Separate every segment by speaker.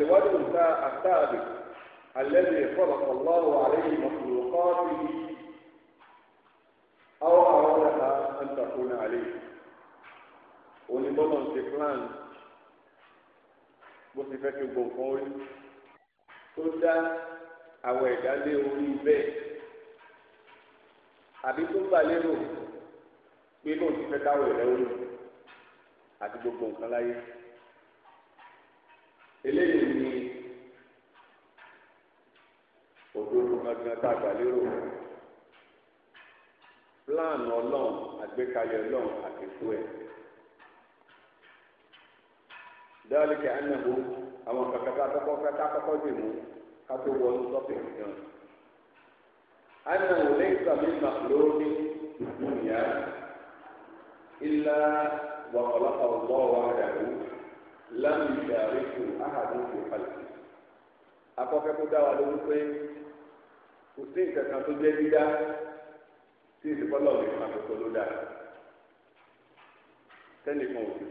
Speaker 1: الوجه الثابت الذي خلق الله عليه مخلوقاته أو أرادها أن تكون عليه ولبطن في فلان بصفات الجمهور تدى أو يجعل ولي àbí tó gbà lérò pé lóun ti fẹ́ dáwọ̀ ẹ̀rẹ́ wọlé àti gbogbo nǹkan láyé eléyìí gangan tá a gbà plan ọlọ́run àgbékalẹ̀ ọlọ́run àtẹ̀kù ẹ̀. dáríkẹ́ ànáwó àwọn kankan tá a kọ́kọ́ dì mú ká tó wọnú tọ́pìkì gan. ànáwó lẹ́yìn sàmì màlúùní ìdúnyà ilá wàhálà ọ̀gbọ́n wa lámì ìdàrí fún àhàdùn ìpàlẹ̀. akọ́kẹ́ kó lórí pé. kò sí nǹkan kan tó jẹ́ dídá tí ìsìnkọ́lọ̀ lè kan àkókò ló dà tẹ́nìkan ò sì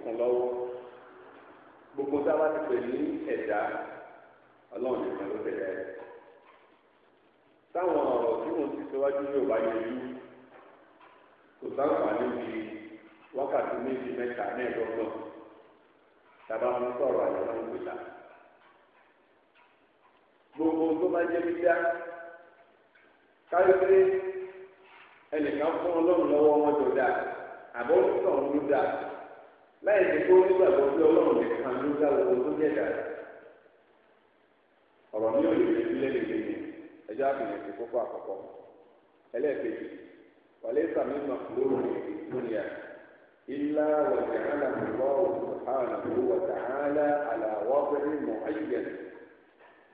Speaker 1: gbogbo táwa ti pè ní ẹ̀dá ọlọ́run nìkan ló tẹ̀lé ẹ̀ táwọn ọ̀rọ̀ tí mo ti síwájú yóò bá yẹjú kò sáǹfààní bí wákàtí méjì mẹ́ta mẹ́ẹ̀ẹ́dọ́gbọ̀n tàbá mo sọ̀rọ̀ àyẹ̀wò ìgbìlá gbogbo tó bá jẹ́ dídá. káyọ̀dé ẹnìkan fún ọlọ́run lọ́wọ́ wọn tó dáa àbọ̀ nípa òun ló dáa láì ní kó nígbàgbọ́ pé ọlọ́run nìkan ló dá owó tó jẹ́ dáa ọ̀rọ̀ ní òye ìdílé lè gbé ẹjọ́ àbìyàn ti kókó àkọ́kọ́ ẹlẹ́ẹ̀kejì wàlẹ́ sàmì màkúrò lónìyà ilá wàjàhálà lọ́wọ́ sùhánàbù wàjàhálà àlàwọ́bẹ̀rẹ̀ mọ̀ ayẹ̀lẹ̀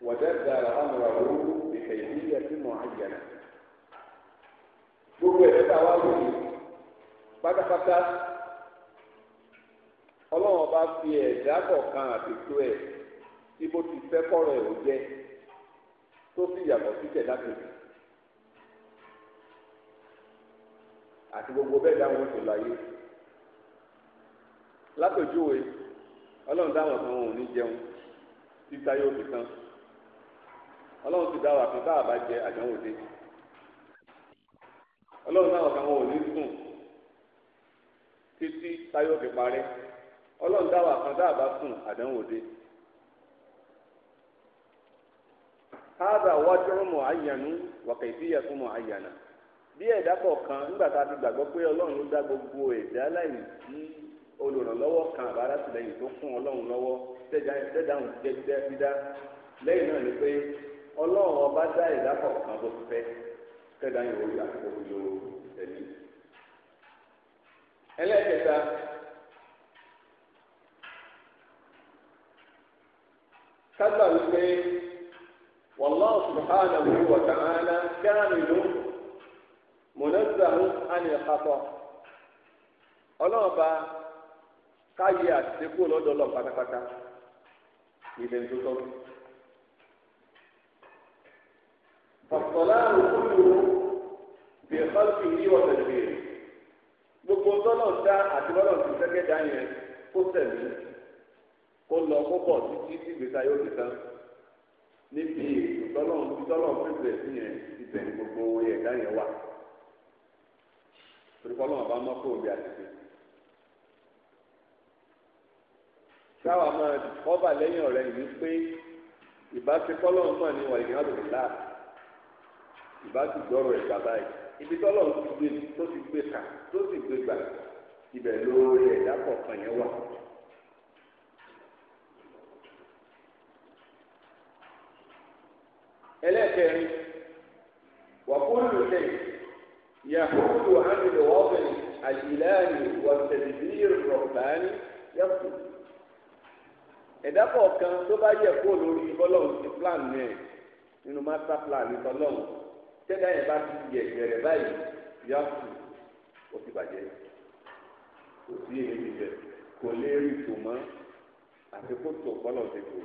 Speaker 1: wàjàdàrà àmọ̀ràn òwú ìkẹyìí yẹ gbogbo ẹ̀ ta wá wò ọlọ́run ọba fi ẹ̀dá kọ̀ọ̀kan àtètò ẹ̀ tí bó ti fẹ́ kọ́rọ̀ ẹ̀ ò jẹ́ tó sì yàtọ̀ sí tẹ̀dá àti gbogbo bẹ́ẹ̀ dáhùn oṣù láyé ọlọ́run dáhùn òun ní jẹun títa yóò fi tán ọlọ́run ti ọlọ́run náà ọ̀gá wọn ò ní sùn títí táyé òfin parẹ́ ọlọ́run dáwà kan dáàbá sùn àdánwò dé. káàdà wájú mọ̀ àyànú wàkà ìfìyà fún mọ̀ àyànà bí ẹ̀dá kọ̀ọ̀kan nígbà tá a ti gbàgbọ́ pé ọlọ́run ló dá gbogbo ẹ̀dá láì sí olùrànlọ́wọ́ kan àbárásìlẹ́yìn tó fún ọlọ́run lọ́wọ́ tẹ́dáhùn jẹ́ dídá lẹ́yìn náà ni pé ọlọ́run ọba dá ẹ̀dá kọ̀ọ̀kan bó fẹ́. kẹ́dá yìí wọ́n yà kó lo ẹ̀mí. ẹlẹ́kẹta kábà wípé wallahu subhanahu wa ta'ala káàmìlú mùnàzàhùn ànìyàkàtọ̀ ọlọ́ọ̀ba káyé àti sẹ́kù lọ pátápátá ìdẹ̀ntutọ́. فالصلاة كله بخلقه وتدبيره gbogbo tọ́lọ̀ dá àtibọ́lọ̀ ti sẹ́kẹ̀ dá yẹn kó tẹ̀lé kó lọ kó pọ̀ títí tí gbèsè ayé òkè tán níbi ìtọ́lọ̀ ìtọ́lọ̀ pèsè sí yẹn ibẹ̀ ni gbogbo owó yẹn dá yẹn wà torí kọ́ lọ́wọ́ bá mọ́ kó omi àti ṣe. sáwà máa kọ́ba lẹ́yìn ọ̀rẹ́ yìí pé ìbáṣepọ̀ lọ́wọ́ mọ̀ ní wàlíyàn lòlá ìbájú gbọ́rọ̀ ẹ̀gbà báyìí ibi tọ́lọ̀ ń ti gbé tó ti gbé kà tó ti gbé gbà ibẹ̀ lórí ẹ̀dá kọ̀ọ̀kan yẹn wà. ẹlẹ́kẹ̀rin wàkúrú lè yàkúrú àmìlẹ̀ wọ́ọ̀bẹ̀ àjìláàní wàtẹ̀lẹ̀dìr rọ̀bàní yàtọ̀. ẹ̀dá kọ̀ọ̀kan tó bá yẹ kó lórí bọ́lọ̀ ti plan yẹn nínú master plan ní tọ́lọ́run tẹ́lẹ̀ yẹn bá ti yẹ gẹ̀rẹ̀ báyìí yá tù ó ti bàjẹ́ kò sí èyí ti bẹ̀ kò lè rí tò mọ́ àti kó tò kọ́lọ̀ ti tò.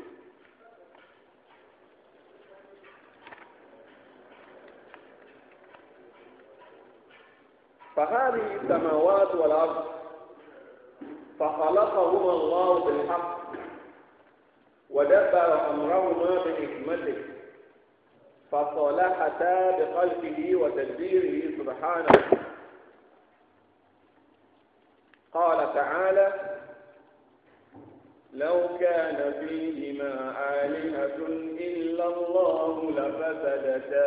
Speaker 1: فهذه السماوات والأرض فخلقهما الله بالحق ودبر أمرهما بحكمته فصالحتا بقلبه وتدبيره سبحانه قال تعالى لو كان فيهما آلهة إلا الله لفسدتا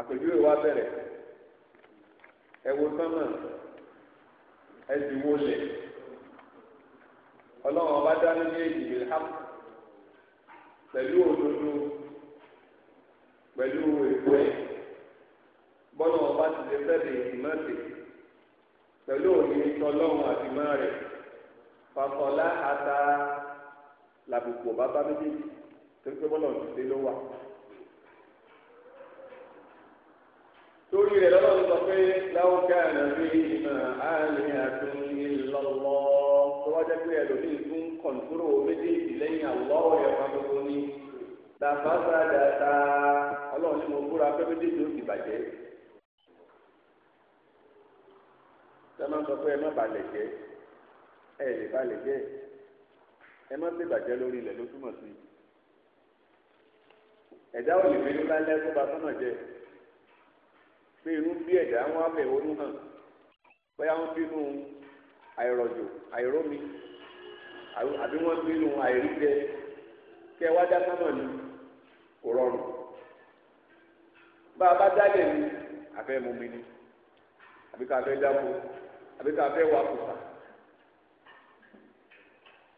Speaker 1: àpèjúwe wa bẹ̀rẹ̀ ẹ wo sánmà ẹ sì wo lẹ̀ ọlọ́run ọba pẹ̀lú òdodo pẹ̀lú ètò ẹ̀ bọ́lá ọba ti lè fẹ́ bèèrè ìmọ̀ọ́sẹ̀ pẹ̀lú òní tọlọ́run àti mọ́ rẹ̀
Speaker 2: fàkọ̀lá ata
Speaker 1: làbùkù ọba bá méjèèjì torí pé bọ́lá ọ̀sẹ̀ ló wà. torí rẹ̀ lọ́wọ́ sọ pé láwùjọ àná bí ìmọ̀ àlè àtúnyẹ̀ lọ́wọ́. tó wá jẹ́ pé tún kọ̀ǹtúrò méjèèjì lẹ́yìn àlọ́wọ̀ ẹ̀ka gbogbo ni làfàṣà dàda ọlọ́run ní mo búra pé méjèèjì ó ti bàjẹ́ sọ́mọ́ sọ pé ẹ má balẹ̀ jẹ́ ẹ lè balẹ̀ jẹ́ ẹ má bàjẹ́ lórí ilẹ̀ ló túmọ̀ sí ẹ̀dá ò lè tó ba sọ́nà jẹ́ pé irú bí ẹ̀dá wọn á bẹ̀ wọnú hàn bóyá wọn àìrọ̀jò àìrómi àbí wọ́n bínú àìríjẹ kẹ wá dá sámọ̀ ni kò rọrùn bá a bá dálẹ̀ ni àfẹ́ mú mi ni àbí ká fẹ́ dáko àbí ká fẹ́ wà kùsà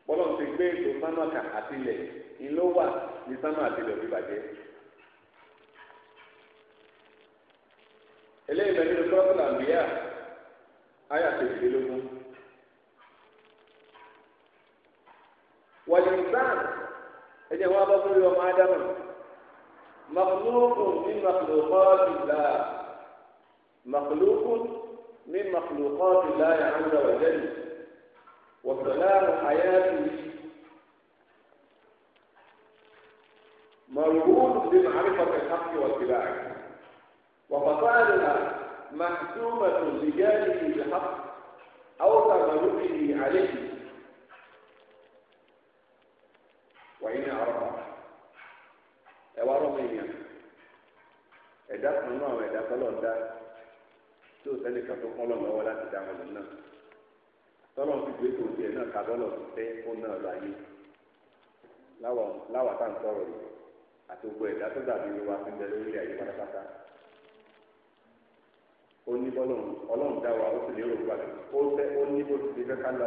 Speaker 1: bọ́lọ̀ ti gbé ètò sánmàkà àtìlẹ̀ ìlú wà ní sánmà àtìlẹ̀ òbí bàjẹ́. eléyìí bẹ̀rẹ̀ ní sọ́kùlà bíyà áyà tẹ̀sílélógún. والإنسان إذا هو بطل يوم آدم مخلوق من مخلوقات الله مخلوق من مخلوقات الله عز وجل وسلام حياته مربوط بمعرفة الحق واتباعه وفصائلها محسومة لجانب الحق أو تغلبه عليه wọ́n yín àwọn ọmọ ẹ wá rọ́mọ kan náà àwọn dá tí ò sẹ́ni kan tó kán lọ láti dá wọn náà tọ́lọ̀ ti gbé tó tiẹ̀ náà ká bọ́lọ̀ ó náà lọ ayé yìí àti gbogbo ẹ̀dá tó dàbí wa fi bẹ ayé pátápátá ó ní dá wa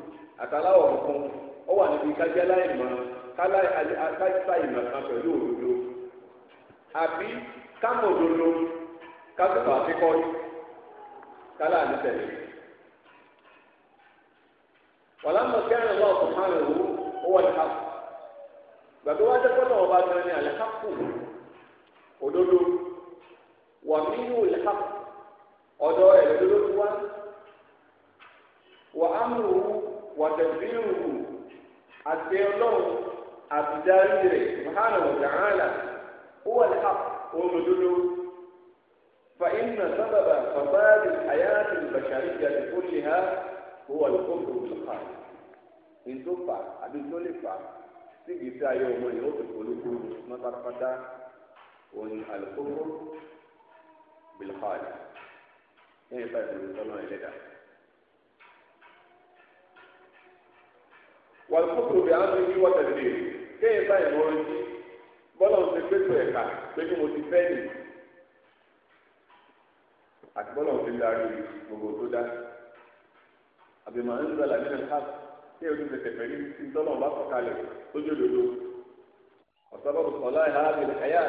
Speaker 1: àtàláwọ̀ funfun ó wà níbi kájá láìmọ̀ kájá ìmọ̀ kan pẹ̀lú òdodo àbí kámọ̀ òdodo kásìkò àkíkọ́ kálá ní tẹ̀lé. wàlámù kẹrin lọ́wọ́ kò máa wò ó wà ní kápù gbàgbé wájú kọ́nà ọba gan ni àlẹ́ kápù òdodo wà nínú kápù ẹ̀rọ wá wà á mú òwú. wọ̀tẹ̀bíhù àti ọlọ́run àtìdárí rẹ̀ mọ́hánà wọ̀tẹ̀hánà ó wà ní àpò olódodo فإن سبب فساد الحياة البشرية كلها هو الكفر بالخالق ní tó fà àbí tó lè fà síbi tí ayé ọmọ yìí ó fi polúkú mọ́ pátápátá òní alukókó bilhali ní ìfẹ́ ìlú tọ́lọ́ ẹlẹ́dàá. wọ́n kúkúrú bí àwọn ẹni wọ́n tẹ̀lé kéèyàn báyìí wọ́n ń jí bọ́lá ń ṣe pẹ́tù ẹ̀ka pé kí mo ti fẹ́ nì àti bọ́lá ń ṣe darí gbogbo tó dá àbẹ̀mọ̀ ń sọ̀lá nínú káàpù kí o ti tẹ̀tẹ̀ pẹ̀lú tí tọ́lọ̀ bá sọ̀ kalẹ̀ lójú òdodo ọ̀sọ́bọ̀bù sọ̀lá ìhà àbẹ̀lẹ̀ ẹ̀yà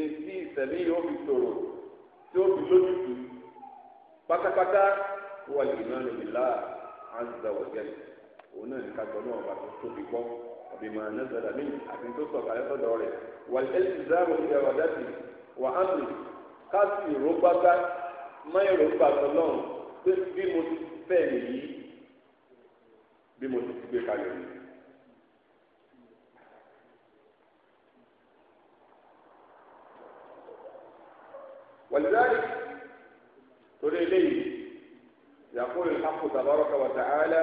Speaker 1: etí ìsẹ̀mí yóò fi tòrò tí ó fi lójútùú pátápátá wọ́n lè má lè òun náà ní ká gbọ́ náà bá tó tóbi gbọ́ ọ̀bí máa ná sọ̀dà mí àti tó sọ̀ kalẹ̀ sọ̀dọ̀ rẹ̀ wà ẹ̀sìnzáàmù ìyá wà dàtì wà ámì ká sì rògbàgbà máyọ̀rò gbàgbọ́ náà pé bí mo ti fẹ́ nìyí bí mo ti gbé kalẹ̀ nìyí. ولذلك تقول إليه يقول الحق تبارك وتعالى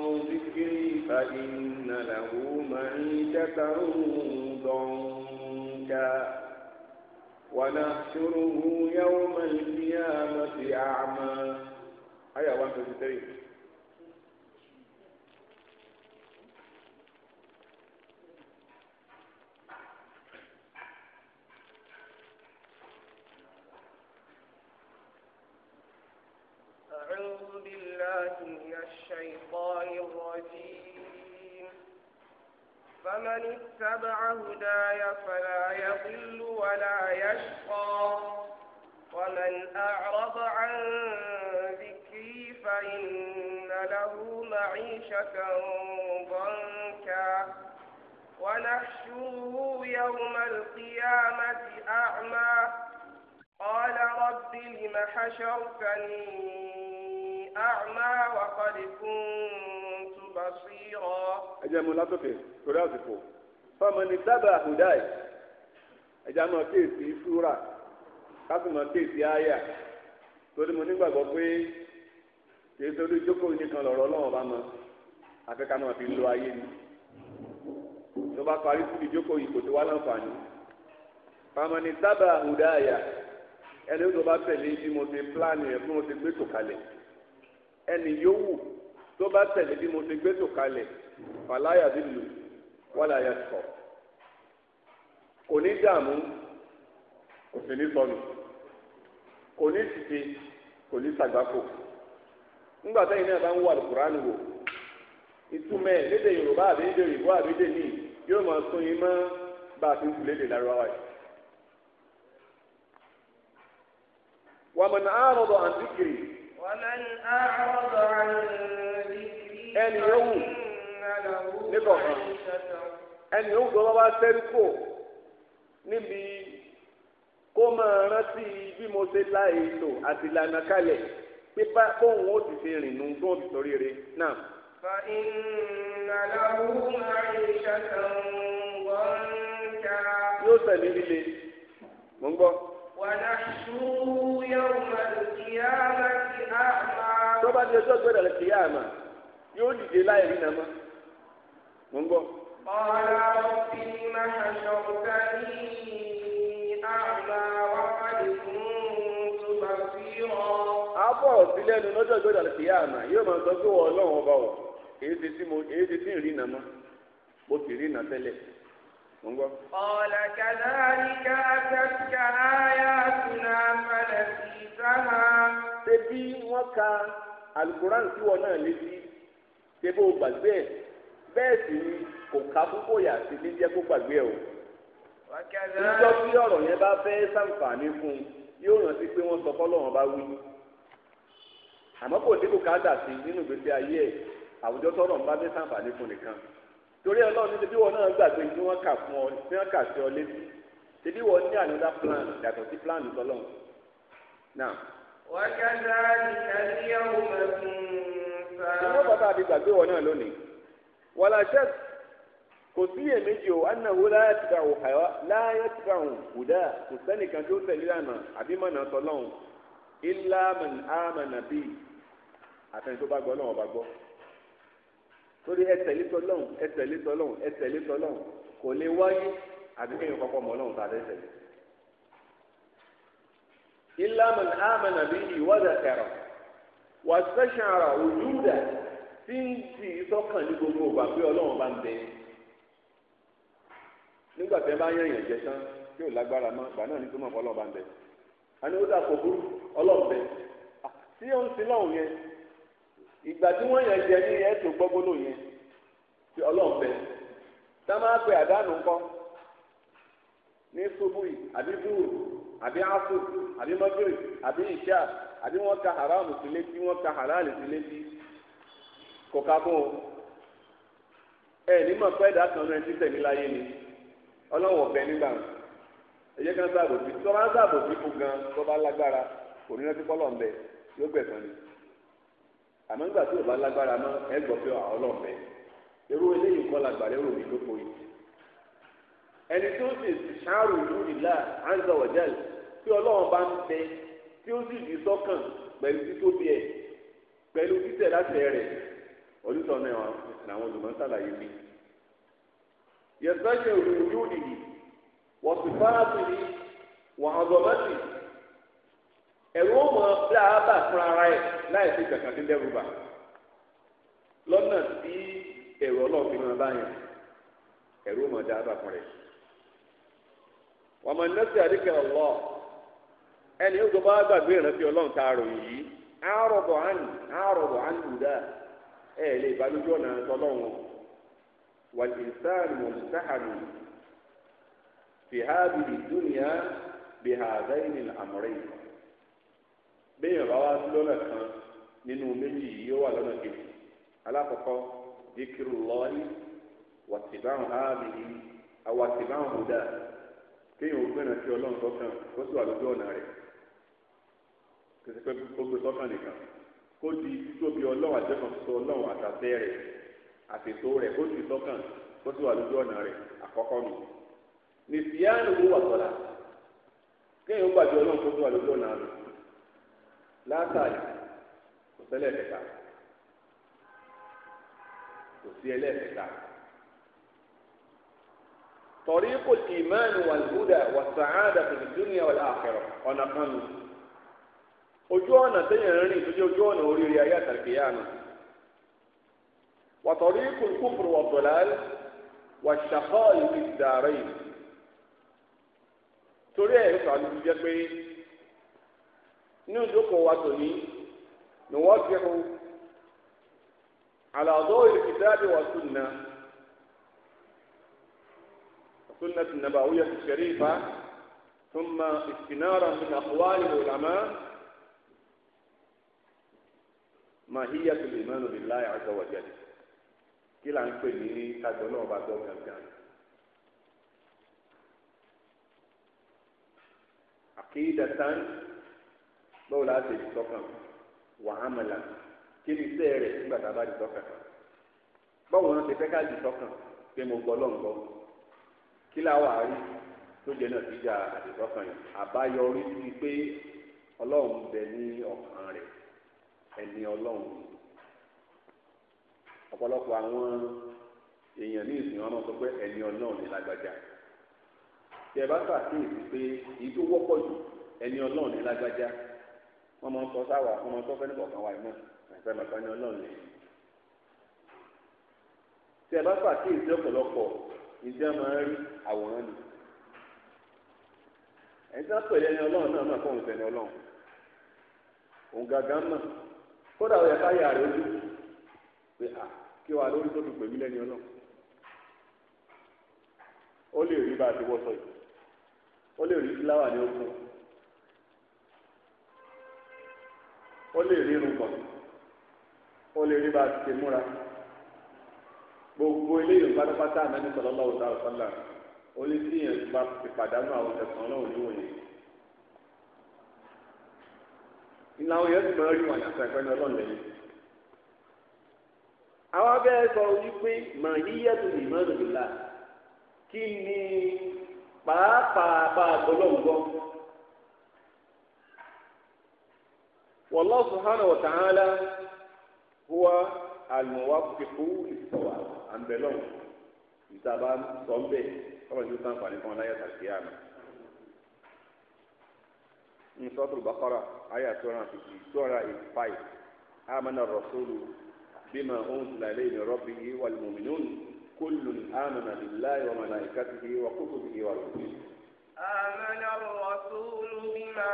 Speaker 1: فإن له معيشة ضنكا ونحشره يوم القيامة أعمى آية 123
Speaker 2: من اتبع هداي فلا يضل ولا يشقى ومن أعرض عن ذكري فإن له معيشة ضنكا ونحشره يوم القيامة أعمى قال رب لم حشرتني أعمى وقد كنت بصيرا
Speaker 1: أجل منافقين ترازقوا فمن اتبع هداي أجل ما تيسي سورة كاسم ما تيسي آية torí mo nígbàgbọ́ pé kìí torí jókòó nìkan lọ̀rọ̀ ọlọ́run bá mọ fi lo ayé ni bá parí síbi yìí kò tó wá láǹfààní àyà ẹni tó bá tẹ̀lé mo ti mo ti gbé tò tó bá tẹ̀lé bí mo ṣe gbé tò kalẹ̀ fàlàyà bí lù wọ́n àyà tọ̀ kò ní dààmú kò sì ní sọnù kò ní tìtì kò ní sàgbákò ńgbà táyì náà bá ń wà lùkùránù wò ìtumẹ̀ lédè yorùbá àbí lédè òyìnbó àbí lédè míì yóò máa sún yín mọ́ bá a ti ń kulé lè lára wa yìí. wàmùn àárọ̀dọ̀ àǹtíkiri.
Speaker 2: wàmùn àárọ̀dọ̀ àǹtíkiri ẹni yòówù níbọ̀kan ẹni yòówù tó bá bá
Speaker 1: tẹ́rí kò níbi kó máa rántí bí mo ṣe la ètò àti ìlànà kalẹ̀ pípa kóhùn ó ti ṣe rìn nù gbọ́n òbí sórí rẹ̀ náà.
Speaker 2: fa ìnàlàwù máa ń ṣàtàn wọ́n ń jà.
Speaker 1: yóò tẹ̀lé líle mò ń gbọ́.
Speaker 2: wàdàṣú yóò máa kí á máa ọjọ́ gbẹ́dọ̀ lè kí yóò dìde láì rí nàmá mo ń bọ̀. ọ̀la òbí máa ṣàṣọ̀ká ní àgbà wákàtí fún tuba sí ọ. abọ́ sílẹ̀
Speaker 1: nu lọ́jọ́ ìgbọ́dọ̀ àti ìyá àmà yóò máa sọ pé wọ́n ọlọ́run ọba wọ̀ èyí ti ti ń rí mo sì rí tẹ́lẹ̀. tẹ́bó gbàgbé ẹ̀ bẹ́ẹ̀ sì ni kò ká púpọ̀ yà sí ní jẹ́ kó gbàgbé ẹ̀ o.
Speaker 2: níjọ́ tí ọ̀rọ̀ yẹn bá fẹ́
Speaker 1: sàǹfààní fún un yóò rántí pé wọ́n sọ fọ́lọ́run bá wí. àmọ́ kò dínkù káàdà sí nínú ìgbésí ayé ẹ̀ àwùjọ tọ́rọ̀ ń bá fẹ́ sàǹfààní fún nìkan. torí ọlọ́run níbi wọn náà gbàgbé tí wọ́n kà fún ọ tí wọ́n kà sí ọ létí tẹbi wọn ní another plan yàtọ̀ sí plan tọ́lọ́run. náà.
Speaker 2: wákàtí ìní ọ̀pọ̀ta àti gbàgbé wọn náà
Speaker 1: lónìí wàlá ṣẹ́t kò sí èméjì o annahu láyà ti dàrú hàwá láyà ti dàrú hùdà kò sẹ́nìkan tó tẹ̀lé lánà àbí mọ̀nà tọ́lọ́hún ilá man amana bí àtẹni tó bá gbọ́ lọ́wọ́ bá gbọ́ torí ẹ tẹ̀lé tọ́lọ́hún ẹ tẹ̀lé tọ́lọ́hún ẹ tẹ̀lé tọ́lọ́hún kò lè wáyé àbí kọ́kọ́ mọ̀ lọ́hún tá a ilá man bí ìwádà kẹrọ̀ wàtẹ́sánra òjúdà tí ń ti sọ́kàn ní gbogbo ògbà pé ọlọ́run bá ń bẹ nígbà tẹ́ bá yàn yàn jẹ tán tí ò lágbára mọ́ gbà náà ní tó mọ̀ fọ́ ọlọ́run bá ń bẹ àní ó dà kó burú ọlọ́run bẹ tí ó ń sin lọ́hùn yẹn ìgbà tí wọ́n yàn jẹ ní ẹ̀tọ́ gbọ́gbóló yẹn tí ọlọ́run bẹ tá máa pè àdánù ńkọ́ ní ṣubú àbí búrú àbí áfù àbí mọ́gírì àbí ìṣáà àbí wọ́n ka haramu sí létí wọ́n ka halali sí létí kò ká o ẹ nímọ̀ pẹ́ dà kan náà ti tẹ̀mí láyé ni ọlọ́wọ̀n ọ̀bẹ nígbà ẹ̀yẹ kan sáàbò sí tí wọ́n bá sáàbò sí kú gan tó bá lágbára kò ní rántí pọ́lọ̀ ńbẹ yóò gbẹ̀sán ni àmọ́ nígbà tí ò bá lágbára mọ́ ẹ gbọ́ pé ọlọ́ọ̀bẹ irú eléyìí kọ́ la gbàlẹ́ rò mí lóko yìí ẹni tó ń sì ṣàrò ìlú ìlà àǹzọ̀wọ̀jẹ́lì tí ọlọ́wọ́n bá ń bẹ tí ó sì di sọ́kàn pẹ̀lú títóbi ẹ̀ pẹ̀lú títẹ̀ láti ẹ̀ rẹ̀ onítọ̀nà ẹ̀ làwọn olùmọ̀ sàlàyé mi. yẹ̀sán ṣe òdòdó yóò nìyí wọ́n sì fara sí ni wọ́n á gbọ́dọ̀ sí. ẹ̀rù ó mọ ara ẹ̀ láì lọ́nà tí ẹ̀rù ọlọ́ọ̀fin máa bá yàn ẹ̀rù ó mọ fún rẹ̀. nẹ́sì ẹni yóò tó bá gbàgbé ìrántí ọlọ́run tá a yìí àárọ̀bọ̀ àánì àárọ̀bọ̀ àánì lùdà ẹ lè bá ọ̀nà tọ́lọ́run wàlìsáàlì mùsàhàlì fìhábìlì dúnìá bìhàdáìnì àmọ́rẹ́ bẹ́ẹ̀ bá wá sí lọ́nà kan nínú méjì yìí ó wà lọ́nà kejì alákọ̀ọ́kọ́ dikiru lọ́ọ̀lì wàtìbáhùn ábìlì àwàtìbáhùn hùdà kéèyàn ó sí ọlọ́run tó kàn ó sì wà lójú ọ̀nà rẹ̀. kìsì pé kó gbé sọ́kàn nìkan kó di títóbi ọlọ́run àjẹkọ̀tò ọlọ́run àtàtẹ́ rẹ̀ àtètò rẹ̀ kó di sọ́kàn kó sì wà lójú ọ̀nà rẹ̀ àkọ́kọ́ nù. nìsíyánu ló wà sọ́la kéèyàn gbàgbé ọlọ́run kó sì wà lójú ọ̀nà rẹ̀ látàlí kò sẹ́lẹ̀ kẹta kò sí ẹlẹ́ẹ̀kẹta tọ̀rí kò tì mẹ́rin wàlúùdà wàsàádà fil dunya wal akhirah ọ̀nà kanu ojú ọ̀nà téèyàn rìn tó jẹ́ ojú ọ̀nà oríire ayé àtàkìyà àná wàtọ̀rí kùnkùnfùrù ọ̀dọ̀lá wàṣàkọ́ ìlú ìdàrẹ́ yìí torí ẹ̀ sọ àdúgbò jẹ́ pé ní ìjókòó wa tòní ni wọ́n kẹ́kọ̀ọ́ àlàdó ìlúkìtàbí wà sunna sunna tìǹbà ó yẹ kìsẹ̀rí ìfà ثم استنارا من أقوال العلماء mahiyatul imanu billahi azza wa kila kí là ń pè ní kájọ náà bá gbọ́ gangan. la ṣe a bá ìtọ́kàn báwo la ṣe fẹ́ ká pé mo gbọ́ lọ́ngbọ́ kí làwọn àárín tó náà ti ẹni ọlọ́run ọ̀pọ̀lọpọ̀ àwọn èèyàn ní ìsìn ọmọ sọ pé ẹni ọlọ́run ní lágbájá tí ẹ bá ṣàkíyèsí pé èyí tó wọ́pọ̀ jù ẹni ọlọ́run ní lágbájá wọ́n máa ń sọ sáwà wọ́n máa ń sọ fẹ́ nígbàkan wáyé náà àìsàn màkà ní ọlọ́run ní. tí ẹ bá ṣàkíyèsí ọ̀pọ̀lọpọ̀ ìjẹ́ máa ń rí àwòrán ni ẹ̀ńtí wọ́n pè ẹni ọlọ́run náà máa kọ́ kódà ó yẹ ká yà rẹ ojú pé à kí wàá lórí tó fi pèmí lẹ́ni ọlọ́run ó lè rí bá a ti wọ́sọ yìí ó lè rí fúláwà ní ogun ó lè rí irùngbọ̀n ó lè rí bá a ti ṣe múra gbogbo eléyìí pátápátá àmẹ́ni sọ̀rọ̀ lọ́wọ́ sáà sọ́là ó lè sí ìyẹn ti pàdánù àwọn ẹ̀sán náà níwòye. ìlà àwọn èèyàn sì máa rí wọn àtàkùn ẹni ọlọ́run lẹ́yìn. àwọn abẹ́ sọ wípé màá yí yẹ́tù ní ìmọ̀ràn ìlà kí ni pàápàá bá a gbọ́ lọ́wọ́ gbọ́. Wallahu subhanahu wa ta'ala huwa al-muwaffiqu lis-sawab àǹbẹ̀lọ́wọ́ ìtàbá sọ̀ńbẹ̀ ọ̀rọ̀ ìjọba ń pàdé fún ọláyàtà kíyàmù ní sọ́tù bàkàrà àyà two hundred and fifty two hundred and eighty five amana rasulu bima unzila ilayhi min rabbihi wal mu'minun kullun amana billahi wa malaikatihi wa kutubihi wa rusulihi.
Speaker 2: amana rasulu bima.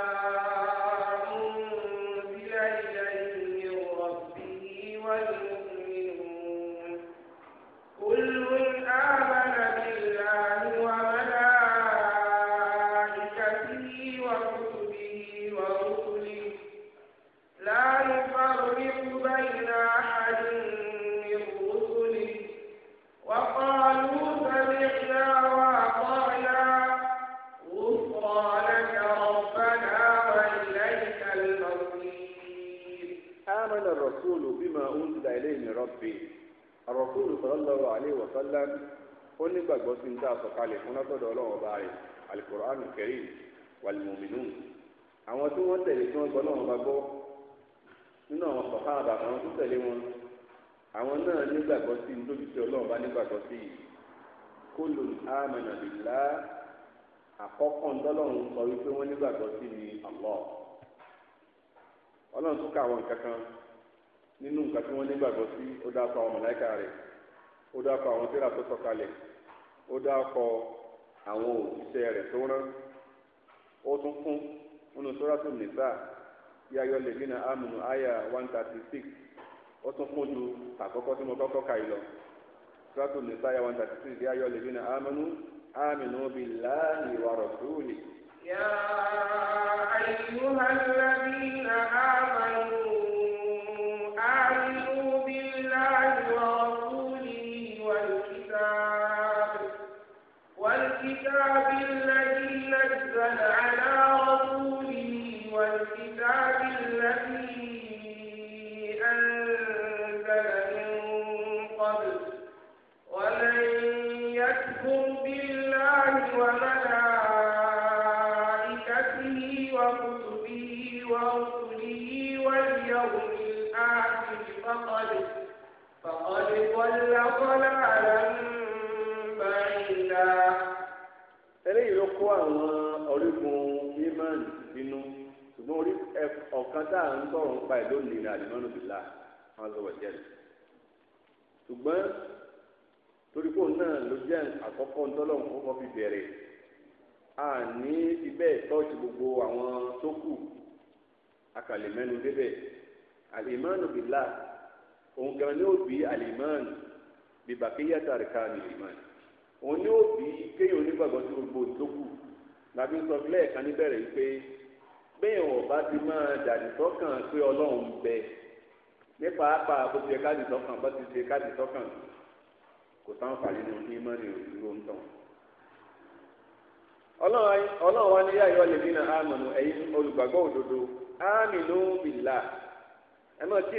Speaker 1: sallallahu alaihi wa sallam ó nígbàgbọ́ sí ní tá a sọ̀kalẹ̀ fún ọlọ́run ọba rẹ̀ àwọn tí wọ́n tẹ̀lé tí wọ́n gbọ́ gbọ́ nínú àwọn sọ̀háàbà àwọn tó tẹ̀lé wọn àwọn náà nígbàgbọ́ sí ní ọba nígbàgbọ́ sí àkọ́kọ́ sọ wípé wọ́n nígbàgbọ́ sí ni ọlọ́run ó dákọ̀ àwọn tíra tó sọ̀kalẹ̀ ó dákọ̀ àwọn òṣìṣẹ́ rẹ̀ tó rán ó tún kún nínú sọ́ràtún nìsà yáyọ lè dínà àmùnú àyà one thirty six ó tún kún ju àkọ́kọ́ tí mo kọ́kọ́ kà yìí lọ sọ́ràtún nìsà yà one thirty six yáyọ lè dínà àmùnú àmìnú
Speaker 2: ضلالا بعيدا eléyìí
Speaker 1: ló kó àwọn orígun imán sínú ṣùgbọ́n orí ọ̀kan tá à ń sọ̀rọ̀ nípa ẹ̀ ló nira àdìmọ́nù bìlà wọn lọ wọ̀ jẹ́ ṣùgbọ́n torí kò náà ló jẹ́ àkọ́kọ́ ntọ́lọ́hún kọ́kọ́ fi bẹ̀rẹ̀ a ní ibẹ̀ tọ́ọ̀tì gbogbo àwọn tó kù akàlẹ̀ mẹ́nu débẹ̀ àlìmọ́nù bìlà òun gan ni ó bí àlìmọ́nù bíbàkéyà tàríkà ní ìmọ̀ òun ni ó bí kéèyàn onígbàgbọ́ onye gbogbo ìtókù làbí sọ lẹ́ẹ̀kan níbẹ̀rẹ̀ yìí pé bẹ́ẹ̀ bá ti máa dàdí bẹ nípa apá bó ti káàdì sọ́kàn bó ti ṣe káàdì sọ́kàn kò ní ní ìlú ń tàn. ọlọ́run wa ní lè náà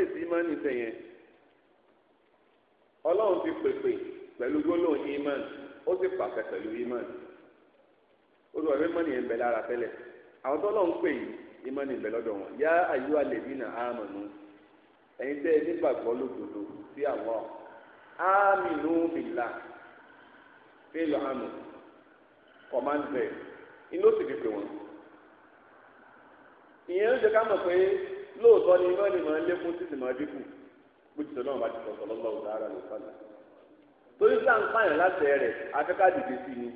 Speaker 1: ẹ̀yin ọlọ́run ti pèpè pẹ̀lú gbólóhùn iman ó sì pàṣẹ pẹ̀lú iman olùwà pé mọ́nì ń bẹ lára tẹ́lẹ̀ àwọn tó lọ́n ń pè yìí iman ń lọ́dọ̀ wọn yá àyù àlèbí nà ámànú ẹ̀yin tẹ́ ẹ nígbàgbọ́ sí àwọn inú ó ni iman títí bójútó náà bá ti sọ sọlọ́lọ́ ọ̀gá ara ló sálẹ̀.
Speaker 2: torí sáǹpáyàn láti dị
Speaker 1: afẹ́ká dìde sí ni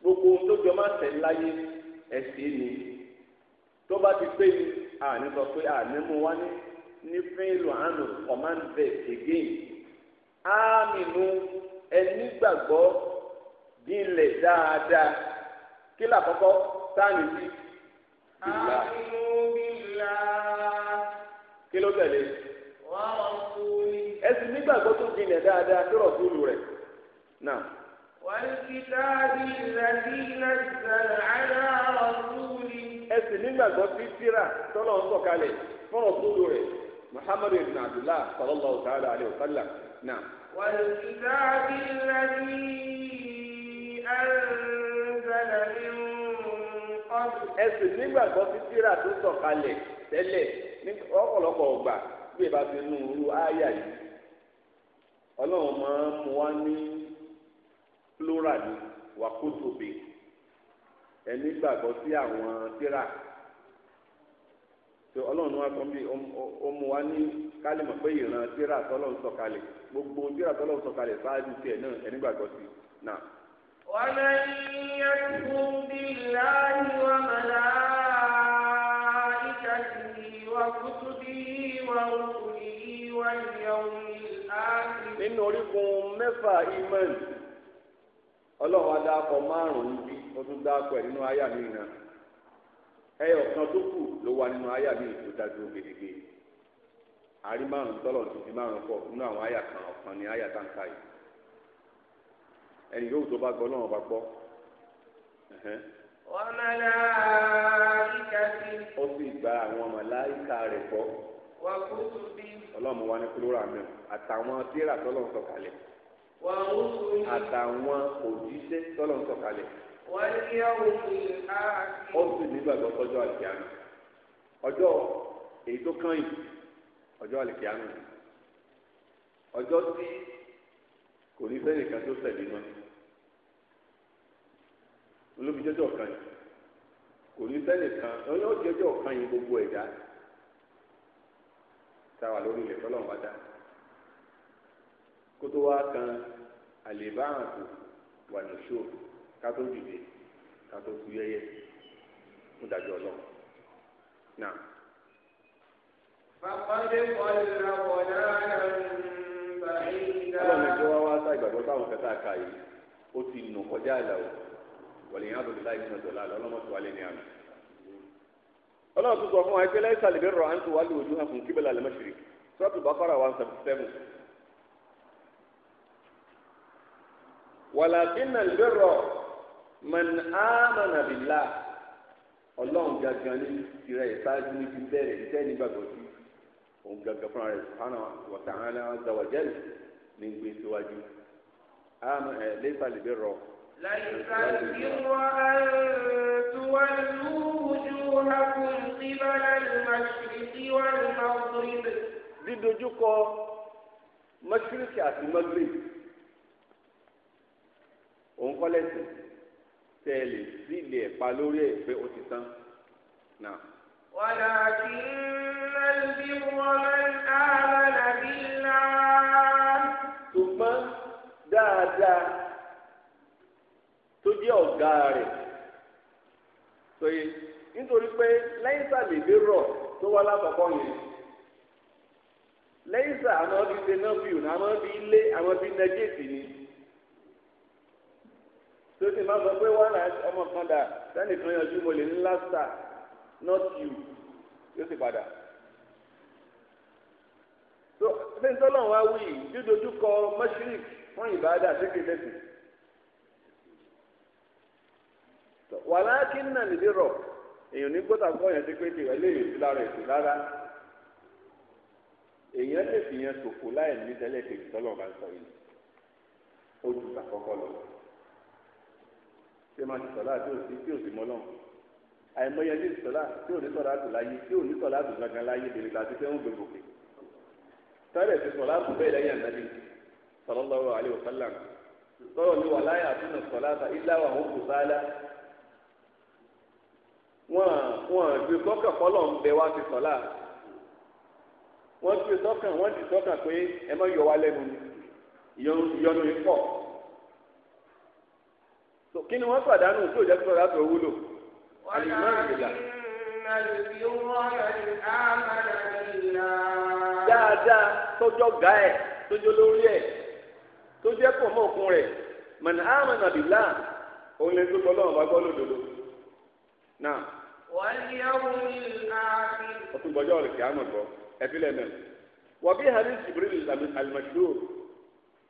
Speaker 1: gbogbo ohun tó jọ máa tẹ̀ láyé ẹ̀sìn ni tó bá ti pé ni àní sọ pé àní mú wá ní ní fíìlù again ámìnú ẹni gbàgbọ́ gbilẹ̀ dáadáa kí làkọ́kọ́ sáà kí ló tẹ̀lé. ẹ sì nígbàgbọ́ tó jinlẹ̀ dáadáa tó rọ̀ fúlù rẹ̀ náà.
Speaker 2: والكتاب الذي نزل على رسوله ẹ sì nígbàgbọ́ sí tírà
Speaker 1: tọ́lọ̀ ń sọ̀kalẹ̀ fọ́nà fúlù rẹ̀ muhammadu ibn abdullah sallallahu ta'ala alayhi wa sallam náà.
Speaker 2: والكتاب الذي أنزل من قبل ẹ sì nígbàgbọ́
Speaker 1: sí tírà tó sọ̀kalẹ̀ tẹ́lẹ̀. Ọpọlọpọ ọ̀pọ̀lọpọ̀ ọgbà bí ìbá ti nù irú àyà yìí ọlọ́run máa ń wá ní plural ní wàkótóbe ẹni gbàgbọ́ sí àwọn tíra tí ọlọ́run wá sọ́n ní pé ìran tíra tọ́lọ́run gbogbo tíra tọ́lọ́run sọ̀kalẹ̀ sáájú tiẹ̀ náà ẹni gbàgbọ́ sí náà.
Speaker 2: bí láàyè wà nínú
Speaker 1: orígun mẹ́fà imán ọlọ́run adáàpọ̀ márùn-ún bí ó tún dáàpọ̀ nínú àyà mi náà ẹyọ kan tó kù ló wà nínú àyà mi tó dájú gbèdégbè àrí márùn tọ́lọ̀ ti fi márùn pọ̀ nínú àwọn àyà kan ọ̀kan ní àyà táǹkà yìí ẹnì yóò tó bá gbọ́ lọ́wọ́ bá gbọ́
Speaker 2: ó sì
Speaker 1: gba àwọn màláìka rẹ̀ gbọ́
Speaker 2: ọlọ́run wa ní kúlóra
Speaker 1: náà àtàwọn tíra tọ́lọ̀ ń sọ̀kalẹ̀ àtàwọn òjíṣẹ́ tọ́lọ̀ ń sọ̀kalẹ̀
Speaker 2: ó sì nígbàgbọ́ tọ́jọ́
Speaker 1: àlìkíyàmù ọjọ́ èyí tó kàn yìí ọjọ́ àlìkíyàmù ọjọ́ tí kò ní sẹ́nìkan tó sẹ̀dí náà olóbi jẹ́jọ́ kan yìí kò ní sẹ́nì kan ọyọ́ jẹ́jọ́ kan yìí gbogbo ẹ̀dá tá a wà lórí ilẹ̀ tọ́lọ́run bá dá kó tó wá kan àlèbá àǹkù wà lóṣù ká tó dìde ká tó kú yẹyẹ fún dájọ́ ọlọ́run náà.
Speaker 2: Fàkọ́dé kọ́lé ra wọ̀ náà ń bàyí dá. Ọlọ́run ẹ̀jọ́ wá wá sá
Speaker 1: ìgbàgbọ́ táwọn kẹta kà yìí ó ti nù kọjá àlà wọlé yẹn alòlù láì sọdọ lálẹ́ ọlọmọtò wálé ní àná Ọlọ́run tó sọ fún wa ẹgbẹ láì sàlẹbẹ rọ àǹtò wà lóòjú hàn fún kíbẹlẹ alẹ mọṣiri sọọtù bàkàrà one seventy seven wàlàkínà lérò mẹni àmàna bìlá Ọlọ́run gangan ní tirẹ̀ ìsáájú ní ti bẹ̀rẹ̀ ìtẹ nígbàgbọ́ sí òun gangan fúnra rẹ̀ sùpánà wọtá àná zawajẹlì ní gbèsè wájú àmà ẹ eh, lẹsàlẹbẹ rọ.
Speaker 2: ليكفر أن تولوا وجوهكم قبل المشرق والمغرب dídojúkọ
Speaker 1: mashiriki àti magrib òun kọ́ lẹ́sìn tẹ́ ẹ lè sí ilé lórí ẹ̀ pé ó ti tán náà.
Speaker 2: ولكن البر من آمن بالله.
Speaker 1: ṣùgbọ́n dáadáa tó jẹ́ ọ̀gá rẹ̀ sọyẹ nítorí pé lẹ́yìnsà lè dé rọ̀ tó wá lákọ̀ọ́kọ́ yẹn lẹ́yìnsà àwọn ọdún ṣe náà fi òun àwọn ọdún ilé àwọn ọdún nẹgẹ́tì ni tó sì máa sọ pé wọ́n náà ọmọ kan dà sẹ́ni kan yanjú mo lè ní lásà not you yóò sì padà tó ṣé ń tọ́lọ̀ wá wí mọ́ṣíríkì fún wàlákìn náà lè rọ èèyàn ní gbọ́dọ̀ gbọ́ yẹn ti pé kí ẹ léèrè sí lára ètò rárá èèyàn lè fi yẹn ṣòfò láì ní tẹ́lẹ̀ kejì tọ́lọ̀ bá ń sọ yìí ó ju àkọ́kọ́ lọ ṣé máa ti sọ̀lá tí ò sí tí ò sí mọ́ náà àìmọye ní sọ̀lá tí ò ní sọ̀lá àdùn láyé tí ò ní sọ̀lá àdùn gangan láyé bèrè láti fẹ́ ń gbé gòkè ti sọ̀lá àdùn bẹ́ẹ̀ lẹ́yìn ànábì sallallahu alaihi wasallam tọ́lọ̀ ni wàláyà àtúnà sọ̀lá ilá wà ó kù sáálá wọn wọn sọka sọ́kàn fọlọ́ ń bẹ wá wọn gbé sọ́kàn wọn ti sọ́kàn pé ẹ má yọ wá lẹ́nu ìyọnu yìí pọ̀ kí ni wọ́n pàdánù tí ò jẹ́ kí sọ́lá tó wúlò àlùmọ́ ìgbìlá. dáadáa tọjọ ga ẹ tọjọ lórí ẹ tó jẹ́ pọ̀ mọ́ òkun rẹ̀ mọ̀nà àmàlà bìlá òun lè tó gbọ́ lọ́wọ́ bá lódodo. náà.
Speaker 2: wàlíyàwó ni àárín. o tún gbọ́dọ̀ rẹ̀
Speaker 1: kí a mọ̀ gbọ́ ẹbí lẹ́mẹ̀. wàbí hadith jibril al-mashhur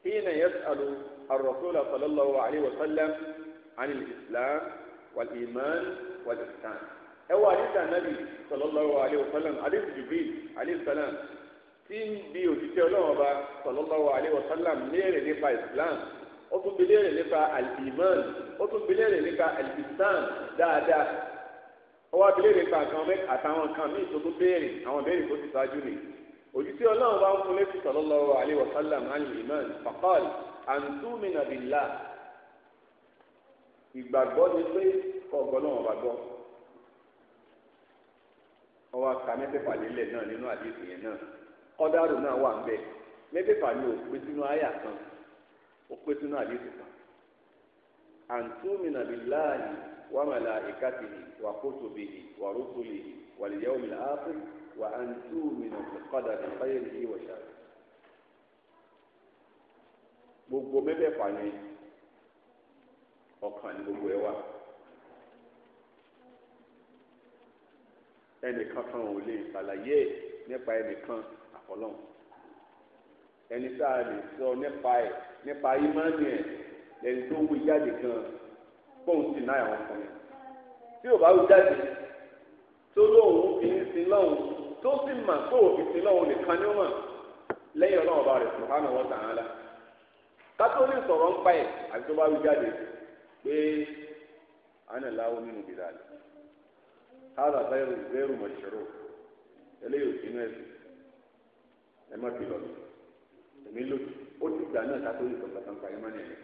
Speaker 1: hina yas'alu ar-rasul sallallahu alayhi wa sallam an al-islam wal-iman wal-ihsan. ẹ wọ hadith anabi sallallahu alayhi wa sallam hadith jibril alayhi salam tí ń bi òṣìṣẹ́ ọlọ́run ọba sallallahu alayhi wa sallam léèrè nípa islam ó tún bi léèrè nípa al-iman ó tún bi léèrè nípa al-ihsan dáadáa ó wá béèrè nípa àtàwọn mẹ́ta àtàwọn nǹkan míì tó tó béèrè àwọn béèrè tó ti ṣáájú nì òjíṣẹ́ ọlọ́run bá ń fún létí sallallahu alaihi wasallam alì iman faqal antumina billah ìgbàgbọ́ ni pé ọgbọ́n náà wà gbọ́ ọwọ́ aka mẹ́fẹ̀fà lélẹ̀ náà nínú àdéhùn yẹn náà kọ́dárù náà wà ń bẹ̀ mẹ́fẹ̀fà ni ò pé sínú àyà kan ó pé sínú àdéhùn kan antumina billahi. وملائكته وكتبه ورسله واليوم الآخر وأن تؤمنوا بالقدر خيره وشره gbogbo mẹ́fẹ̀ẹ̀fà ni ọkàn ní gbogbo ẹ wà ẹnìkan kan ò lè ṣàlàyé nípa ẹnìkan àfọlọ́hún ẹni tá a lè sọ nípa ẹ nípa ìmánìyẹ ẹni tó wí jáde gan kóun sì náà àwọn ọkùnrin tí ò bá wù jáde tó lóun fi ń sin lọ́hùn tó sì mà tó òfin sin lọ́hùn nìkan ni ó mọ̀ lẹ́yìn ọlọ́run ọba rẹ̀ subhanahu wa ta'ala kátólì sọ̀rọ̀ ń pa ẹ̀ àti tó bá wù jáde pé àná láwo nínú bìlà rẹ̀ hàrà bẹ́ẹ̀rù bẹ́ẹ̀rù mọ̀ṣẹ̀rò eléyìí ò sínú ẹ̀sìn ẹ má fi lọ èmi lòdì ó ti gbà náà kátólì sọ̀rọ̀ kàtàǹpà ẹ̀ má ní ẹ̀yìn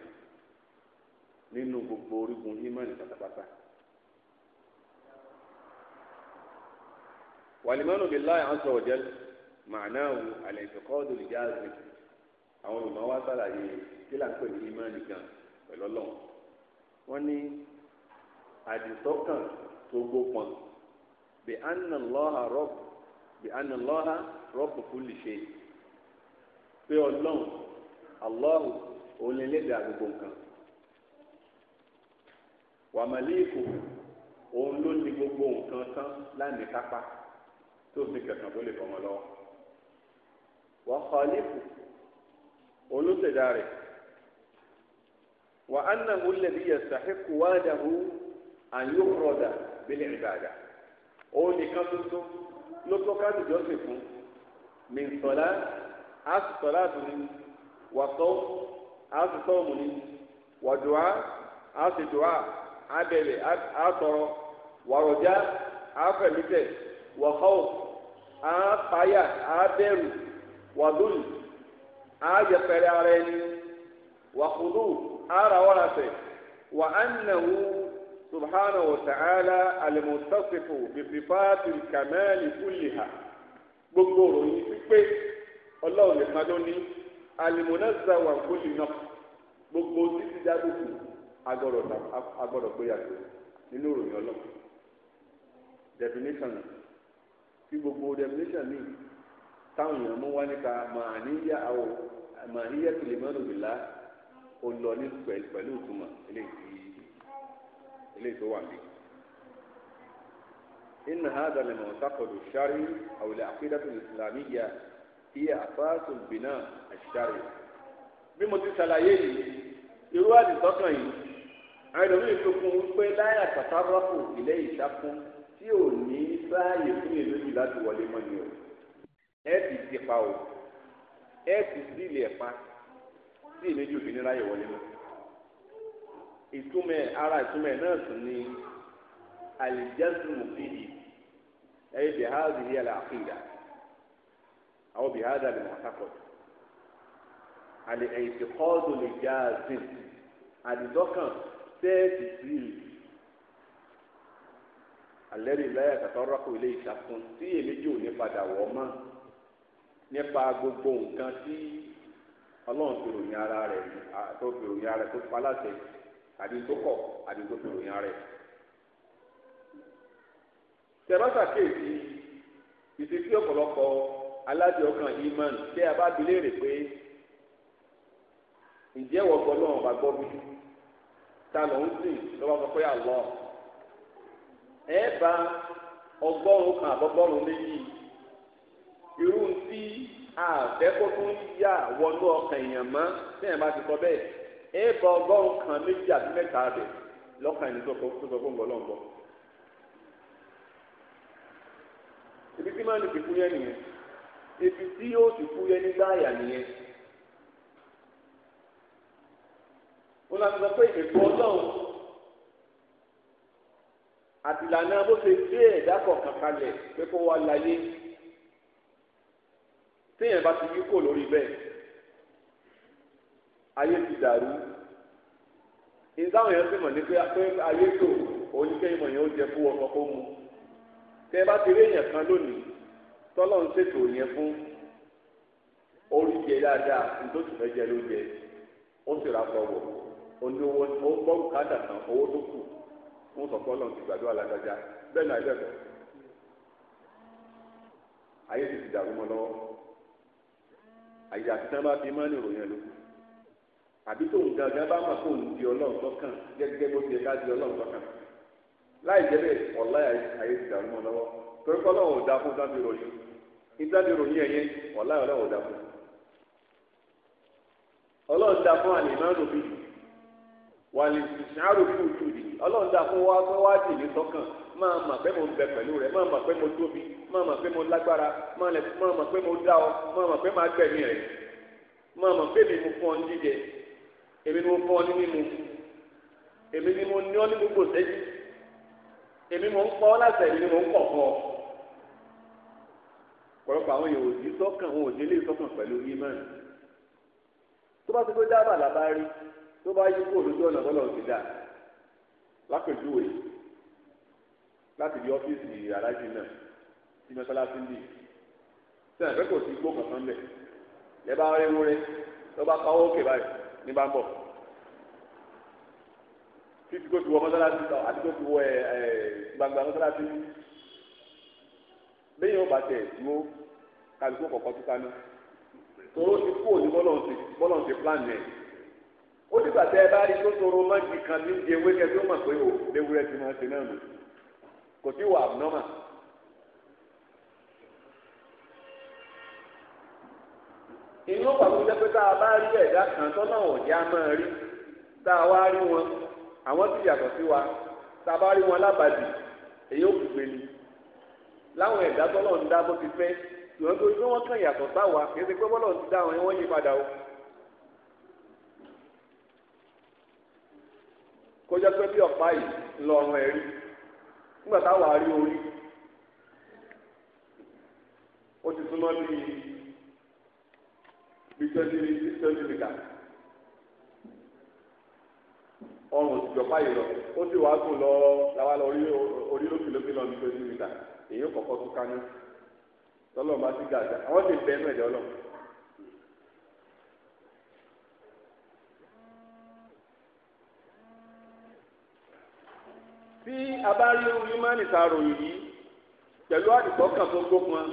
Speaker 1: nínú gbogbo orígun ìmọ̀ọ́nì pátápátá. wàlìmọ́nù bíi láì hàn sọ̀rọ̀ jẹ́ màánáàwù àlẹ́ ìfẹ́kọ́ọ̀dù lè jáde àwọn olùmọ̀ wá sàlàyé kí là ń pè ní ìmọ̀ọ́nì gan pẹ̀lú ọlọ́run wọ́n ní àdìsọ́kàn tó gbópọn bí anàlọ́ha rọ́bù bí anàlọ́ha rọ́bù kulli shay pé ọlọ́run Allahu òun lè lè dà nǹkan wàmàlíkù òun ló ní gbogbo nǹkan tán láàmì kápá tó fi kẹsàn tó lè fọmọ lọ́wọ́ wà kọ́lífù òun ló ṣẹ̀dá rẹ̀ wà ánàhù lẹ́bi yẹ sàhíkù wájàhù àyùrọ̀dà bílẹ̀ ìbàdà òun nìkan tuntun ló tó káàdì jọ́sìn fún mi sọ̀lá àsùsọ̀lá tó ní wà tọ́ àsùsọ̀ òmùní wà dùá àsùdùá abẹlẹ atọrọ wàrọjá afẹmítẹ wàhọw apáyà abẹrù wàdúlù ayẹpẹrẹ ara ẹni wàkúdù arawọlàfẹ wà ánnàwó subhanahu wa ta'ala alimusasifu bisifati kamali kulliha gbogbo òròyìn pípé ọlọ́run lè padà ní alimunazza wa kulli gbogbo títí dá gbogbo agbọ́dọ̀ agbọ́dọ̀ pé yàtọ̀ nínú ìròyìn Ọlọ́run definition tí gbogbo definition mi táwọn èèyàn mú wá nípa màá níyà àwọ màá níyà tó lè má lòdì ní pẹ̀lú ìtumọ̀ eléyìí tó wà mí. إن هذا المعتقد الشرعي أو العقيدة الإسلامية هي أساس البناء الشرعي bí mo ti ṣàlàyé yìí ẹlòmíì tó kún un pé láyà pàtàkì ìlẹ̀ ìṣàkún tí ò ní sáàyè fún èlò yìí láti wọlé mọ́ ni o ẹ ti ti pa o ẹ ti sí ilẹ̀ pa tí èlò yìí òfin níláyè wọlé mọ́ ìtumẹ̀ ara ìtumẹ̀ náà tún ní alìjẹ́sùmù fìdí ẹ bí háàzì yẹ làákìdá àwọn bí àlè mọ̀ọ́sàkọ̀ àlè ẹ̀yìn ti kọ́ ọ́ lè jáàzìn àdìdọ́kàn bẹ́ẹ̀dì bíi alẹ́rì láyà tàbí rọ́pò ilé ìṣàkun tí èméjì ò ní padà wọ̀ mọ́ nípa gbogbo nǹkan tí ọlọ́run fi ròyìn ara rẹ̀ tó fi ròyìn ara rẹ̀ tó pa láṣẹ àbí tó kọ̀ àbí tó fi ròyìn ara rẹ̀. tẹ̀rọ́sà kéèsì ìsìnkú ọ̀pọ̀lọpọ̀ aládìí ọkàn imán tẹ́ a bá bi léèrè pé ǹjẹ́ wọ́n gbọ́ lọ́wọ́ bá gbọ́ bí? ta ló ń sìn ló bá sọ pé àlọ́ ẹ bá ọgọ́rùn-ún kan àbọ̀gọ́rùn-ún méjì irú tí àfẹ́kọ́ tó ń yà wọnú ọkàn èèyàn mọ́ bẹ́ẹ̀ má ti sọ bẹ́ẹ̀ ẹ bá ọgọ́rùn-ún kan méjì àti mẹ́ta rẹ̀ lọ́kàn ẹni tó sọ fún gbọ́lọ́ngbọ́. ibi tí máa ń fi fúyẹ́ nìyẹn ibi tí yóò ti fúyẹ́ nígbà àyà nìyẹn. wọn lọ sọ pé ètò ọlọ́run àtìlànà bó ṣe gbé ẹ̀dá kọ̀ọ̀kan kalẹ̀ pé kó wá láyé téèyàn bá ti yí kò lórí bẹ́ẹ̀ ayé ti dàrú ìdáhùn yẹn fi mọ̀ ní pé ayé tó oníkẹ́ ìmọ̀ yẹn ó jẹ fún ọkọ̀ kó mu tẹ́ ẹ bá ti rí èèyàn kan lónìí tọ́lọ́ ń ṣètò yẹn fún orí jẹ dáadáa nítorí tó fẹ́ jẹ ló jẹ ó sì ra fọwọ́. olówó ó gbọ́ bùkátà tán owó tó kù fún sọ̀kọ́ ti gbàdúrà bẹ́ẹ̀ ayé ti ti dàrú mọ́ lọ́wọ́ bá fi ìròyìn àbí gangan bá di ọlọ́run lọ́kàn gẹ́gẹ́ bó ti ká di ọlọ́run lọ́kàn láì jẹ́ ọ̀la ayé ti dàrú mọ́ lọ́wọ́ torí fún sábì ròyìn wàlẹ̀ ìṣàrò fún ojú rí ọlọ́run dà fún wa fún wa jèlé sọ́kàn máa mà pé mo bẹ pẹ̀lú rẹ máa mà pé mo tóbi máa mà pé mo lágbára máa mà pé mo dá ọ máa mà pé máa gbẹ̀mí rẹ máa mà pé mi mo fún ọ ní jíjẹ èmi ni mo fún ọ ní mímu èmi ni mo ní ọ ní gbogbo sẹ́yìn èmi mo ń pọ́ ọ láṣẹ èmi ni mo ń pọ̀ fún ọ pọ̀lọpọ̀ àwọn èèyàn òdì sọ́kàn òun òdì lè sọ́kàn pẹ̀lú yìí mẹ́rin tó bá ti pé dábàá làbá rí tó bá yí kó lójú ọ̀nà bọ́lọ̀ ti dà lápèjúwe láti di ọ́fíìsì aláàjì náà sí mọ́sálásí ń bì sẹ́yìn fẹ́ kò sí gbó kankan lẹ̀ lẹ́ bá rí wúrẹ́ tó bá pawọ́ òkè báyìí ní bá ń bọ̀ títí kó ti wọ mọ́sálásí lọ àti kó ti wọ ẹ ẹ gbangba mọ́sálásí lẹ́yìn ọba tẹ̀ dúró kálukú kọ̀ọ̀kan tó kánú tòró ti kú òní bọ́lọ̀ ti bọ́lọ̀ ti plan yẹn ó dìgbà tẹ ẹ bá rí sótoro mọ́jì kan ní oúnjẹ ewé kẹfí ó mọ̀ pé ò léwúrẹ́ ti máa ṣe náà nù kò sí wà abnormal. inú pàtó jẹ́ pé tá a bá rí ẹ̀dá kan tọ́nà ọ̀já máa rí tá a wá rí wọn àwọn ti yàtọ̀ sí wa tá a bá rí wọn lábàdì èyí ò gbé ni láwọn ẹ̀dá tọ́nà ń dá bó ti fẹ́ ṣùgbọ́n tó ní wọ́n kàn yàtọ̀ sáwa kì í ṣe pé bọ́lọ̀ ti dá wọn ni wọ́n yí padà o. kó jẹ́ pé bí ọ̀pá yìí lọ́rùn ẹ̀ rí nígbà táwa rí orí ó ti súnmọ́ bí bí twenty twenty mita ọrùn òtijọ́ báyìí lọ ó sì wá gùn lọ làwa lọ orí orí lókèlókè lọ ní twenty mita èyí kọ̀kọ́ tún ká ní bá ti gàdá àwọn ti bẹ́ẹ̀ mẹ́jọ lọ. tí a bá rí irú ìmánì ta ròyìn yìí pẹ̀lú àdìgbọ́kàn tó gbógun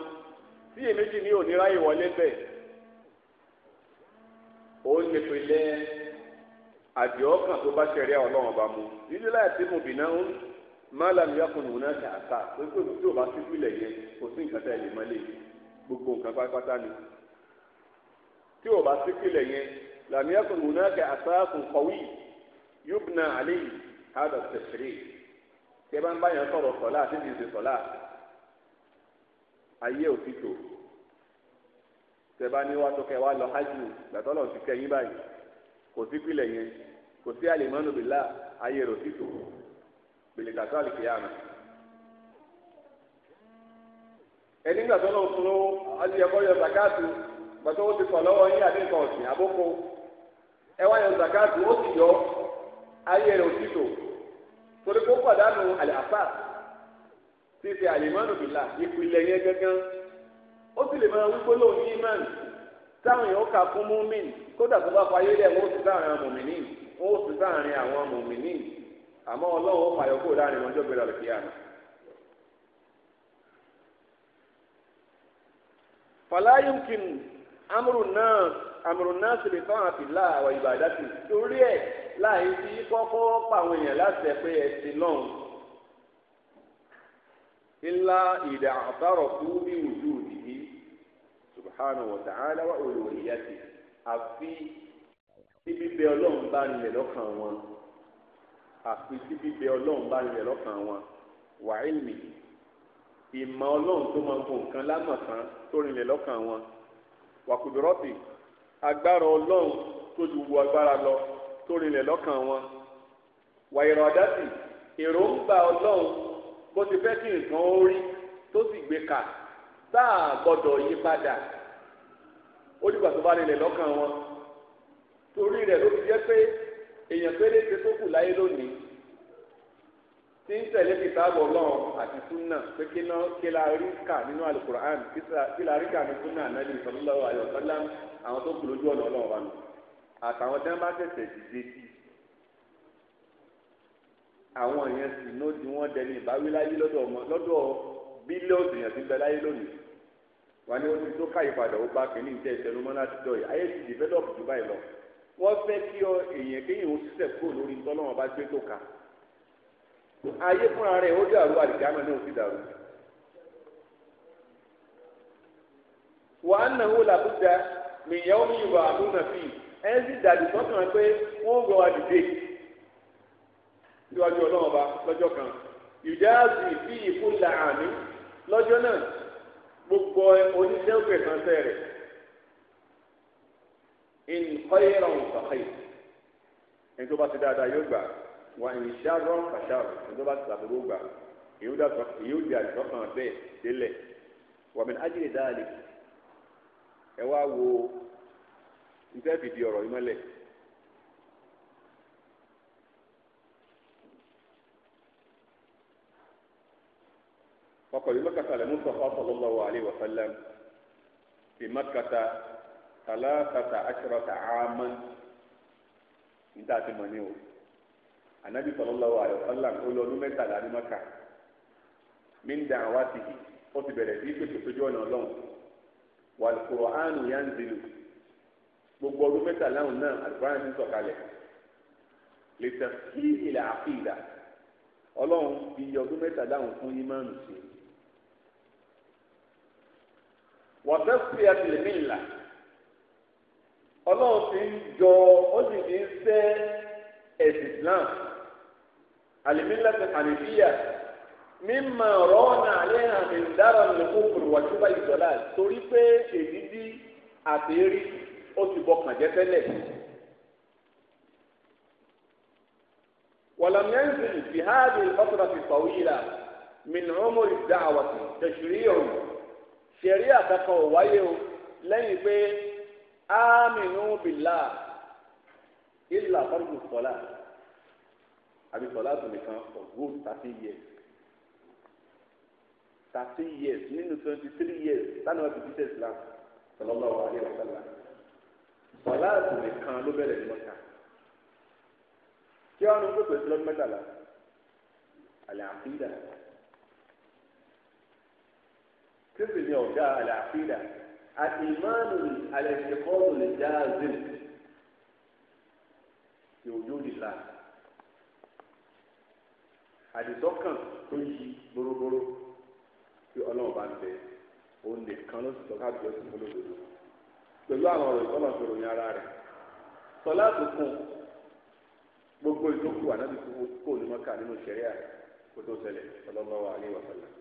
Speaker 1: tí èméjì ní òní ráyè wọlé bẹ̀ òun ṣe pèlè àdìọ́kàn tó bá ṣẹ̀rí ọlọ́run ọba mu nílé láì sí mu bìnná ń máa làm yàkùn òun náà ṣàṣà pé kò tí ò bá sí ìpìlẹ̀ yẹn kò sí nǹkan tá ẹ lè mọ́lẹ̀ gbogbo nǹkan pátápátá ni tí ò bá sí ìpìlẹ̀ yẹn làm yàkùn òun náà ṣàṣà kò kọ̀wé yóò bìnà àlẹ́ yìí hádà tẹ̀sírì. tẹ bá ń bá yẹn sọ̀rọ̀ sọ̀lá àti ìdíje sọ̀lá ayé òtítọ́ tẹ bá ní wá wá lọ hajj gbàtọ́lọ̀ ti kẹ báyìí kò sí pilẹ̀ yẹn kò sí bìlá ayé rẹ̀ òtítọ́ ẹni gbàtọ́lọ̀ fún ẹ̀kọ́ yọ zakatu ti sọ̀ lọ́wọ́ yín àti nǹkan ọ̀sìn àbókò ẹ wá yọ zakatu ó sì yọ ayé rẹ̀ òtítọ́. torí kó pàdánù àlàáfà ti ṣe àlìmọ́nù bìlà ìpìlẹ̀ yẹn gángan ó sì lè máa wípé lóun ní imán táwọn èèyàn kà fún múmin kódà tó bá fayé lẹ̀ wọ́n ó sì sáàrin àwọn mòmìnì wọ́n ó sì sáàrin àwọn mòmìnì àmọ́ ọlọ́run ó àmọ̀rún náà sì lè fáwọn àfìlà àwọn ìbàdàtì torí ẹ̀ láì fi kọ́kọ́ pàwọn èèyàn láti ẹ̀ pé ẹ̀sìn náà ńlá ìdá àtàrọ̀ kú bí wùdú nìyí subhanahu wa ta'ala wa uluhiyyati àfi tí bíbẹ ọlọ́run bá nílẹ̀ lọ́kàn wọn àfi tí bíbẹ ọlọ́run bá nílẹ̀ lọ́kàn wọn wa ilmi ìmọ̀ ọlọ́run tó máa ń gun nǹkan lámọ̀ kan tó nílẹ̀ lọ́kàn wọn wa agbára ọlọ́run tó ju wu agbára lọ tó rinlẹ̀ lọ́kàn wọn wàyẹ̀rọ̀ àdásì èròǹgbà ọlọ́run bó ti fẹ́ kí nǹkan ó rí tó sì gbé kà tá gbọ́dọ̀ yí padà ó dìgbà tó bá rinlẹ̀ lọ́kàn wọn torí rẹ̀ ló fi jẹ́ pé èèyàn péréte tó kù láyé lónìí tí ń tẹ̀lé kìtàbù ọlọ́run àti súnà pé kí náà kí la rí kà nínú alukur'an kí la rí kà ní súnà ànábì sallallahu alaihi wasallam àwọn tó kù lójú ọ̀nà ọlọ́run wa nù àtàwọn tí wọ́n bá tẹ̀sẹ̀ dìde sí àwọn yẹn sì ní ó di wọ́n dẹni ìbáwí láyé lọ́dọ̀ ọmọ lọ́dọ̀ bílíọ̀nù yẹn ti bẹ láyé lónìí wọn ni ó ti tó ká ìpadà ó bá kínní ìjẹ ìtẹnumọ́ láti dọ̀ ayé ti develop jù báyìí lọ wọ́n fẹ́ kí ọ èèyàn kéèyàn ó ṣiṣẹ́ kúrò lórí ntọ́lọ́wọ́n bá gbé tó ka ayé fúnra rẹ̀ ó dàrú àdìgámẹ́ náà ó sì dàrú. wàá nà ó làbújá mìyàn omi ìwà àbúnà fi ẹ ń sì dàdí sọ́kàn pé wọ́n ń gbọ́ àdìdè síwájú ọlọ́run ọba lọ́jọ́ kan ìdáàbì bí ìkú là àmì lọ́jọ́ náà gbogbo oníṣẹ́ òkè kan tẹ̀ rẹ̀ in khayran fa khayr ẹni tó bá ti dáadáa yóò gbà á. وإن شر فشر ذوبا سبروبا يودا يودا سكان به دلة ومن أجل ذلك هو هو إذا في ديار الملك فقد مكث المصطفى صلى الله عليه وسلم في مكة ثلاثة عشرة عاما إذا تمنيه anabi sallallahu alaihi wasallam olú ọdún mẹ́tàlá ní maka mi ń da àwa ti ó ti bẹ̀rẹ̀ sí pèsè sójú ọ̀nà ọlọ́run wà kùránù yá ń zilu gbogbo ọdún mẹ́tàlá ọ̀hún náà àlùkùránù ti ń sọ̀kalẹ̀ lè tẹ̀ sí ilẹ̀ àfihàn ọlọ́run fi ọdún mẹ́tàlá ọ̀hún fún ìmánu sí i wọ́tẹ́ sí àtìlẹ́mìlà ọlọ́run ti ń jọ ó sì ti ń sẹ́ ẹ̀sìn Islam alimilati hanifiya mímọ rọ́ọ̀nà alẹ́ àmì ìdára ní kókòrò wàjúbà ìdọ́là torí pé èyí dí àtẹ́rí ó ti bọ kànjẹ́ tẹ́lẹ̀. wàlámẹ́nsìn fìhádì ọ̀sọ̀rọ̀ ti fàwọ́ yìí la mìnàmọ́ ìdá àwàtì tẹ̀sírí ọ̀hún ṣẹ̀rí àtàkọ̀ wáyé o lẹ́yìn pé ámìnú bìlá ilà fọ́nù sọ́lá àbí sọ́lá tó nìkan for good thirty years thirty years nínú twenty three years sani wàá fi jíṣẹ́ islam sallallahu alaihi wasallam sọ́lá tó nìkan ló bẹ̀rẹ̀ ní mọ́ta kí wọn ń pèsè lọ́dún mẹ́tàlá àlẹ́ àfíìdà kírísì ni ọ̀gá àlẹ́ àfíìdà àti ìmáàlù àlẹ́ ìṣẹ̀kọ́ọ̀lù lè já zil. ní ojú òdìlà àdìsọ́kàn tó yí gbórógbóró tí ọlọ́run bá ń bẹ òun nìkan ló sì sọ ká bíọ́ sí pẹ̀lú àwọn ọ̀rọ̀ ìtọ́nà tó ròyìn ara rẹ̀ gbogbo ìdókòwò ànábì kò ní mọ́kà nínú ṣẹ̀ríà kó tó ṣẹlẹ̀ sallallahu wa sallam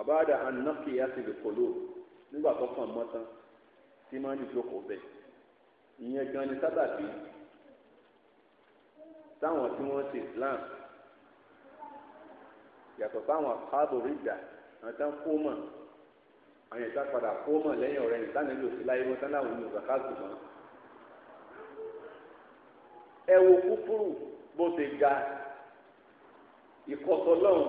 Speaker 1: ọ̀bá àdà ànákìyà ti lè kọ̀ lóò nígbà tó kàn mọ́ ìyẹn gan ni sábàbí táwọn tí wọ́n ti Islam yàtọ̀ fáwọn àbòrí ìjà àwọn tán kó mọ̀ àwọn ìta padà kó mọ̀ lẹ́yìn ọ̀rẹ́ yìí sáni lòsí láyé wọn sáni àwọn olùkọ́ káàtó mọ́. ẹ wo kúkúrú bó ṣe ga ìkọ̀sọ̀ lọ́hùn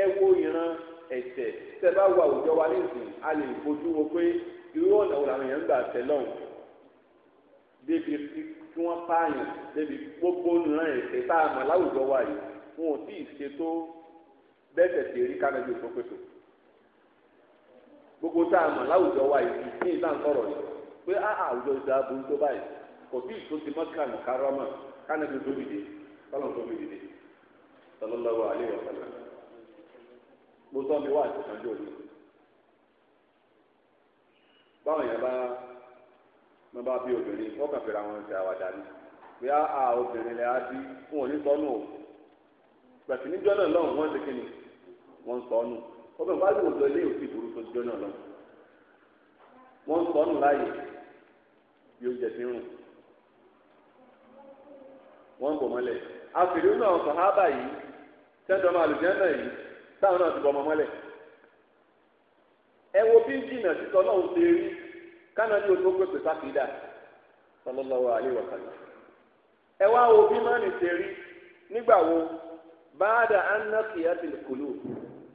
Speaker 1: ẹ wo ìran ẹ̀ṣẹ̀ tẹ́ bá wo àwùjọ wa nísìnyí a lè fojú wo pé irú ọ̀nà wo làwọn èèyàn ń gbà tẹ̀ lọ́hùn débi kí wọ́n pààyàn débi gbogbo nìran ètè tá a mọ̀ láwùjọ wa yìí wọn ò tí ì ṣe tó bẹ́sẹ̀ sí erí kánájú ìfọ́pẹ́tò gbogbo tá a mọ̀ láwùjọ wa yìí ní ìta ń sọ̀rọ̀ yìí pé á àwùjọ ìdá burú tó báyìí kò tí ì tó ti mọ́kà ní kárọ́mọ̀ kánájú tó dìde kọ́lọ̀ tó fi dìde sallallahu alaihi wa sallam mo wọn bá bí obìnrin wọn kàn fẹ́ra wọn ṣe àwàdà ni bí a a obìnrin lè á bí fún òní sọnù o gbàtí níjọ náà lọ́hùn wọ́n ṣe kíni wọ́n sọnù obìnrin bá lòun lọ ilé òsì burú tó jọ náà lọ́hùn wọ́n sọnù láàyè bí oúnjẹ ti ń rùn wọ́n ń bọ̀ mọ́lẹ̀ àfìrí náà sàhábà yìí sẹ́ńtọ́mọ àlùjẹ́ńdà yìí táwọn náà ti bọ̀ ọmọ mọ́lẹ̀ ẹ wo bí jìnnà títọ́ náà ń ṣe rí kánà ní odò pépè sákìdá sallallahu alaihi wa sallam. ẹ wá wo bí mánì ṣe rí nígbà wo báàdà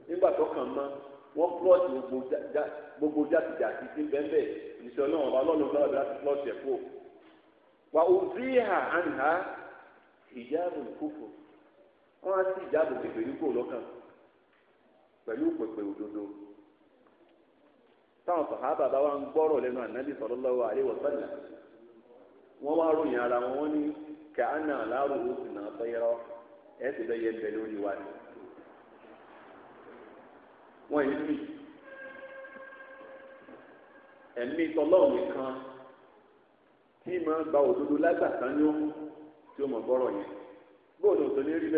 Speaker 1: nígbà tó kàn mọ́ wọ́n plọ́ọ̀tì gbogbo jàtìjàtì sí bẹ́ẹ̀ ìṣọ́ náà ọba ọlọ́run náà láti plọ́ọ̀tì ẹ̀ kú. wà ó rí hà àná ìjáàbù wọ́n á ìjáàbù kékeré lọ́kàn pẹ̀lú táwọn sàhábà bá wà ń gbọ́rọ̀ lẹ́nu ànábì sallallahu alaihi wọ́n wá ròyìn ara wọn ní kàánà aláàrò oṣù náà fẹ́yẹ́rọ́ ẹ̀ sì bẹ́ yẹ bẹ̀ lórí wa ni. wọ́n yìí mì ẹ̀mí tọ́lọ́ọ̀ nìkan tí máa gba òdodo ní tí ó mọ̀ gbọ́rọ̀ yẹn bóòdù ní rí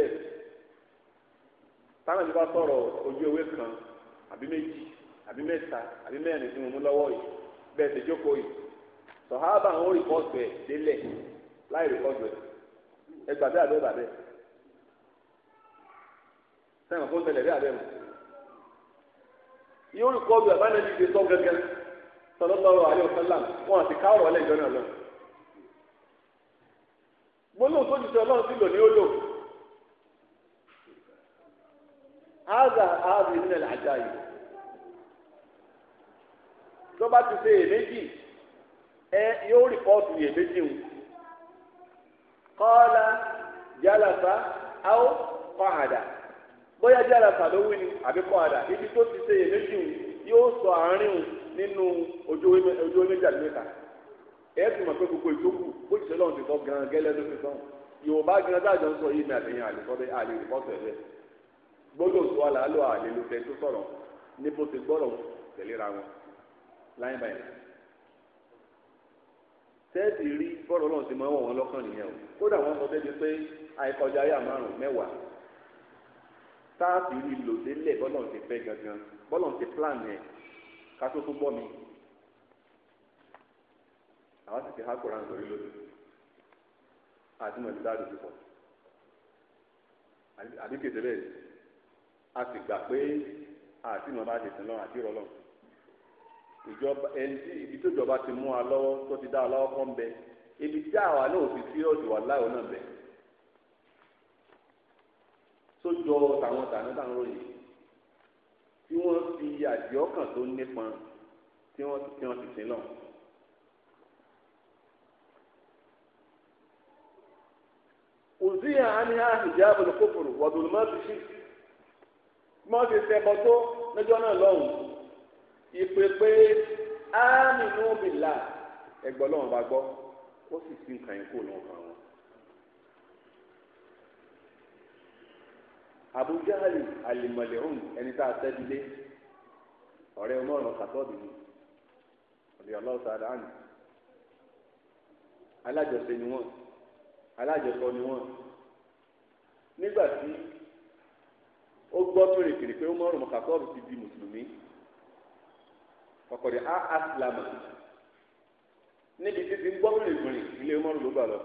Speaker 1: àbí mẹ́ta àbí mẹ́rin tí mo mú lọ́wọ́ yìí bẹ́ẹ̀ ti jókòó yìí sọ̀hábà ń rí pọ́ọ̀sì ẹ̀ délẹ̀ láì rí pọ́ọ̀sì ẹ̀ ẹ gbàgbé àbẹ́ bàbẹ́ sẹ́wọ̀n fún tẹ̀lẹ̀ bí àbẹ́ mọ̀ yóò rí pọ́ọ̀sì àbánẹ́bí ti sọ gẹ́gẹ́ sọlọ́tọ̀rọ̀ àlẹ́ òsánlám wọn àti káwọ̀ ọ̀lẹ́ ìjọ náà lọ. gbólóhùn tó jùlọ ọlọ́run sí lò ní àjà tó bá ti ṣe èméjì ẹ yóò rìpọ́ọ̀tù èméjì ń kọ́ọ́lá jálàfà áwọ̀ kọ́hàdà bóyá jálàfà ló wí ni àbí kọ́hàdà ibi tó ti ṣe èméjì ń yóò sọ àárín ń nínú ojú owó méjì ẹ tún mọ̀ pé gbogbo ìtókù bó ti ṣe ti sọ gan gẹ́lẹ́ ló fi sọ yorùbá gan ń sọ yìí ní gbọ́dọ̀ láyé báyìí tẹ́ẹ̀tì rí bọ́ọ̀lù ọlọ́run ti máa wọ̀ wọ́n lọ́kàn nìyẹn o kódà wọn sọ débi pé àìkọjá ayé àmárùn mẹ́wàá táàtì rí lò délẹ̀ bọ́ọ̀lù ti fẹ́ gangan bọ́ọ̀lù ti plan yẹn ká tó tó gbọ́ mi àwọn sì ti há koran lórí lónìí àti mọ̀ ní dáàbò púpọ̀ àbí kèsè bẹ́ẹ̀
Speaker 2: a sì gbà pé
Speaker 1: àti mọ̀ bá ti sìn lọ́rùn àti ìrọ̀lọ́run. ìjọba ẹni tí ibi tó jọba ti mú wa lọ́wọ́ tó ti dá wa lọ́wọ́ kọ́ ń bẹ ibi tí àwa náà fi sí ọ̀dọ̀ wà láwọn náà bẹ sójọ tàwọn tàwọn tàwọn ròyìn tí wọ́n fi àdìọ́kàn tó nípọn tí wọ́n ti wọ́n ti sin lọ. òzíyà àníhà ìjábọ̀ lókòkòrò wọ̀dùnmọ́ ti ṣí mọ́ ti sẹ́bọ̀ tó lọ́jọ́ náà lọ́hùn-ún ìpè pé ámìnú bìlà ẹgbọ́n lọ́wọ́n bá gbọ́ ó sì fi nǹkan yẹn kó lọ́wọ́ kan wọn. Abuja ali alimọlẹ́hùn ẹni tá a tẹ́dílé ọ̀rẹ́ ọlọ́run kàtọ́ọ̀dù ni ọ̀dẹ̀ ọlọ́run sáadà ánì alájọṣe ni wọ́n alájọṣọ ni wọ́n nígbà tí ó gbọ́ pèrèpèrè pé ó mọ̀rùn kàtọ́ọ̀dù ti di mùsùlùmí ọkọdé a asilama níbi títí ń gbọ́ rìnrìn ilé mọ́rù ló gbà lọ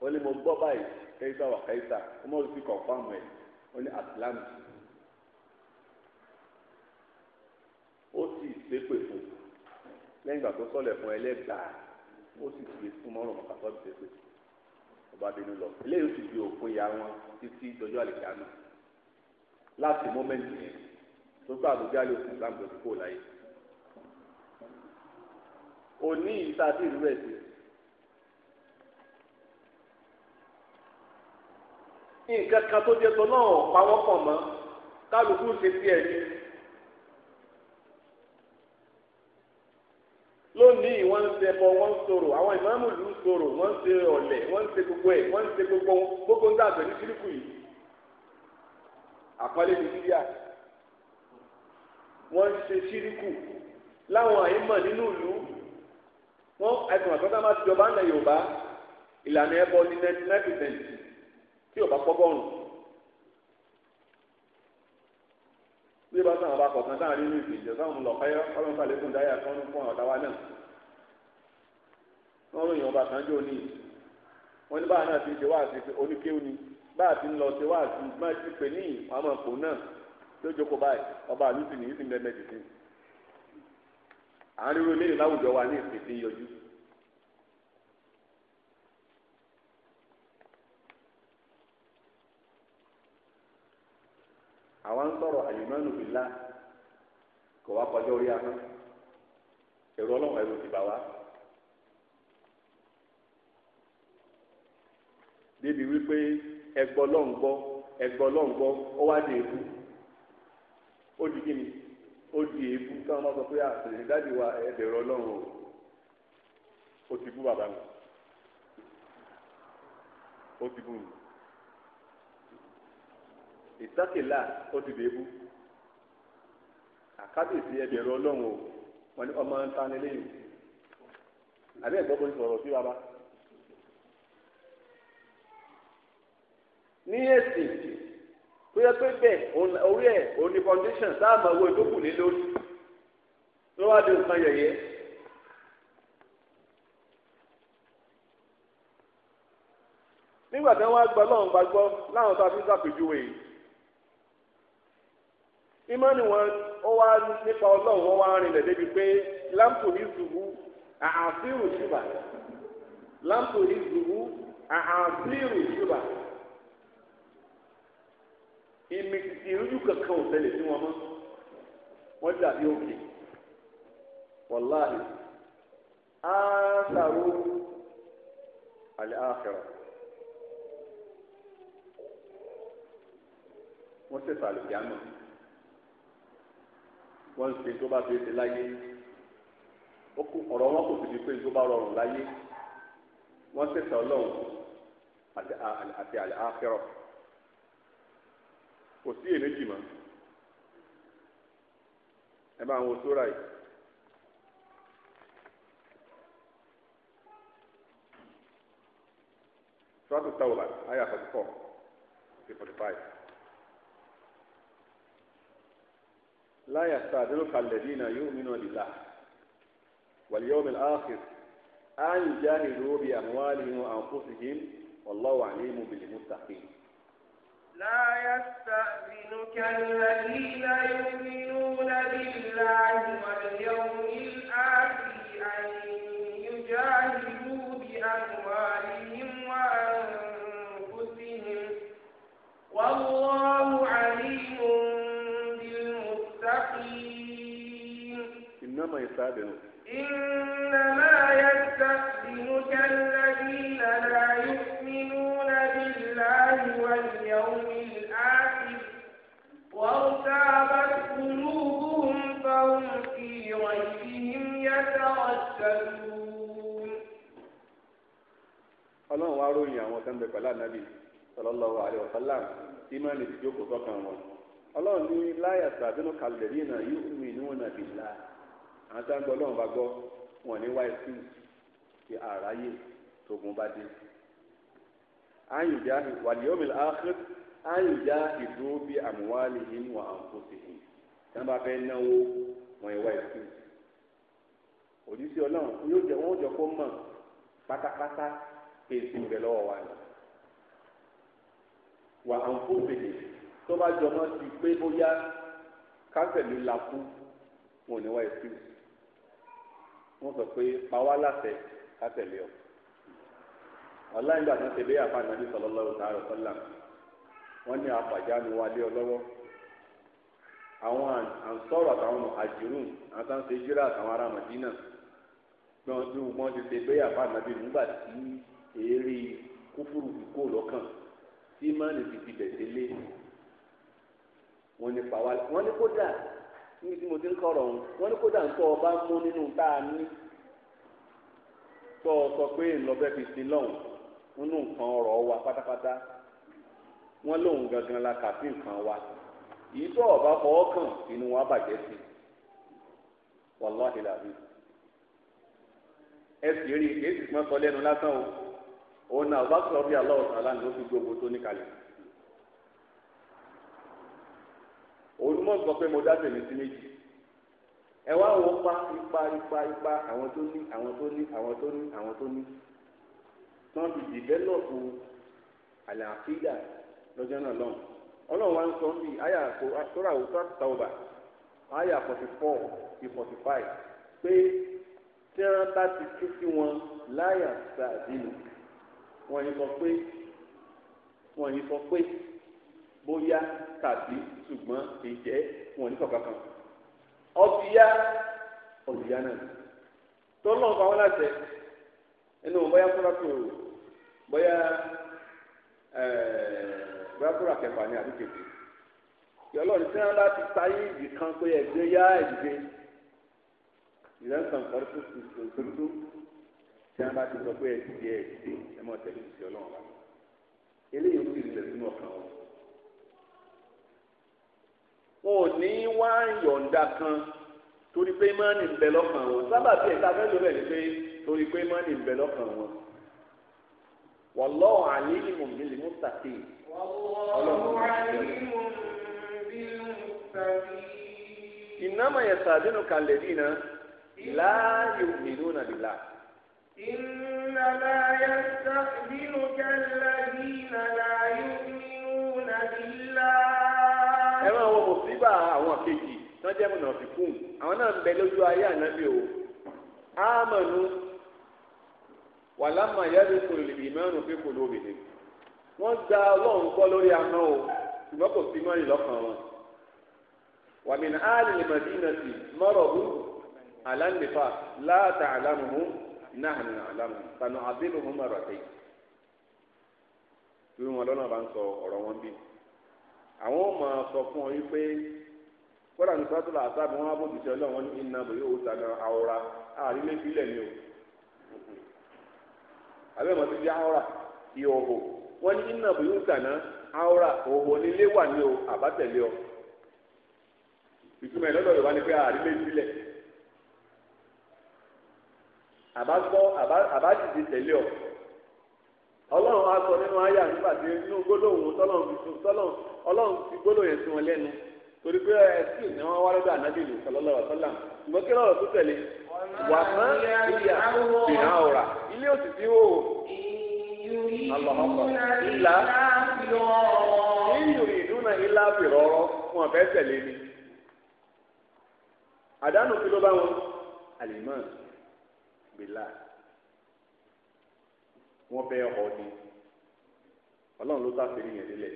Speaker 1: ó ní mo gbọ́ báyìí kẹ́sà wà kẹ́sà ó mọ́rù sí kọ̀ǹfàmù ẹ̀ ó ní asilamu ó sì ṣépè fún lẹ́yìn ìgbà tó sọ̀lẹ̀ fún ẹlẹ́gbàá ó sì ṣe fún mọ́rù mọ́ta tó ti ṣépè ọba bínú lọ eléyìí ó sì di òpin ya wọn títí dọjọ́ àlèkè àná láti mọ́mẹ́ǹtì yẹn tó gbà ló jálè òkú islam tó ti kó láyé òní yìí tá a ti rí rẹ̀ sí. nǹkan kan tó jẹ́ tó náà pawọ́ pọ̀ mọ́ kálukú ṣe tiẹ̀ ní. lónìí wọ́n ń ṣẹbọ wọ́n ń sọ̀rọ̀ àwọn ìmáàmù ìlú ń sọ̀rọ̀ wọ́n ń ṣe ọ̀lẹ̀ wọ́n ń ṣe gbogbo ẹ̀ wọ́n ń ṣe gbogbo gbogbo ń dàgbẹ́ ní síríkù yìí àpọ́nlé ní bíbí wọ́n ṣe síríkù láwọn àyímọ̀ nínú ìlú wọ́n ẹ̀sùn àtọ́ta máa ti jọba ń lẹ Yorùbá ìlànà ẹbọ ní ninety nine percent tí Yorùbá pọ́ bọ́ọ̀rùn bí bá sàn àwọn akọ̀kan táwọn nínú ìgbìjọ táwọn ọmọ lọ́kọ́yọ́ ọlọ́run sàlékún dáyà kan fún àwọn ọ̀dáwà náà wọ́n ròyìn ọba kan jọ ní wọ́n ní báwa náà ti ṣe wáàsí oníkéwù ni báà ti ń lọ ṣe wáàsí máa ti pè ní àmọ̀pọ̀ náà tó jókòó báyìí ọba àlù sì ní í sì ń lẹ́mẹ̀jì àárín ro láwùjọ wa ní ìpèsè yọjú. àwa ń sọ̀rọ̀ àyùmánu bìlá kò wá kọjá orí ahọ́n èrò ọlọ́run ẹ̀rù ti bà wá. débi wípé ẹgbọ́ lọ́n ẹgbọ́ lọ́n ó wá dé ó di kí ni ó di èébú táwọn máa sọ pé àṣẹ ah, dáàdi wa ẹ̀ẹ́dẹ̀rọ ọlọ́run o ó ti bú bàbá mi ó ti bú mi ìtàkìlá ó ti bèébú àkábíyèsí ẹ̀ẹ́dẹ̀rọ ọlọ́run o wọn ni ọmọ ń tán lélẹ́yìn àbí ẹ̀gbọ́n bó ń sọ̀rọ̀ sí bàbá ní èsì ó yẹ pé bẹ́ẹ̀ orí ẹ̀ òun ni foundation sáàmù owó ìdókù lé lórí ló wá di nǹkan yẹ̀yẹ́. nígbà tí wọ́n á gbọ́ lọ́wọ́n gbàgbọ́ láwọn tó a fi ń sàpèjúwe yìí ìmọ̀ ni wọ́n ó wá nípa ọlọ́run wọ́n wá rinlẹ̀ débi pé lámpù ní zùwú àhàfíìrù ṣùgbà lámpù ní zùwú àhàfíìrù ṣùgbà ìmìtìtì irújú kankan ò tẹ̀lé sí wọn mọ́ wọ́n dàbí òkè wàláhì áásàrò àlẹ́ àfẹ́rọ̀ wọ́n ṣe sàlùkìámọ̀ wọ́n ń ṣe tó bá fèsì láyé ọ̀rọ̀ wọn kò sì pé tó bá rọrùn láyé wọ́n ṣe ọlọ́run àti àlẹ́ àfẹ́rọ̀ kò sí èméjì mọ́ ẹ bá àwọn sóra yìí. Sọ́tù Tawba, Aya 44, 45. Láyà sàdúró kàlẹ́dí náà yóò mìíràn lílà. Wàlíyọ́ mi láàkìr. Á ń jáde lórí àmúwálì wọn àǹfóṣìhìn. Wallahu alimu bil muttaqin.
Speaker 2: لا يستأذنك الذين يؤمنون بالله واليوم الآخر أن يجاهدوا بأموالهم وأنفسهم والله عليم بالمتقين
Speaker 1: إنما يستأذنك
Speaker 2: إنما يستأذنك الذين لا وارتابت قلوبهم فهم في ريبهم يترددون
Speaker 1: ọlọ́run wá ròyìn àwọn tó ń bẹ pẹ̀lú ànábì sallallahu alaihi wasallam ìmọ̀ọ́nì ti jókòó sọ́kàn wọn ọlọ́run ní láyà sàbínú kàlẹ́rì náà yóò mú inú ọ̀nà bìlá àwọn tó ń gbọ́ ọlọ́run bá gbọ́ wọn ní wáyé sí ti àráyé tógun bá dé. àyùjá wàlíọ́mìlì áhìrì àǹjá ìdúró bí àmúwálì yìí wà àǹkóṣe yìí tí wọ́n bá fẹ́ náwó wọn ìwà ìsìn òjíṣẹ́ ọlọ́run yóò jẹ wọ́n jọ kó mọ̀ pátápátá pé èsì rẹ̀ lọ́wọ́ wa ni wà àǹkóṣe yìí tó bá jọmọ́ ti pé bóyá kánsẹ̀lì la kú wọn ò ní wá ìsìn wọ́n sọ pé pawá láṣẹ kánsẹ̀lì ọ̀ ọ̀la ìgbà tí ṣe bí àfa nàbí sallallahu ta'ala sallam. wọ́n ní apàjánu wa lé ọ lọ́wọ́ àwọn ànsọ́rọ̀ àtàwọn àjùrùn àtàǹsẹ̀ ìjírà àtàwọn ará Màdínà gbọ́n bí wọ́n ti ṣe bẹ́ẹ̀ àbá nàbí nígbà tí kúfúrú ti ti lé wọ́n ní ti ń kọ̀rọ̀ wọ́n ní kódà ń tọ́ ọba mú nínú tá a ní tọ́ ọ sọ pé ńlọbẹ́ fi sin lọ́hùn nínú nǹkan ọ̀rọ̀ wọ́n lóun gangan la kà sí nǹkan wa yìí tó ọba fọwọ́ kàn inú wa bàjẹ́ sí i wàláhì làbí ẹ sì rí èyí sì máa sọ lẹ́nu lásán o òun náà ọba sọ bí aláwọ̀ sàlá ni ó fi gbogbo tó níkàlẹ̀ òun mọ̀ sọ pé mo dá tèmi sí méjì ẹ wá wo pa ipa ipa ipa àwọn tó ní àwọn tó ní àwọn tó ní àwọn tó ní tí wọ́n fi dìbẹ́lọ̀pù àlàáfíà lọ́jọ́ náà lọ́hùn ọlọ́run wa ń sọ níbi àyà àtúrà òótọ́ àtàwọ̀bà àyà forty four sí forty five pé tí wọ́n bá ti ké sí wọn láyà sàdínù wọ́n yìí sọ pé wọ́n yìí sọ pé bóyá tàbí ṣùgbọ́n ìjẹ́ wọ́n ní kọ̀ọ̀kan ọ̀bíyá ọ̀bíyá náà tó lọ́n pa wọ́n láṣẹ ẹnu bóyá kúrọ́tù bóyá ẹ̀ẹ́ gbàgbọ́ra kẹfà ní àdúgbò yọlọ́ọ̀ni tí wọ́n bá ti táyé ìdì kan pé ẹ̀gbẹ́ yá ẹ̀gbẹ́ ìrẹ́sàn kan tó ti tòótó tí wọ́n bá ti sọ pé ẹ̀gbẹ́ ẹ̀gbẹ́ ẹ̀ mọ̀ tẹ̀lé ìṣẹ́ ọlọ́run wa eléyìí ó sì rí lẹ́sìn ọ̀kan wọn. wọn ò ní wá yọ̀ǹda kan torí pé mọ́ọ̀nì ń bẹ lọ́kàn wọn sábàbí ẹ̀ka fẹ́ lóbẹ̀ ni pé torí pé mọ́ọ̀nì ń bẹ ọlọ́run
Speaker 2: ìnáma yẹn sàdínù
Speaker 1: kalẹ̀ dínà láàyè òmìnú
Speaker 2: nàdìlá. ìnàlá yẹn sàdínù kalẹ̀ dínà láàyè òmìnú nàdìlá. ẹ máa wọ mùsíbà
Speaker 1: àwọn kejì tó jẹ́ mùnàfíkùn àwọn náà ń bẹ lójú ayé ànábì o. ámànú wàlámà yẹ́rù kò lè bì mẹ́rin fi kò lóbìnrin. wọ́n gba ọlọ́run gbọ́ lórí ahọ́n o ṣùgbọ́n kò sí mọ́rin lọ́kàn wọn. áàlì lè sí mọ́rọ̀bù láàtà náà tẹ̀. bí wọn lọ́nà bá ń sọ ọ̀rọ̀ wọn bí. àwọn ò máa sọ fún ọ wípé kódà ní sátúlà àtàbí wọn bó ṣe ọlọ́run ní iná bòye ó àwòrà fílẹ̀ ni o. wọ́n ní nínà bùyúntàná àwòrán òhò nílé wà ní o àbátẹ̀lé ọ ìtumọ̀ ìlọ́dọ̀ yorùbá ni pé àárín lé sílẹ̀ àbágbọ́ àbájìdì tẹ̀lé ọ ọlọ́run á sọ nínú àyà nígbà tí inú gbólóhùn tọ́lọ́run fi sun tọ́lọ́run ọlọ́run fi yẹn lẹ́nu torí pé ni wọn wá
Speaker 2: lọ́dọ̀ alọ́mọkọ ìlà yíyù ìdúnà ìlà
Speaker 1: fìrọ́rọ́ fún ọ̀bẹ tẹ̀lé ni àdánù kí ló bá wọn àlìmọ́ bìlà wọn bẹ ọkọ ni ọlọ́run ló sáfẹ́ yẹn lélẹ̀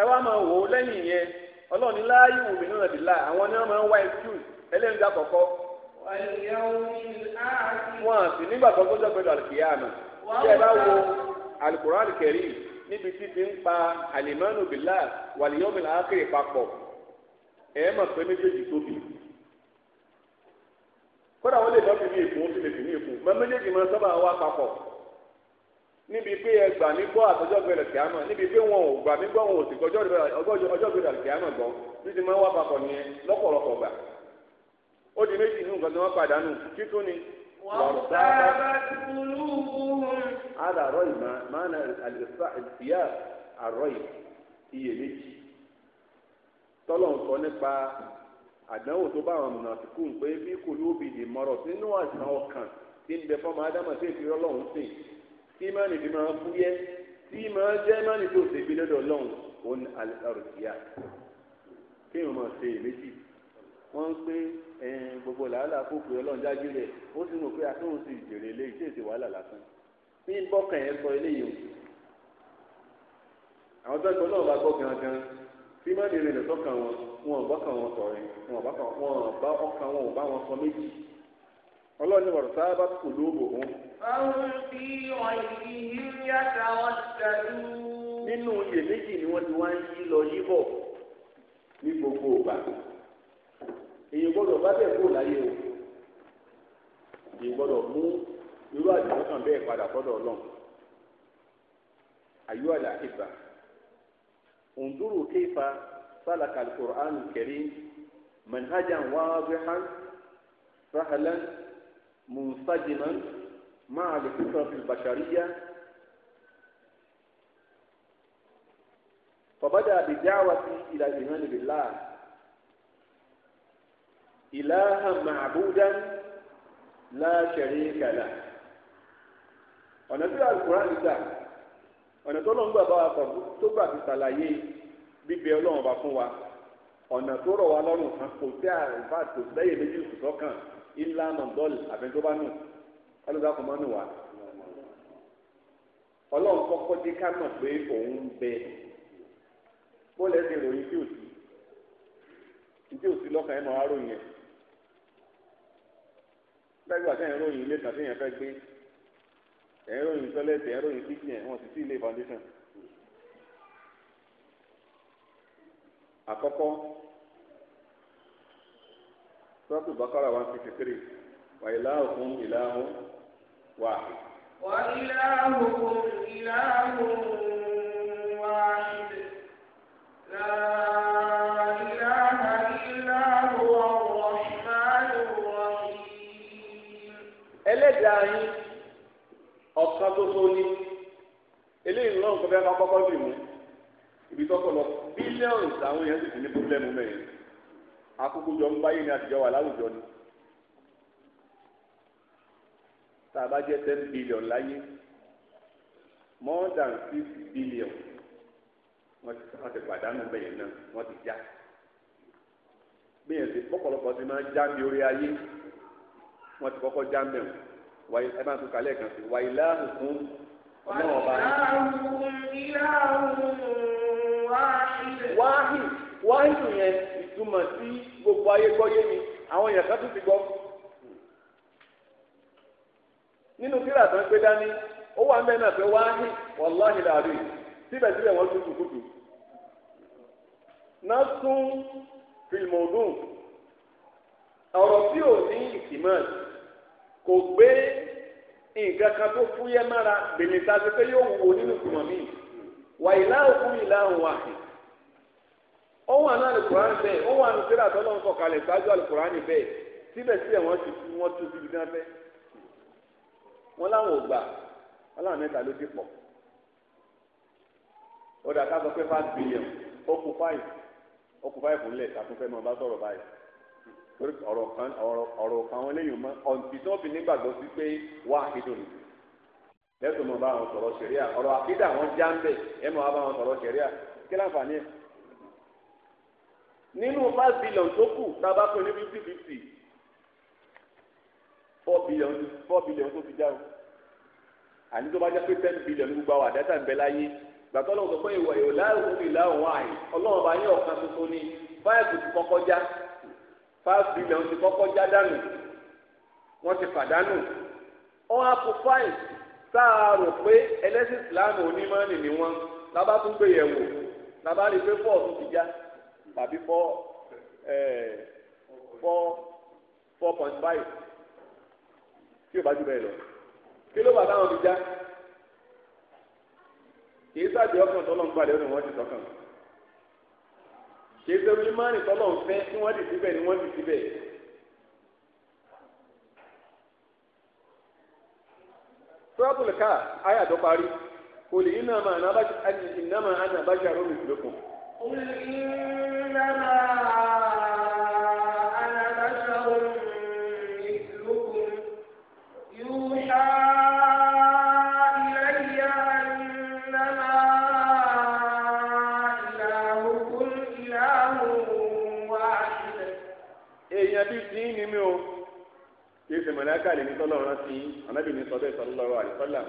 Speaker 1: ẹ wá máa wò ó lẹ́yìn yẹn ọlọ́run láàyè wò mí náà bìlà àwọn ni wọ́n máa ń wá excuse ẹlẹ́yìn dá kọ̀kọ́.
Speaker 2: wọ́n à sì nígbàgbọ́
Speaker 1: tó dọ̀gbẹ́dọ̀ pẹ̀lú tí ẹ bá wo alukurani kẹrin níbi tí ti ń pa alimanu bila wàlíyọ́mi làákìrì papọ̀ ẹ mọ̀ pé méjèèjì tóbi kódà wọ́n lè dọ́kì ní èkó ó lè fi ní èkó mọ méjèèjì papọ̀ níbi pé gbọ́ àtọ́jọ́ níbi pé wọn ò gbà mí gbọ́ wọn ò sì ó di méjì nínú nǹkan tí wọ́n pàdánù títú ni. Ada àrọ́ yìí máa na àlùfáà ìyá àrọ́ yìí iyèméjì. Tọ́lọ̀ ń sọ nípa àdánwò tó bá àwọn mùnàfíkù ń pé bí kò ló bi lè mọ̀rọ̀ sínú àìsàn ọkàn tí ń bẹ fọ́mọ Ádámà tí èfi Ọlọ́run sìn tí ìmánì fi máa fúyẹ́ tí máa jẹ́ ìmánì tó ṣègbè lọ́dọ̀ Ọlọ́run òun àlùfáà ìyá. Kéèyàn máa ṣe iyèméjì wọ́n ń pé gbogbo làálàá kó pé ọlọ́run jájú rẹ̀ ó sì mọ̀ pé àtúnwò sì jèrè eléyìí e, tí èsì wàhálà lásán ní bọ́kàn yẹn sọ eléyìí o àwọn tó ń sọ náà bá gbọ́ gangan tí má nìrìn lọ sọ́kàn wọn wọn ò bọ́kàn wọn sọ̀rọ̀ wọn ò bọ́kàn wọn ò bá ọkàn wọn ò bá wọn sọ méjì ọlọ́run ní wọ̀rọ̀ sábà kò lóògùn òun.
Speaker 2: báwọn fi ọ̀yìn yàtà ọ̀sẹ̀ nínú
Speaker 1: iyèméjì ni wọ́n ti wá ń yí lọ yíbọ̀ ní gbogbo ìgbà èyí gbọ́dọ̀ bá bẹ́ẹ̀ kó láyé o èyí gbọ́dọ̀ mú irú àdìmọ́ kan bẹ́ẹ̀ padà gbọ́dọ̀ ọlọ́run ayú àlàkìfà òǹdúró kéfà sálàkà alukur'an karim manhajan wadihan sahlan munsajiman ma'a al-fitra al-bashariyya فبدأ بالدعوة إلى الإيمان بالله ìlàhà màbúdá láṣẹrí kàlà ọ̀nà tí alukurani gbà ọ̀nà tó lọ́ngbà bá wa kọ̀ tó gbà fi ṣàlàyé bíbẹ ọlọ́run bá fún wa ọ̀nà tó rọ̀ wá lọ́rùn kan kò sí àrùbá tó lẹ́yìn méjì sọ́kàn ìlànà dọ́ọ̀lì àbẹ̀ntọ́bánù alùpàkùn mọ́nù wa ọlọ́run kọ́kọ́ dé ká mọ̀ pé òun ń bẹ bó lẹ́sìn ìròyìn tí ò sí tí ò sí lọ́kàn ẹ̀ máa wá ròyìn ẹ̀ lẹ́gbàá sẹ́yìn ròyìn ilé kan sẹ́yìn fẹ́ gbé ẹ̀yìn ròyìn tọ́lẹ́tì ẹ̀yìn ròyìn kíkì ẹ̀ wọ́n sì sí ilé foundation. àkọ́kọ́ sọ́tù bàkàrà one fifty three wà ilahukum ilahun wahid.
Speaker 2: wà ilahukum ilahun wahid.
Speaker 1: ẹlẹ́dàá yín ọ̀kan tó tó ní eléyìí lọ́rùn tó fẹ́ ká kọ́kọ́ bì mú ibi tó kọ̀ lọ bílíọ̀nù àwọn èèyàn sì ti ní pọ́blẹ́mù mẹ́rin akókó jọ ń báyìí ní àtijọ́ wà láwùjọ ni tá a bá jẹ́ ten billion láyé more than six billion wọ́n ti wọ́n ti pàdánù bẹ́yẹn náà wọ́n ti já bẹ́yẹn ti pọ́pọ́lọpọ́ ti máa já bí orí ayé wọ́n ti kọ́kọ́ já mẹ́wọ̀n. ẹ bá ń tún kalẹ̀ sí wà ilá òkun ọlọ́run ọba wáhì wáhì yẹn ìtumọ̀ sí gbogbo ayé gbọ́yé ni àwọn èèyàn kan tún ti gbọ́ nínú kíláà tó ń gbé dání ó wà mẹ́rin àfẹ́ wáhì wàláhì làárì síbẹ̀síbẹ̀ wọ́n tún kùkùtù náà tún fìlmù ọdún kò gbé nǹkan kan tó fúyẹ́ mára bèlèta ti pé yóò wò nínú ìgbìmọ̀ mi wà ìlà òkú ìlà òun wà. ó wà ní alukurani bẹ́ẹ̀ ó wà ní sẹ́dá tó lọ́n sọ kalẹ̀ ṣáájú alukurani bẹ́ẹ̀ síbẹ̀síbẹ̀ wọ́n ti wọ́n tún síbi náà fẹ́. wọ́n láwọn ò gbà wọ́n láwọn mẹ́ta ló ti pọ̀. ó dà ká sọ pé five billion ó kú five ó kú five ńlẹ̀ ká tún fẹ́ mọ́ sọ̀rọ̀ báyìí torí ọ̀rọ̀ kan ọ̀rọ̀ kan wọn lẹ́yìn mọ́ ọ̀ǹtí tí wọ́n fi nígbàgbọ́ sí pé wá àkídò ni lẹ́tọ̀ mọ̀ bá wọn sọ̀rọ̀ ṣẹ̀ríà ọ̀rọ̀ àkídà wọn já ń bẹ̀ ẹ̀ mọ̀ bá wọn sọ̀rọ̀ ṣẹ̀ríà kí láǹfààní ẹ̀. nínú five billion tó kù tábà pé ní fifty fifty four billion four billion tó fi dáhùn àní tó bá jẹ́ pé ten billion gbogbo àwọn àdáta ń bẹ láyé gbàtọ́ lọ́wọ́ sọ pé ìwà ìwòláwò ìlà òun àyè ọlọ́run bá five billion ti kọkọ já dànù wọ́n ti pàdánù wọ́n á kó fáìn tá a pé ẹlẹ́sìn ìsìláàmù onímọ̀ọ́nì ni wọ́n lábá tún gbé yẹ̀ wò lábá rí i pé tún o eh, bá bẹ́ẹ̀ lọ kí ló bá táwọn já kì kì í sẹ́rù ìmánì tọ́lọ̀ ń fẹ́ kí wọ́n dì síbẹ̀ ni wọ́n dì síbẹ̀. sọ́ọ́tùlù ká àyà tó parí kò lè iná máa ṣe mọ̀láká lè ní tọ́lọ́run rántí anábì ní sọ́dọ̀ sallallahu alaihi wasallam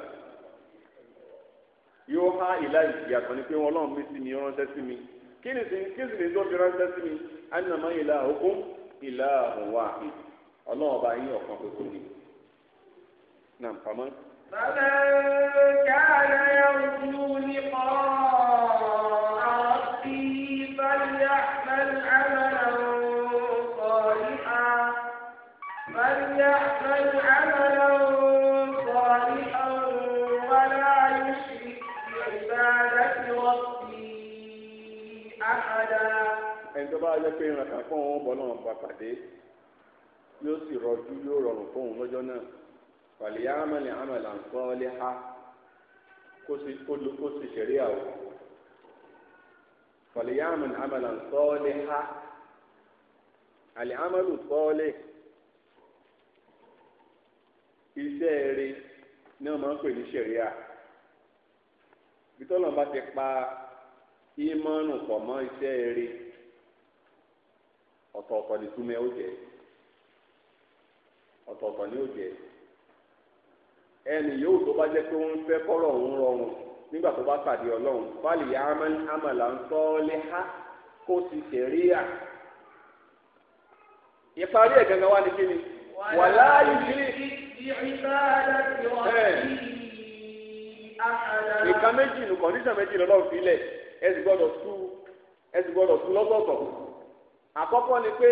Speaker 1: yóò há ìlà ìyàtọ̀ ni pé wọn lọ́run mi sí mi ránṣẹ́ sí mi kí ni sì kí sì ní tó fi ránṣẹ́ sí mi annama ilahukum ilahun wahid ọlọ́run ọba yín ọ̀kan
Speaker 2: pẹ̀lú ni. nà pàmò. bàbá kí á yọ
Speaker 1: bá yẹ pé ìrànkà fún òun bọ́ náà pa pàdé yóò sì rọjú yóò rọrùn fún òun lọ́jọ́ náà pàlẹ́ àmàlẹ́ àmàlẹ́ àǹkọ́lé ha kó sì ṣeré àwọ̀ pàlẹ́ àmàlẹ́ àmàlẹ́ àǹkọ́lé ha àlẹ́ àmàlẹ́ àǹkọ́lé iṣẹ́ eré ní máa ń pè ní ṣẹ̀ríà bitọ́lọ́n bá ti pa ímọ́nù pọ̀ mọ́ iṣẹ́ eré ọ̀tọ̀ọ̀tọ̀ ni túmẹ̀ ó jẹ ọ̀tọ̀ọ̀tọ̀ ni ó jẹ ẹnì yóò tó bá jẹ́ pé òun fẹ́ kọ́rọ̀ òun rọrùn nígbà tó bá pàdé ọlọ́run fáàlì àmàlà ń tọ́ lé há kó ti ṣẹ̀ríà ìparí ẹ̀ gangan wá ní kíni wà láàyè sílẹ̀ nǹkan méjì nù kọ̀ǹdíṣàn méjì lọ́lọ́run sílẹ̀ ẹ sì gbọ́dọ̀ tú ẹ sì gbọ́dọ̀ tú lọ́sọ̀ọ̀tọ̀. àkọ́kọ́ ni pé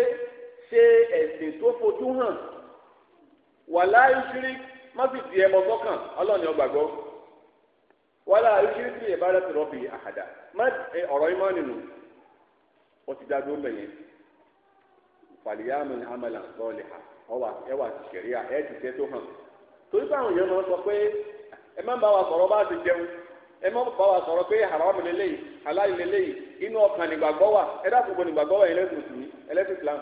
Speaker 1: ṣe ẹ̀sìn tó fojú hàn wàlá ìṣírí má sì di ẹbọ sọ́kàn ọlọ́ọ̀ni ọgbàgbọ́ wàlá ìṣírí sì yẹn bá rẹ̀ tọ̀rọ̀ àhàdà má ọ̀rọ̀ má ti dájú mẹ́yẹn fàlìyàmù amẹ́là sọ́ọ̀lì hà ẹwà ti ṣẹ̀ríà ẹ̀ tẹ́ tó hàn torí sọ pé ẹ má bá wa sọ̀rọ̀ bá ti jẹun ẹ má bá wa sọ̀rọ̀ pé inú ọkàn nígbàgbọ́ wà ẹ dákun bo nígbàgbọ́ wà ẹlẹ́sìn mùsùlùmí ẹlẹ́sìn Islam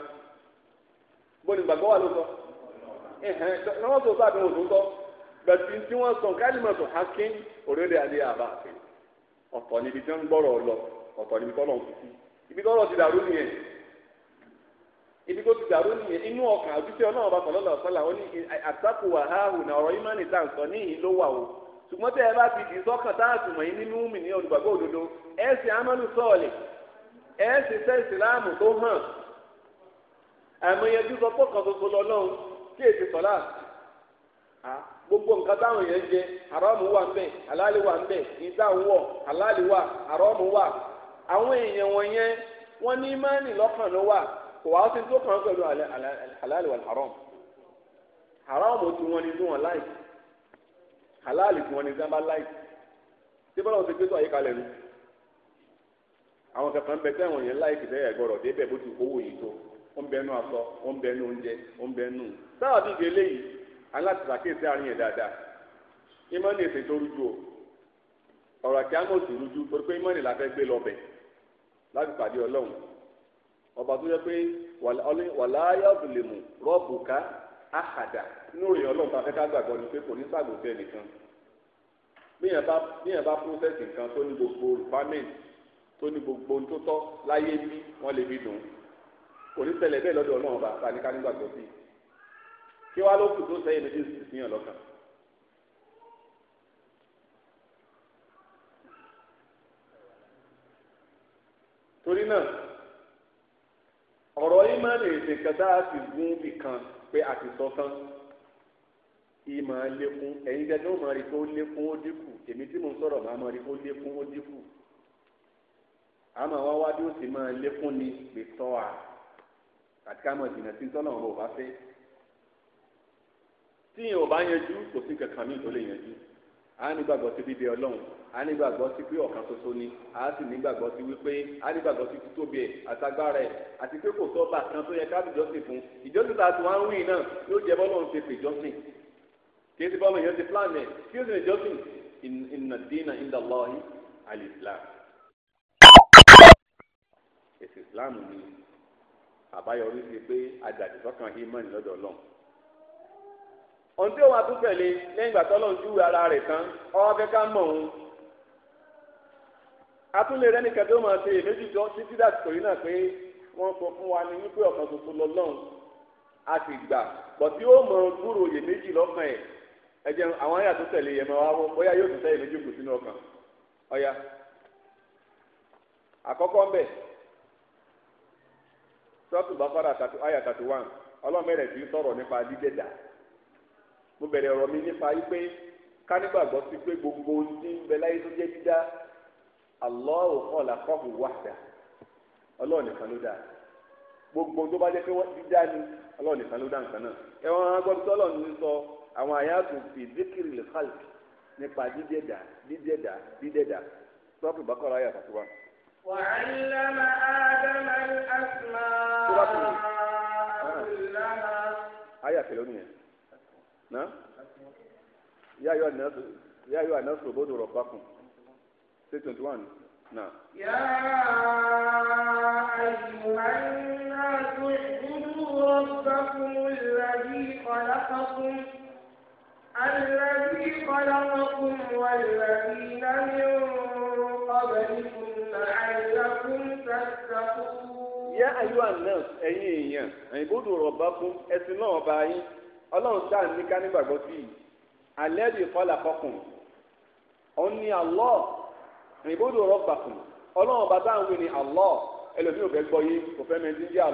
Speaker 1: wà ló sọ hakin òrèlè adé àbá ọ̀tọ̀ níbi tí wọ́n ń gbọ́rọ̀ lọ ọ̀tọ̀ níbi tọ́lọ̀ ń fi ibi tọ́lọ̀ ti dàrú nìyẹn ibi tó ti dàrú nìyẹn inú ṣùgbọ́n tẹ́ ẹ bá fi dìí sọ́kàn tá a sì mọ̀ yín nínú mi ní olùgbàgbọ́ òdodo ẹ sì amánú sọ́ọ̀lì ẹ sì sẹ́ẹ̀sì láàmù tó hàn àmọ́yẹjú sọ pé ọ̀kan ṣoṣo lọ́lọ́run kí èsì sọ́lá gbogbo nǹkan táwọn èèyàn jẹ àrọ́ọ̀mù wà ń bẹ àlálì wà ń bẹ ìdá wọ̀ wà àrọ́ọ̀mù wà àwọn èèyàn wọ̀nyẹn wọ́n ní lọ́kàn ló wà kò wá sí tó kàn pẹ̀lú wà àrọ́ọ̀mù àrọ́ọ̀mù tí halali fún wọn ní sábà láì tí bọ́lá wọn ti gbẹ́tọ̀ àyíkalẹ̀ nu àwọn kẹfà ń bẹ tẹ́wọ̀n yẹn láì kìtẹ́ ẹ̀ gbọ́dọ̀ débẹ̀ bó ti owó yìí tó ó ń bẹ nú aṣọ ó ń bẹ nú oúnjẹ ó ń bẹ nú sábà bíi ìdílé yìí aláti sàkéèsí àárín yẹn dáadáa ìmọ̀ni èsè tó rújú o ọ̀rọ̀ àti àmọ́ òsì rújú torí pé ìmọ̀ni la fẹ́ gbé lọ́bẹ̀ láti pàdé ọlọ́run ọba tó yẹ pé wàláyọ̀ bìlìmù rọ́ọ̀bù ká àhàdà inú ìyẹn ọlọ́run tá a fẹ́ ká gbàgbọ́ ni pé kò ní sàgbòsẹ́ nìkan bíyẹn bá bíyẹn bá process nǹkan tó ní gbogbo requirement tó ní gbogbo ohun tó tọ́ láyé bí wọ́n lè fi dùn kò ní ṣẹlẹ̀ bẹ́ẹ̀ lọ́dọ̀ ọlọ́run bá ta ní ká nígbàgbọ́ sí i kí wàá ló kù tó sẹ́yìn méjì síyàn lọ́kàn. torí náà ọ̀rọ̀ yìí máa lè ṣe kẹta àti gún bì kan pé a ti sọ tán ìmọ̀ lékún ẹ̀yin gẹ́gẹ́ ó máa rí kó lékún ó dínkù èmi tí mò ń sọ̀rọ̀ máa máa rí kó lékún ó dínkù àmọ́ wá wá bí ó sì máa lékún ni pè tọ́ a àti ká máa jìnnà sí tọ́nà ọ̀rọ̀ ò bá fẹ́ tí yẹn ò bá yanjú kò sí kankan mi tó lè yanjú a nígbàgbọ́ sí bíbẹ ọlọ́run a nígbàgbọ́ sí pé ọ̀kan ṣoṣo ni a sì nígbàgbọ́ sí wípé a nígbàgbọ́ sí títóbi ẹ̀ àtagbára ẹ̀ àti pé kò sọ́ba kan tó yẹ ká ìjọsìn fún ìjọsìn tá a ti wá ń wí náà yóò jẹ́ bọ́lọ́run ṣe pè jọ́sìn kí ẹ ti bọ́lọ́run yẹn ti plan ẹ̀ kí ó sì lè jọ́sìn inna dina inda Allahi al-Islam èsì Islam ni àbáyọrí ti pé àjàdìsọ́kàn hímọ́ni lọ́dọ̀ ọlọ́run ohun tí òun na lẹ́yìn ìgbà tọ́lọ́ ara rẹ̀ tán ọwọ́ fẹ́ ká mọ̀ òun atúnlé rẹ nìkan tí ó máa ṣe èméjì tó títí dàtí torí náà pé wọ́n sọ fún wa ní wípé ọ̀kan tuntun lọ́lọ́run a sì gbà bọ̀ tí ó mọ gbúrò èméjì lọ́kàn ẹ̀ ẹ jẹun àwọn ayé àtúntẹ̀lé yẹn máa wá bóyá yóò mo bẹ̀rẹ̀ ọ̀rọ̀ mi nípa yí pé ká nígbàgbọ́ pé gbogbo ohun ń bẹ láyé tó jẹ́ dídá gbogbo tó bá jẹ́ pé dídá ni Ọlọ́run nìkan ló dá nǹkan náà ẹ̀wọ̀n tó ní sọ àwọn àyàtò fi zikiri lè nípa dídẹ̀dà dídẹ̀dà dídẹ̀dà ayé ná yáyọ ànáṣọ yáyọ ànáṣọ bọdọ rọ bákùn ṣe twenty one ná.
Speaker 2: yá àyùmáyà tó ìbúdú rọ̀bàkùn lẹ́bí kọ̀lákọ̀kùn. الذي خلقكم والذين من قبلكم لعلكم تتقون. يا أيها الناس
Speaker 1: أيها أي بدو ربكم أسمعوا بعين ọlọ́run sáà ní ká nígbàgbọ́ sí i alẹ́ rí kọ́là kọkùn òun ni Allah ìbúdó rọ́bàkùn ọlọ́run ọba táwọn wí ni Allah ẹlòmíì ò fẹ́ gbọ́ yé kò fẹ́ mẹ́tí ń jẹ́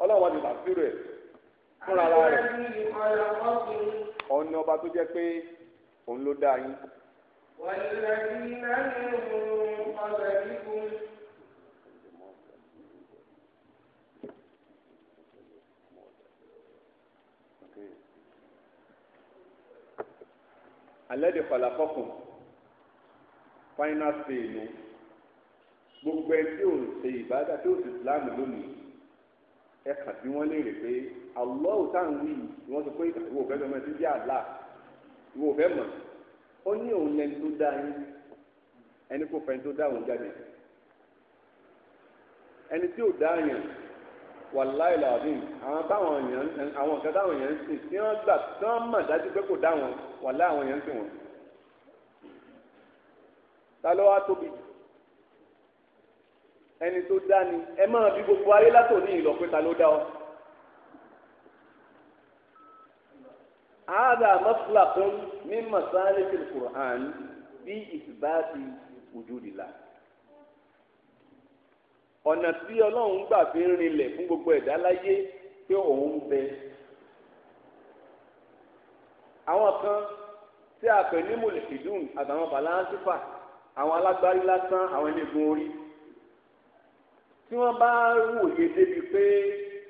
Speaker 1: ọlọ́run wọn ti bà sí fúnra ara rẹ̀ òun ọba tó jẹ́ pé òun ló dá yín.
Speaker 2: wàlúùdàdì náà ń mú ọ̀sẹ̀ kíkún.
Speaker 1: alẹ́dẹ̀ falakọ́kùn final stage nu gbogbo ẹ tí ò ń ṣe ìbádà tí ò sì láàmú lónìí ẹ kàn sí wọn léèrè pé Allah táwọn wí ni wọ́n sọ pé ìwọ òfẹ́ lọ́mọ ti jẹ́ àlá ìwọ òfẹ́ mọ̀ ó ní òun lẹni tó dá yín ẹni kò fẹ́ni tó dá òun jáde ẹni tí ò dá yẹn wàláìlà ọ̀dún yìí àwọn táwọn èèyàn àwọn nǹkan táwọn èèyàn ń sìn tí wọ́n gbà tí wọ́n mọ̀ dájú pé kò dá wọn wà láà àwọn èèyàn ń sìn wọn. ta ló wá tóbi ẹni tó dá ni ẹ máa bí gbogbo ayé látòní ìlọ pé ta ló dá ọ. هذا مطلق من مسالك القرآن في إثبات وجود الله ọ̀nà tí ọlọ́run gbà fi ń rinlẹ̀ fún gbogbo ẹ̀dá láyé pé òun bẹ àwọn kan tí a pè ní mùlìkìdùn àtàwọn bàlánsífà àwọn alágbárí lásán àwọn ẹlẹgùn orí tí wọ́n bá wòye débi pé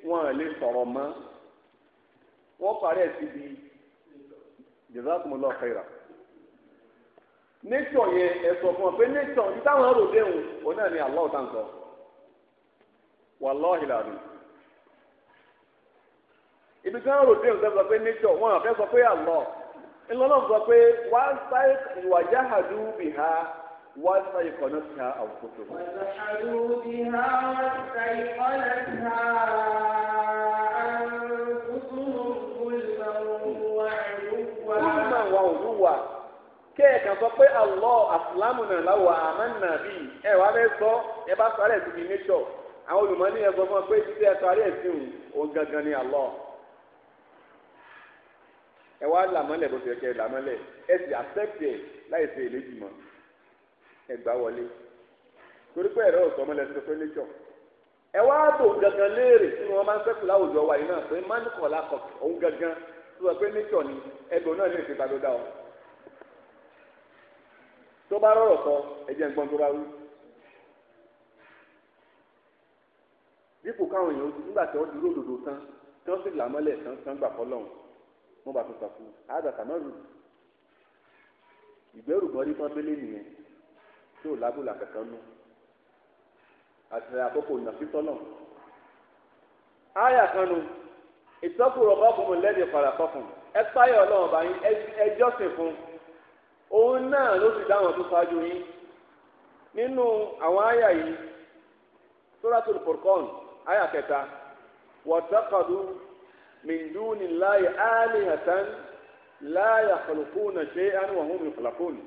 Speaker 1: wọn ò lè sọ̀rọ̀ mọ́ wọ́n parẹ́ síbi jazakumullahu khairan nature yẹn ẹ sọ fún ọ pé nature ní táwọn ọ̀rọ̀ déhùn òun náà ni Allah tá n sọ wàlọ́ọ̀hìlàdùn. ibi tí wọn rò dé nǹkan sọ pé nature wọn àfẹ sọ pé àlọ ńlọlọ sọ pé wàá sáyé ìwà jáhàdú bì ha wàá sáyé kọ́nà sí ha àwòkótó.
Speaker 2: wàjáhàdú ha sáyé kọ́nà sí ha àǹkótó kúlùmọ̀
Speaker 1: sọ pé àlọ́ àfúlámù náà láwọ̀ àmánà bíi ẹ wàá bẹ sọ ẹ bá sọ àrẹ sí mi nature àwọn olùmọ̀ ní sọ fún ọ pé títí ẹ sọ àrẹ gangan ni àlọ́. ẹ wá làmọ́lẹ̀ bó ti yẹ kẹ́ ẹ làmọ́lẹ̀ ẹ sì accept ẹ láì ṣe èlé jùmọ̀ ẹ gbà wọlé torí pé ẹ̀rọ ọ̀sọ́ mọ́lẹ̀ ṣe fẹ́ lẹ́jọ́ ẹ wá bò gangan léèrè tí wọ́n máa ń sẹ́kù láwùjọ wa yìí náà pé mánìkọ̀ làkọ̀ òun gangan tó sọ pé nature ni ẹgbẹ́ náà lè ṣe gbàdúrà o tó bá rọrọ̀ sọ ẹ jẹ́ ngbọ́n tó bá wí. dípò káwọn èèyàn nígbà tí wọ́n dúró òdòdó tán tí wọ́n sì là mọ́lẹ̀ tán tán gbà fọlọ́hún wọn bá tún sàkú àgbà kàmọ́rù ìgbẹ́rù gbọ́dí kan délé nìyẹn tí ò lábùlà kankan nù àti àkókò ìnàfíntọ́lọ̀ àyà kan nù ìtọ́kùrọ̀ bọ́ọ̀kùnmù lẹ́nu ìfàràkọ́kùn ẹ páyọ̀ ọlọ́run bá yín ẹjọ́ sìn fún òun náà ló ti dáhùn tó ṣáájú yín nínú àwọn àyà yìí sóràtúrù àyà kẹta wọ́tọ́kọ̀dù min duni lahi alihatan la yakhluquna shay'an wa hum yukhlaqun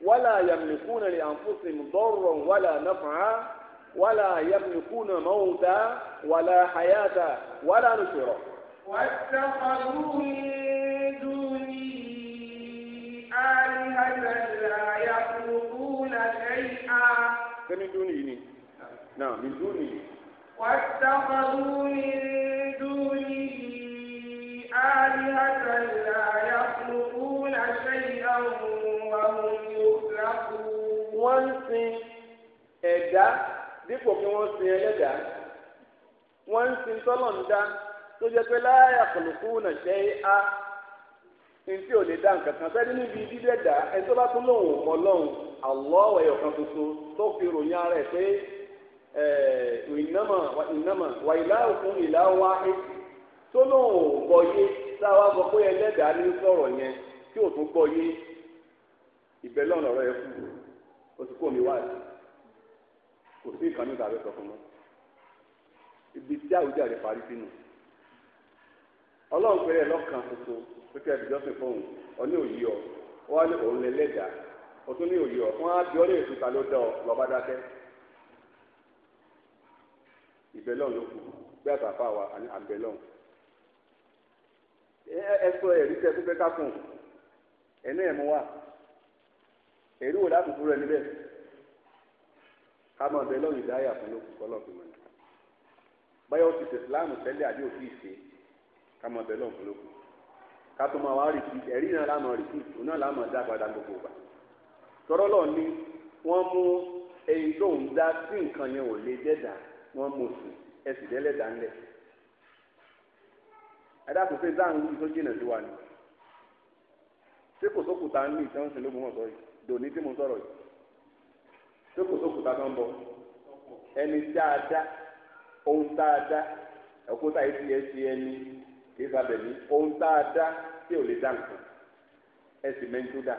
Speaker 1: wala yamlikuna li anfusihim darran wala naf'a wala yamlikuna mawta wala hayata wala nushura.
Speaker 2: واتخذوا من دونه آلهة لا يخلقون شيئا. من
Speaker 1: دونه نعم من دونه.
Speaker 2: واتخذوا من دونه آلهة لا يخلقون شيئا وهم يخلقون
Speaker 1: wọ́n dípò kí wọ́n sin ẹlẹ́dà wọ́n sin tọ́lọ̀ǹda tó jẹ́ pé la yakhluquna shay'a ntí ò lè dá nǹkan kan ibi níbi dídẹ́dà ẹni tó bá tún lòun mọ kan tuntun tó fi ròyìn ara ẹ̀ pé ìnámà wà ìnámà wà ìlà òkun ìlà tó lóun ò gbọ́ yé táwa gbọ́ pé ẹlẹ́dàá ní sọ̀rọ̀ yẹn kí ò tún gbọ́ yé ìbẹ́ lọ́nà ọ̀rọ̀ ẹ kù kó kò sí ìkànnì ìdàgbẹ́ sọ fún mọ́ ibi tí àwùjọ àrẹ parí sínú ọlọ́run pẹ̀lẹ́ lọ́kàn tuntun pẹ̀lú ẹ̀dùjọ́sìn fóun òyì ọ wọ́n á ní òun ọ ní ọ wọ́n á ọ dán ọ lọ́ba dákẹ́ ìbẹ́lọ́n ló kù àtàfà wa ẹsọ ẹ̀rí tẹ tó fẹ́ ká kùn mú wa ẹ̀rí wò láti fúnra níbẹ̀ ká bẹ fún lókùn ti tẹ̀sí láàmù tẹ́lẹ̀ àbí òfin ìṣe ká máa bẹ lọ́rùn fún lókùn ká tó máa wá rìkì ẹ̀rí náà láàmú rìkì òun náà gbogbo tọrọ lọ ni wọ́n mú èyí tó ń dá sí nǹkan yẹn ò lè dẹ́dà wọ́n mú sùn ẹ̀dá kò sí ìdáhùn wíwí tó jìnà sí wa ni ṣé kò sókùtà ní ìtẹ́wọ́nsìn ló gbọ́n sọ yìí dòní tí mo sọ̀rọ̀ yìí ṣé kò sókùtà kan bọ̀ ẹni tí a dá ohun tá a dá ẹ̀kúta yìí ti ẹsẹ̀ ẹni kì í sábẹ̀ ní ohun tá a dá tí ò lè dá nǹkan ẹ sì mẹ́ńtó dá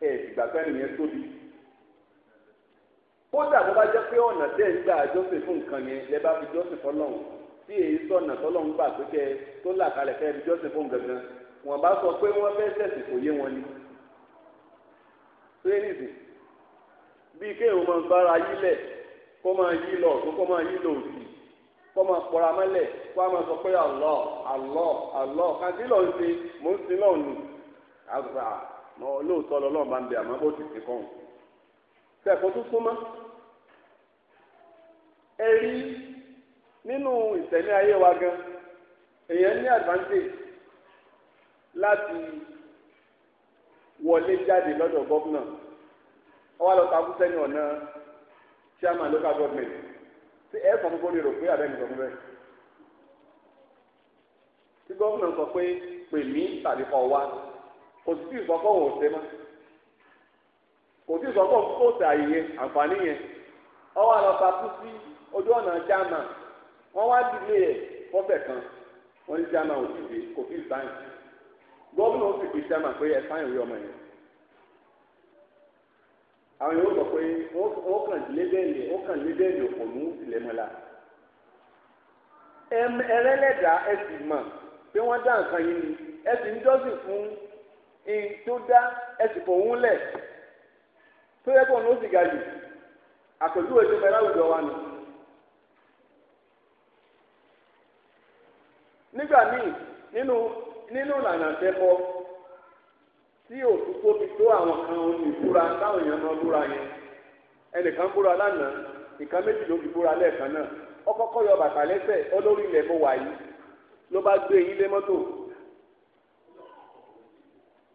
Speaker 1: ẹ sì gbàgbọ́ ẹnìyẹn tóbi kódà bó bá jẹ́ pé ọ̀nà tẹ́ gbà jọ́sìn fún nǹkan yẹn lẹ́ bá fi jọ́sìn fọ́lọ́run tí èyí sọ̀nà tọ́lọ́ ń gbà pé kẹ́ tó là kalẹ̀ kẹ́ ẹbí jọ́sìn fún gangan wọ́n bá sọ pé wọ́n fẹ́ sẹ̀sìn kò yé wọn ni. trénìsì bíi kéèyàn máa gbára yílẹ̀ kó máa yí lọ tó kó máa yí lọ òsì kó máa pọra mọ́lẹ̀ kó máa sọ pé Allah Allah Allah kàdí lọ ń ṣe mò ń sin náà nù. àgbà lóòótọ́ lọ́lọ́run bá ń bẹ àmọ́ bó ti sìn kọ́hún. sẹ́ẹ̀kọ́ tó súnmọ́ ẹ̀rí nínú ìsẹ̀mí ayé wa gan èèyàn ní advantage láti wọlé jáde lọ́dọ̀ gọ́vnà ọwọ́ àlọ́ takú sẹ́ni ọ̀nà chairman local government tí ẹ kàn fún mi rò pé abẹ́ni sọ fún bẹ́ẹ̀ tí gọ́vnà sọ pé pè mí tàbí kọ́ wa kò sí ìsọkọ̀ òun ò sẹ́ mọ́ kò sí ìsọkọ̀ òun kò sẹ́ àyè ojú ọ̀nà chairman. wọ́n wá dìlé ẹ̀ fọ́fẹ̀ kan wọ́n ní jama ò sì gbé kò fi sáyìn gọ́ọ̀mù ó sì gbé jama pé ẹ sáyìn rí ọmọ yẹn àwọn yòówù sọ pé wọ́n kàn lé bẹ́ẹ̀lì wọ́n kàn lé bẹ́ẹ̀lì òkòlù ìlẹ̀ mọ́lá ẹrẹ́lẹ́dà ẹ sì mọ̀ pé wọ́n dá nǹkan yín ni ẹ sì ń jọ́sìn fún in tó dá ẹ sì fò ń lẹ̀ tó yẹ kó ní ó sì ga jù àpèjúwe tó fẹ́ láwùjọ wa nù. nígbà míì nínú nínú ìlànà si tí òtún tóbi tó àwọn kan ìbúra táwọn èèyàn máa búra yẹn ẹnìkan búra lánàá ìkan méjì ló fi búra lẹ́ẹ̀kan náà ọkọ́kọ́ yọ bàtà lẹ́sẹ̀ olórí ilẹ̀ mo wà yìí ló bá gbé eyín lé mọ́tò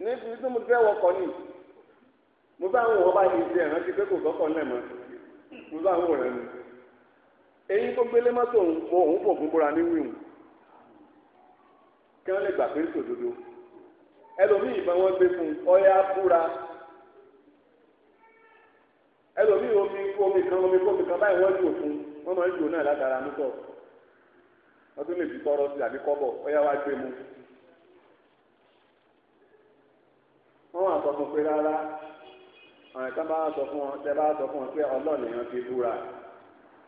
Speaker 1: níbi
Speaker 2: tí mo fẹ́ wọkọ̀
Speaker 1: ni mo bá bá pé kò náà mọ́ mo bá rẹ̀ eyín tó gbélé mọ́tò kí wọ́n lè gbà pé ń sòdodo ẹlòmíì ìbọn wọn gbé fún ọyá búra ẹlòmíì omi omi kan omi kómi kan báyìí wọ́n lò fún wọ́n máa ń lò náà látara mútọ̀ wọ́n tún lè fi tọrọ sí àbí kọ́bọ̀ ọyá wa gbé mu. wọ́n wà sọ fún pé rárá àwọn ìkan bá sọ fún wọn tẹ bá sọ fún wọn pé ọlọ́ọ̀nì yẹn fi búra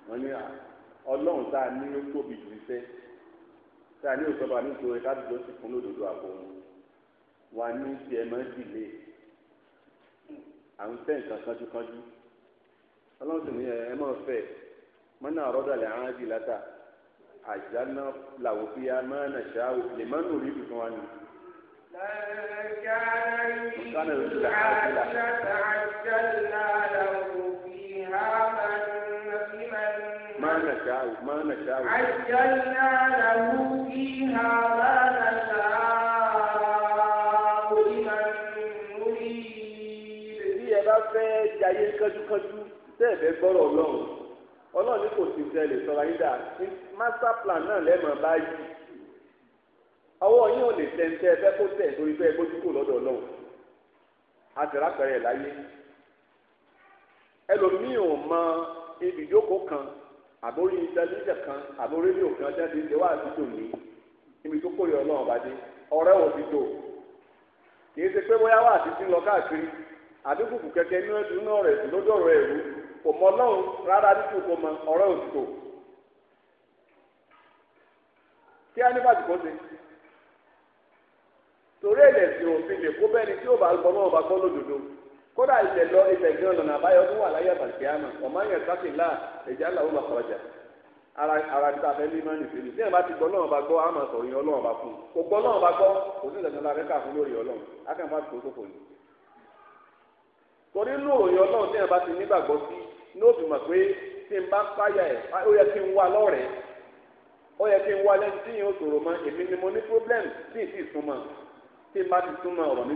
Speaker 1: wọ́n ní ọlọ́run tá a ní ó tóbi jù ní sẹ́yìn tá a ní òṣọba nítorí kábíyó sì fún lódodo àbò wọn wà ní tiẹ̀ máa ń dìlé àwọn tẹ́ nǹkan kánjúkánjú ọlọ́run sì ní ẹ máa fẹ́ mọ́nà àrọ́dàlẹ̀ àrán jì látà àjálá làwọn fi máa nà ṣáà lè má nù rí ibùsùn wa nù.
Speaker 2: Kánà ló ti là á sí là. نشاء ما نشاء عجلنا له فيها ما نشاء لمن نريد bí ẹ bá fẹ́
Speaker 1: jayé kájúkájú tẹ́ ẹ fẹ́ gbọ́rọ̀ ọlọ́run ọlọ́run ní kò sí tẹ́lẹ̀ sọ ayé dà master plan náà lẹ́mọ̀ báyìí ọwọ́ yín ò lè tẹ́ntẹ́ ẹ kó tẹ̀ torí pé ẹ bójú kò lọ́dọ̀ ọlọ́run àtẹ̀rà láyé ẹlòmíì mọ ibìjókòó kan àbórí tẹlifíṣàn kan àbórí rédíò kan jáde ṣe wá àdúgbò ní ibi tó kórè ọlọ́run bá dé ọ̀rẹ́ ò fi tò kì í ṣe pé bóyá wà àti ti ń lọ káàkiri àdúgbò kẹ̀kẹ́ ní ọdún náà rẹ̀ sí lójú ọ̀rọ̀ ẹ̀rú kò mọ ọlọ́run rárá dípò kò mọ ọ̀rẹ́ ò fi tò kí á ní bàtì kó ṣe torí ẹ̀lẹ́sìn òfin lè kó bẹ́ni tí ó bá gbọ́ náà bá gbọ́ lódodo. kódà ilẹ̀ lọ ibẹ̀ àbáyọ tó wà láyé àbàlùkìyàmà ọ̀mọ yẹn sáfì ńlá ẹ̀jẹ̀ aláwọ̀ bá kọjá ara ara ti abẹ́ ní mánì fèlè tí ẹ̀ bá ti gbọ́ náà bá gbọ́ àmà sọ̀rọ̀ ọlọ́run bá fún un kò gbọ́ náà bá gbọ́ kò sí lórí ọlọ́run akẹ́kọ̀ọ́ torí ọlọ́run tí ẹ̀ bá ti nígbàgbọ́ sí pé tí n bá páyà ẹ̀ ó yẹ kí n wá ó yẹ kí n wá tí ó mọ́ èmi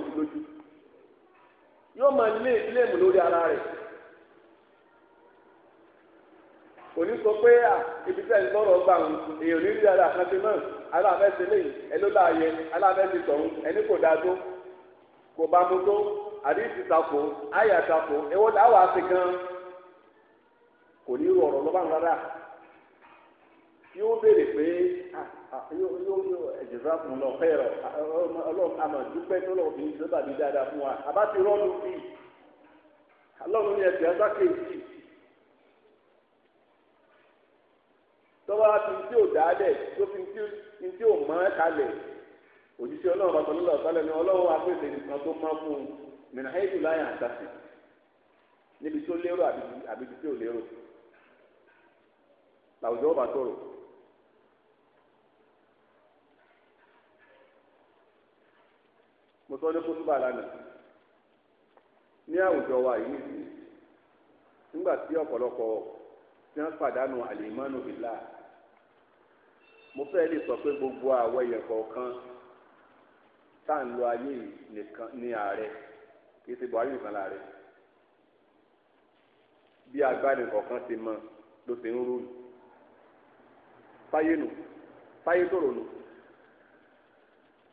Speaker 1: ni mo yóò máa lé léèmù lórí ara rẹ̀ òní sọ pé à ibi tẹ́ ń sọ̀rọ̀ gbà ń èèyàn ní rí ara àkànṣe náà aláàfẹ́sẹ̀ lẹ́yìn ẹló láàyè tọ̀hún ẹni kò dáa tó kò bá mu tó àdìsí takò àyà takò ẹwọ́n dáwọ́ àti gan kò ní yóò béèrè pé ẹ̀jẹ̀sà fún un lọ fẹ́ rọ ọlọ́run àmọ̀ dúpẹ́ tó lọ́wọ́ fi ń sábà tàbí dáadáa fún wa àbá ti rọ́ọ̀lù bí ọlọ́run ní ẹ̀sìn ẹ̀sà kéèjì tọ́wọ́ fi ń tí ò dáadẹ̀ tó fi tí ò mọ́ kalẹ̀ ọlọ́run bàtọ́ nílò ọ̀sálẹ̀ ni ọlọ́run nìkan tó fún un mìíràn ẹ̀yìn láyà àtàsì níbi tó lérò àbí mo sọ ní kótóbà lánàá ní àwùjọ wa yìí nígbà tí ọ̀pọ̀lọpọ̀ tí wọ́n pàdánù àlèmánù bìlà mo fẹ́ lè sọ pé gbogbo àwọn èèyàn kọ̀ọ̀kan tá à ń lo ayé nìkan ní ààrẹ kì í ṣe buhari nìkan láàrẹ bí agbáni kọ̀ọ̀kan ti mọ ló ti ń rúlù fáyé nù fáyé tòrò nù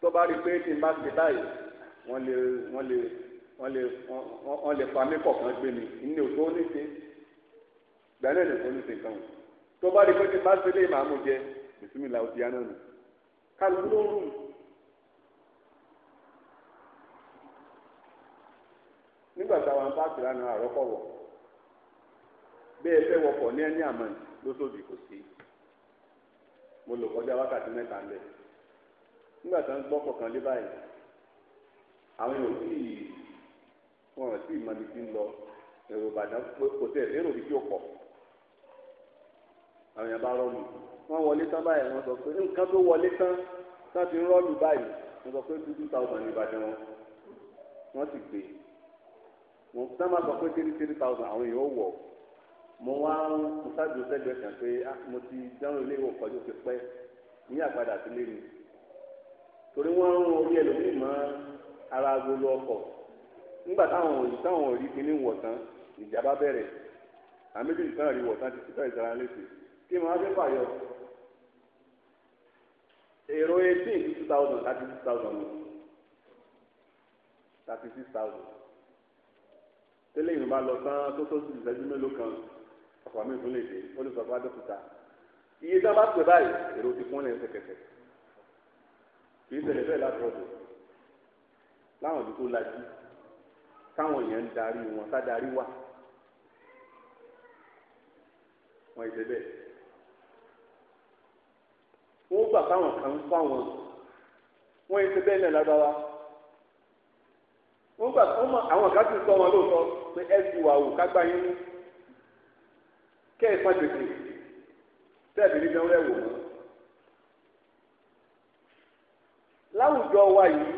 Speaker 1: tó bá rí pé tí n bá ti báyìí wọ́n lè wọ́n lè wọ́n lè wọ́n lè fa mí kọ̀ọ̀kan gbé mi ìní òtó ó gbẹ́lẹ́ lè tó ní ṣe o tó bá rí pé ti bá ṣe lé màá mú jẹ bisimilá ó ti yá náà nù kálukú ló ń rùn. nígbà táwọn bá tìlá náà àrọ́kọ̀ wọ̀ bẹ́ẹ̀ fẹ́ wọkọ̀ ní ẹni àmọ́ lóṣòdì kò sí mo lò kọjá wákàtí mẹ́ta ń bẹ̀ nígbà táwọn gbọ́ kọ̀ọ̀kan lé báyìí àwọn èèyàn tí wọn ò tí ì mọbi ti ń lọ èrò ìbàdàn kò tẹ̀ lérò bí tí ó pọ̀ àwọn èèyàn bá rọlù wọn wọlé tán báyìí wọn sọ pé nǹkan tó wọlé tán tán ti rọlù báyìí wọn sọ pé two thousand ní ìbàdàn wọn wọn sì gbé wọn tán bá sọ pé three three thousand àwọn èèyàn ó wọ̀ mo wá ń ṣáàjú sẹ́gbẹ̀ẹ́ kan pé ah, mo ti dáhùn ilé ìwò kọjú ti pẹ́ ní àgbàdà sílé mi torí wọ́n ń orí ẹlòmíì mọ́ ara agolo ọkọ̀ nígbà táwọn òyìn táwọn òrí kíní wọ̀ tán ìjàmbá bẹ̀rẹ̀ àmì méjì táwọn òrí wọ̀ tán ti sípẹ́ ìjọra létí kí ni wọ́n á fi pààyọ èrò eighteen to two thousand thirty six thousand thirty six thousand tẹ́lẹ̀ yìí bá lọ tán tó tó ti ìṣẹ́jú mélòó kan ọ̀pọ̀ àmì ìfúnlẹ̀ èdè ó lè sọ fún adókúta iye tí wọ́n bá pè báyìí èrò ti fún lẹ́yìn kì í ṣẹlẹ̀ bẹ́ẹ̀ láti rọ̀dọ̀ láwọn ibi tó lajú káwọn èèyàn ń darí wọn ká darí wà wọn ìṣe bẹ́ẹ̀ wọn gbà káwọn kan ń fáwọn wọn ìṣe bẹ́ẹ̀ náà lágbára wọn gbà àwọn kan ti sọ wọn lóòótọ́ pé ẹ ti wà wò kágbá yín ní kẹ́ ẹ fọ́n tètè tẹ́ẹ̀bì níbi ọ̀rẹ́ wò wọ́n. láwùjọ wa yìí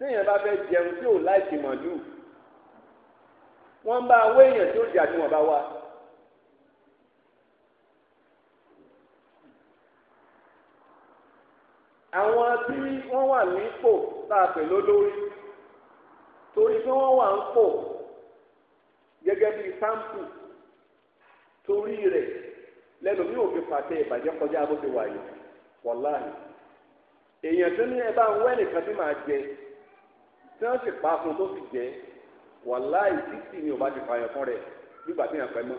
Speaker 1: téèyàn bá fẹ́ jẹun tí ò láìsí màálù wọ́n bá awé èèyàn tí ó jà tí wọ́n bá wá. àwọn tí wọ́n wà nípò tá a pè lólórí torí pé wọ́n wà ń pò gẹ́gẹ́ bíi sáǹpù torí rẹ̀ lẹ́nu mi ò fi pàtẹ ìbàjẹ́ kọjá bó ti wà yìí wọ́láhì èèyàn tó ní ẹ bá ń wẹ́ nìkan tí màá jẹ tí wọ́n sì pa fún tó fi jẹ́ wàláì títì ni ò bá ti fààyàn fún rẹ̀ nígbà tí yàn pẹ́ mọ́.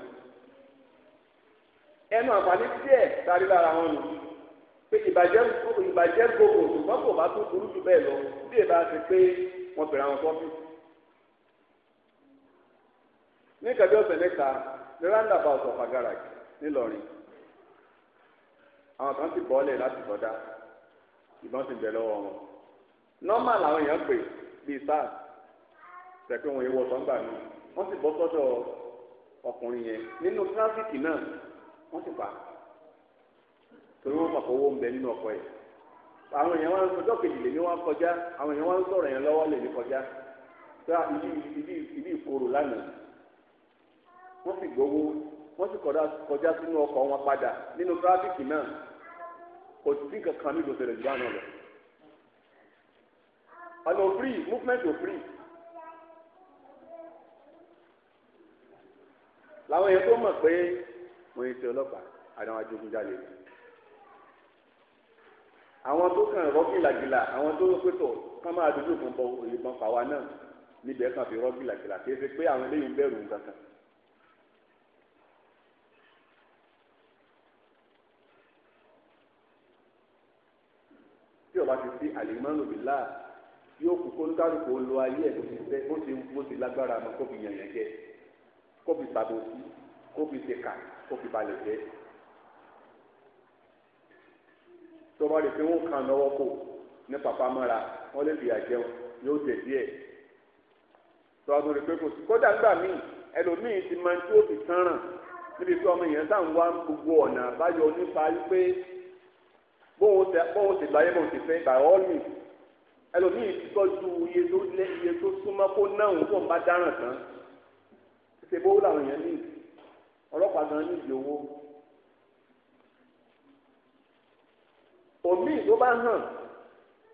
Speaker 1: ẹnu àǹfààní díẹ̀ sáré lára wọn nù pé ìbàjẹ́ ìbàjẹ́ gbogbo ṣùgbọ́n kò bá tún burú jù bẹ́ẹ̀ lọ bí èbá ti pé wọ́n bẹ̀rẹ̀ àwọn tọ́pì. ní kẹjọ ọ̀sẹ̀ mẹ́ta ní roundabout of agaraj nílọrin àwọn kan ti bọ́ọ̀lẹ̀ láti bọ́dá ìbọn ti bẹ̀ lọ́wọ́ wọn. nọ́mà làwọn èèyàn pè é bíi sars pẹ̀pẹ́ wọn yẹn wọ sọ́ńgbà ni wọ́n sì bọ́ sọ́dọ̀ ọkùnrin yẹn nínú tírafíkì náà wọ́n sì pa torí wọ́n pàpọ̀ owó ń bẹ nínú ọkọ̀ yẹn àwọn èèyàn wọn ọjọ́ kejì lèmi wọn kọjá àwọn èèyàn wọn sọ̀rọ̀ yẹn lọ́wọ́ lèmi kọjá tó ibi ibi ibi ìkorò lánàá wọ́n sì gbowó wọ́n sì kọjá sínú ọkọ̀ wọn padà nínú tírafíkì náà kò sí kankan níbi òṣèlè jù bá náà lọ ọ̀nà free movement òfurì. làwọn èèyàn tó mọ̀ pé mo ń ṣe ọlọ́pàá àdáwọn adigunjalè àwọn tó kàn rọ́gìlàgìlà àwọn tó pẹ̀tọ̀ kán máa dojú ìbọn bọ ìbọn fàwa náà níbi ẹ̀kan fi rọ́gìlàgìlà kì í ṣe pé àwọn eléyìí ń bẹ̀rù nǹkan kan. tí ọba ti sí àlè mọ́nù bíi láà yóò kú kó kálukú lo ayé ẹ̀ bó ti fẹ́ bó ti lágbára mọ́ kó fi yànyàn jẹ kó fi sàbòsí kó fi ṣèkà kó fi balẹ̀ jẹ. tó bá rí i pé wọ́n kàn lọ́wọ́ kò ní pàpà mọ́ra wọ́n lè fìyà jẹun yóò tẹ̀ díẹ̀. tó bá rí i pé kò sí kódà gbà míì ẹlòmíì ti máa ń tí fi tán níbi tí ọmọ èèyàn sáà ń wá gbogbo ọ̀nà àbáyọ nípa wípé bóun ti gbáyé bóun ti fẹ́ by all means ẹlòmíì ti tọ́jú iye tó lé iye tó súnmọ́ kó náà ń fún bá dáràn tán ṣe bó làwọn èèyàn ní ọlọ́pàá gan ní ìdí owó òmíì tó bá hàn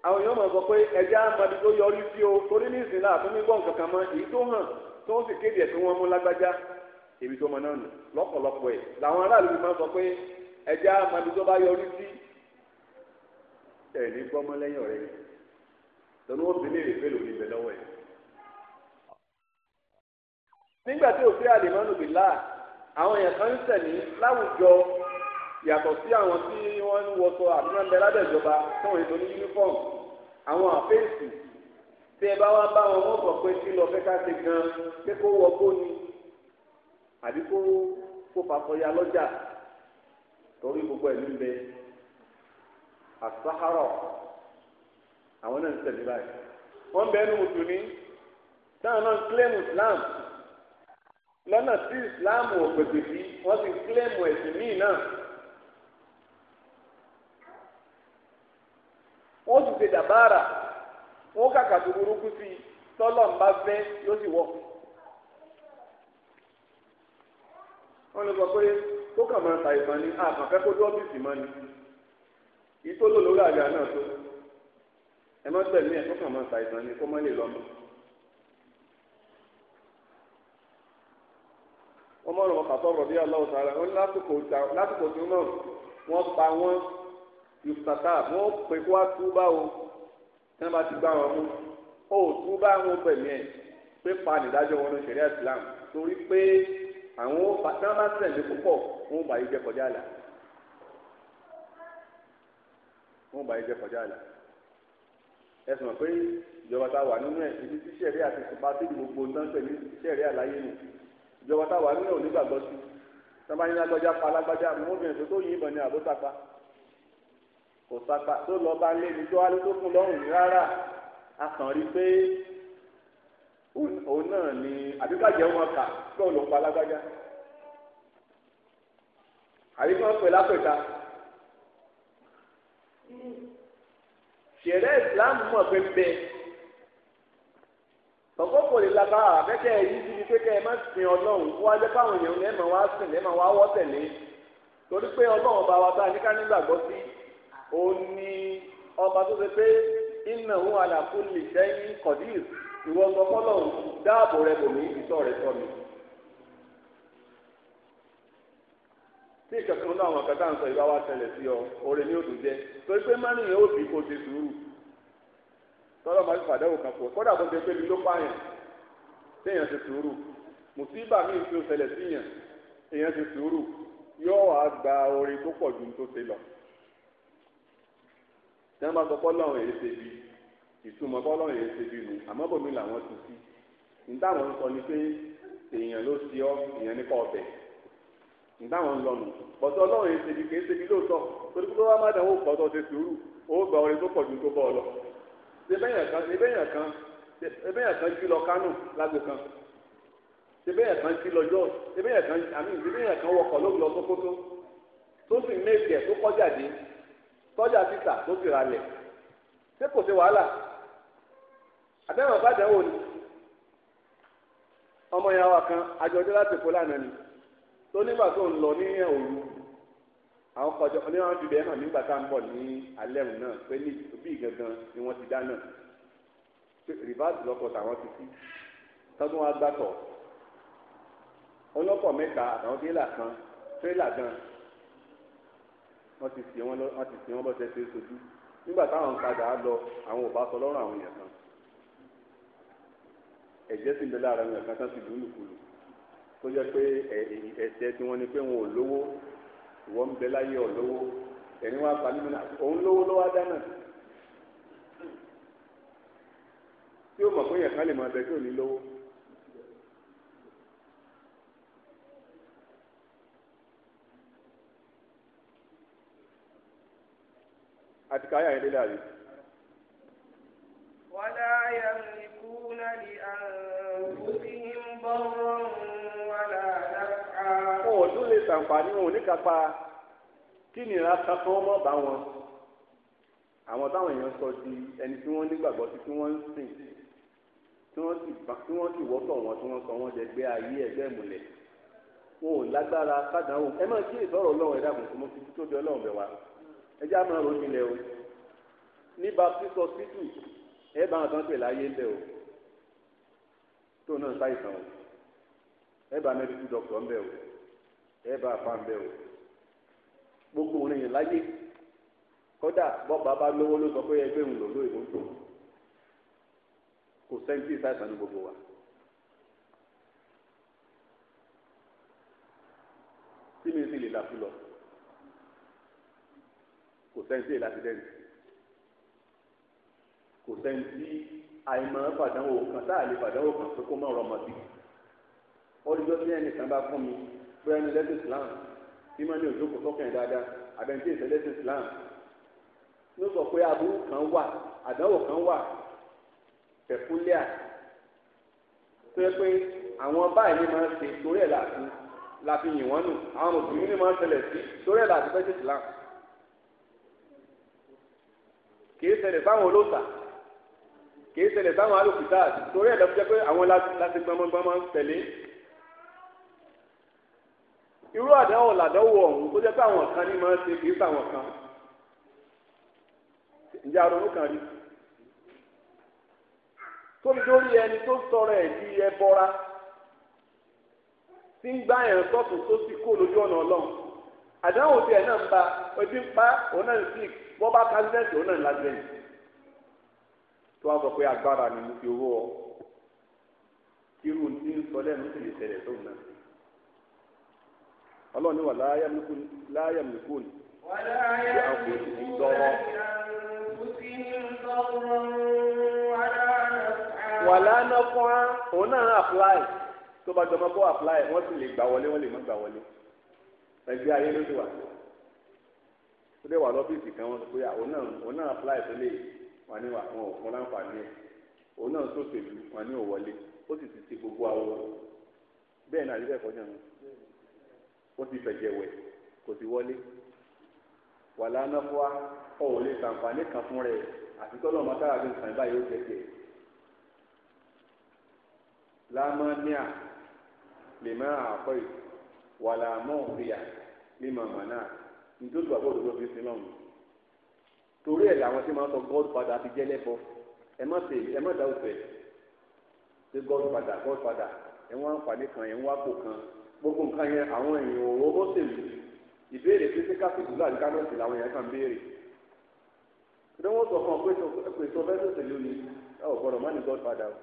Speaker 1: àwọn èèyàn máa sọ pé ẹja amadi tó yọrí sí o torí ní ìsìn láàfin mi gbọ́ nǹkan kan mọ́ èyí tó hàn tó ń sì kéde ẹ̀ tó wọ́n mú lágbájá èmi tó mọ náà nù lọ́pọ̀lọpọ̀ ẹ̀ làwọn aráàlú mi máa sọ pé ẹja amadi tó bá yọrí sí ẹ̀ ní gbọ́mọ lẹ́yìn ọ̀rẹ́ yìí lọ́nà wọ́n fi ní ìrèké lòdì ibẹ̀ lọ́wọ́ ẹ̀. nígbà tí òfin àlèmánù bì láà àwọn èèyàn kan ń tẹ̀lé láwùjọ yàtọ̀ sí àwọn tí wọ́n ń wọṣọ àbúrẹ́ńbẹ́ lábẹ́jọba tí wọ́n ètò ní yúnífọ́ọ̀mù àwọn àfẹ́sì tí ẹ bá wá bá wọn wọ́n sọ pé kí lọ fẹ́ ká ṣe gan pé kó wọ bóni àbí kó kó fàkọyà lọ́jà torí gbogbo ẹ̀ ń bẹ àsáhárọ̀ àwọn náà ń tẹ̀lé báyìí wọ́n bẹ́ẹ̀ ní mùsùlùmí táwọn náà ń kílẹ̀mù islam lọ́nà tí islam ò pèsè sí wọ́n ti kílẹ̀mù ẹ̀sìn míì náà wọ́n ti ṣe dàbára wọ́n kàkà tó burúkú sí i tọ́lọ̀ ń bá fẹ́ yóò sì wọ̀ wọ́n lè sọ pé kó kàn máa ta ìmọ̀ ni àmọ̀kẹ́kọ̀ọ́ dọ́ọ̀bì sì mọ́ ni ìtòlólórí àgbà náà tó ẹ má gbẹ̀mí ẹ̀ fọ́kàn máa ṣàìsàn ni kó má lè lọ́mọ. wọ́n mọ̀ ọ́n kàtọ́ ọ̀rọ̀ bí ọlọ́wọ́ sára wọ́n lásìkò tí wọ́n wọ́n pa wọ́n yùtàtà wọ́n pè kó wá túbá o tí wọ́n bá ti gbá wọn mú ó túbá wọn gbẹ̀mí ẹ̀ pé pa nìdájọ́ wọn ní ṣẹ̀ríà Islam torí pé àwọn tí wọ́n bá tẹ̀lé púpọ̀ wọ́n bá yí jẹ́ kọjá àlà wọ́n bá yí jẹ́ kọjá àlà ẹsùn pé ìjọba tá a wà nínú ẹ ibi tí sẹ̀rí àti sùpàtì gbogbo náà ní sẹ̀rí àláyé nù ìjọba tá a wà nínú ẹ ò ní gbàgbọ́ sí sábà yín lágbájá pa lágbájá mọ́bìnrin tó tó yìn ìbọn ni àbó sapa kò sapa tó lọ bá lé ní tó alẹ́ tó kún lọ́rùn rárá a kàn rí pé òun náà ni àbíkájẹ wọn kà kí òun pa lágbájá àbíkọ́ pè lápẹ̀ta ṣẹ̀rẹ́ ìsìlámù mọ̀ pé bẹ́ẹ̀ tọ́kọ́kọ́ lè lábára àbẹ́kẹ́ yìí ti di pé kẹ́ ẹ má sin ọlọ́run kó wájú fáwọn èèyàn lẹ́ẹ̀mọ̀ wá sìn lẹ́ẹ̀mọ̀ wá wọ́ tẹ̀lé torí pé ọlọ́run bá wa bá níká nígbàgbọ́ sí ó ní ọba tó ṣe pé innahu ala kulli shay'in qadir ìwọ ọgbọ́n fọlọ́run dáàbò rẹ bò mí ìtọ́ rẹ tọ́ mi. tí ìkankan náà àwọn kan tá à ń sọ ìbá wa tẹlẹ sí ọ oore ní òdùn jẹ torí pé má nìyẹn ó bí kó ṣe sùúrù tọ́lọ́ máa fi fàdáwò kan fún ọ kódà bó ṣe pé mi ló pààyàn téèyàn ṣe sùúrù mùsíbà míì tí ó ṣẹlẹ̀ síyàn èèyàn ṣe sùúrù yóò wá gba oore tó pọ̀ ju tó ṣe lọ. tí wọ́n bá sọ fọ́lọ́run èyí ṣe bí ìtumọ̀ fọ́lọ́run èyí ṣe bí nu àmọ́ bòmí làwọn tún sí ní táwọn ń sọ nígbà wọn lọnà bọtọ Ọlọ́run yẹn ṣèbí kì í ṣèbí lóòótọ́ torí pé wọn bá dàwọ pọtọ ṣe sùúrù ó gba ọrẹ tó pọ̀ ju tó bọ ọ lọ ṣebẹyàn kan ṣebẹyàn kan ṣebẹyàn kan jí lọ Kánò lágbo kan ṣebẹyàn kan jí lọ Jos ṣebẹyàn kan àmì ṣebẹyàn kan wọkọ̀ lóbi lọ Sókótó tó sì méjì ẹ tó kọjá dé tọjá títà tó sì ra lẹ ṣé kò ṣe wàhálà àbẹ́wọ̀n bá dàwọ ni ọmọ yàrá kan àjọjọ́ tó nígbà tó ń lọ ní òru àwọn kọjọ ní wọn fi bẹ hàn nígbà tá à ń bọ̀ ní alẹ́ òun náà pé ní bí gangan ni wọ́n ti dáná rìbáàsì lọ́kọ̀ tàwọn ti sí tọ́dún wa gbàtọ̀ ọlọ́kọ̀ mẹ́ta àtàwọn tírélà kan tírélà gan wọ́n ti sìn wọ́n wọ́n ti sìn wọ́n bọ́sẹ̀ ṣe é sojú nígbà táwọn padà lọ àwọn ò bá sọ lọ́rùn àwọn èèyàn kan ẹ̀jẹ̀ sì ń bẹ lára èèyàn kan tán ti lù lùkulù tó yẹ pé ẹsẹ̀ tí wọ́n ní pé wọn ò lówó ìwọ́n bẹ láyé ọ̀ lówó ẹni wọn afa nínú òun lówó ló wá dáná tí ó mọ̀ pé yẹn kan lè máa bẹ tí ò ní lówó. àti káyà yẹn
Speaker 2: ولا يملكون لأنفسهم ضرا ṣàǹfààní wọn ò ní
Speaker 1: kápá kí nìyẹn aṣáfún ọmọ bá wọn àwọn táwọn èèyàn sọ di ẹni tí wọ́n nígbàgbọ́ sí tí wọ́n ń sìn tí wọ́n sì tí wọ́n sì wọ́tọ̀ wọn tí wọ́n sọ wọ́n dẹgbẹ́ ayé ẹgbẹ́ ìmùlẹ̀ wọn ò lágbára sádàáwò ẹ máa kí ìsọ̀rọ̀ ọlọ́run ẹ̀dá kùnkùn mọ́ títí tó di ọlọ́run bẹ̀ wá ẹ já máa ronú ilẹ̀ o ní baptist hospital ẹ bá wọn tán pè láyé ńlẹ̀ o tó náà sáyé sàn o ẹ bá mẹ́rin kú dọ́kítọ̀ ńbẹ̀ o ẹ bá a fan bẹ o gbogbo òun èèyàn láyé kódà bọ́ọ̀bù bá lówó ló sọ pé ẹgbẹ́ òun lò lóyè lóńtò kò sẹ́ńtì sáìsàn ní gbogbo wa. tí mi sì lè là fún lọ kò sẹ́ńtì lásìdẹ́ǹtì kò sẹ́ńtì àìmọ̀ fàdánwò kan sáà lè fàdánwò kan pé kó má rọmọdé ọdún tó ní ẹnìkan bá fún mi bóyá ní lẹ́sìn Islam bí máa ní òjòkó sọ́kàn dáadáa àbẹ̀ntì ìṣẹ̀lẹ̀sìn Islam ló sọ pé aburú kan wà àdánwò kan wà pẹ̀kúlíà tó yẹ pé àwọn báyìí ni máa ń ṣe torí ẹ̀ láti láti yìn wọ́n nù àwọn mùsùlùmí ni máa ń ṣẹlẹ̀ sí torí ẹ̀ láti fẹ́ẹ́ Islam kì í ṣẹlẹ̀ fáwọn olóòtà kì í ṣẹlẹ̀ fáwọn alòkùtà torí ẹ̀ lọ́pọ̀ jẹ́ pé àwọn láti gbọmọgbọmọ tẹ̀lé irú àdánwò làdánwò ọ̀hún tó jẹ́ awọn kan ní máa ń kan ǹjẹ́ aronú kan rí tó ń dórí ẹni tó sọ̀rọ̀ ẹ̀ di ẹbọra tí ń gbá yẹn sọ́tún tó sì kó lójú ọ̀nà ọlọ́run àdánwò tiẹ̀ náà ń ba ebi ń pa òun náà ń sì bá ọ irú ní sì lè ọlọ́run ní wà láyàm nìkún ní àwọn
Speaker 2: èsì dọ́rọ́. wàlá nọ́fọ́n á òun náà apply
Speaker 1: tó bá jọmọ́ kó apply wọ́n sì lè gbà wọlé wọ́n lè má gbà wọlé nàìjíríà ayé ló ti wà tó dé wà lọ́fíìsì kan wọ́n sọ pé òun náà òun náà apply tó lè wà ní wà wọn ò láǹfààní ẹ̀ òun náà tó tèlú wà ní òwọlé ó sì ti ti gbogbo àwọn bẹ́ẹ̀ náà àdébẹ̀kọ́ jẹun ó ti fẹ̀jẹ̀ wẹ̀ kò sí wọlé wàlá anáfọ́á ọ̀ ò lè sàǹfààní kan fún rẹ̀ àti tọ́lọ̀ mọ́tàrà ló ń sàn báyìí ó jẹ́ tiẹ̀ lámánìà lè má àkọ́ yìí wàlá mọ́ọ̀fìyà lè má mànà nítorí bàbá òdodo fi sin lọ́hùn torí ẹ̀ làwọn tí máa ń sọ god father ti jẹ́ lẹ́bọ ẹ má ṣe ẹ má dá òfẹ́ ṣe god father god father ẹ wọ́n àǹfààní kan ẹ wọ́n àpò kan gbogbo nǹkan yẹn àwọn èèyàn owó ó sì lù ìbéèrè pé ṣé káfíńtì láti kámẹ́sì làwọn èèyàn kan béèrè ṣé wọ́n sọ fún ọ pé sọ fẹ́ sọ̀tẹ̀ lónìí ẹ ò gbọ́dọ̀ mọ́ni god father o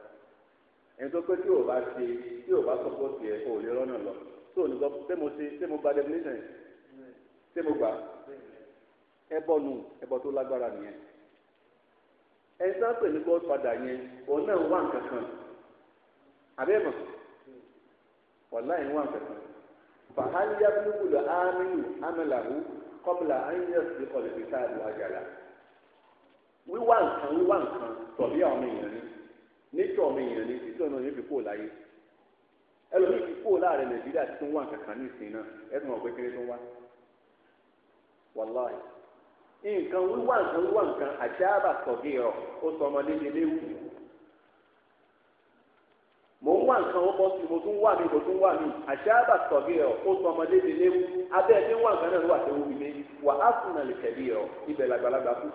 Speaker 1: ẹni tó pé tí o bá ṣe tí o bá sọ́kọ́ tiẹ̀ o ò lè rọ́nà lọ tí o ní sọ pé mo ṣe ṣé mo gba definition ṣé mo gbà ẹ bọ́ nù ẹ bọ́ tó lágbára nìyẹn ẹni tó ń pè ní god father yẹn òun náà wà nǹkan kan àbẹ́mọ̀ wàláì wọn kẹsàn fàhálì abúlé amínú amílàwù kọ́bìlà ayélujára kọ́lẹ́bí táàbù àjàlá wíwá nǹkan wíwá nǹkan tọ̀bí ọmọ èèyàn ni nítorí ọmọ èèyàn ni títí ọ̀nà yóò fi kó láyé ẹlòmíì fi kó láàrin nàìjíríà tí tó ń wá nǹkan ní ìsìn náà ẹ̀sùn ọ̀gbẹ́ kéré tó ń wá wàláì nǹkan wíwá nǹkan wíwá nǹkan àjábà tọ̀gí ó sọ ọmọdé ní léwu mò ń wá nǹkan ó sí mo tún wà mí mo tún wà mí àṣàbà sọ̀gẹ́ ọ̀ ó sọ ọmọdé di léwu abẹ́ ẹni wà nǹkan náà ló wà tó wù mí wà á sùn nà lè ọ̀ ibẹ̀ làgbàlagbà kú.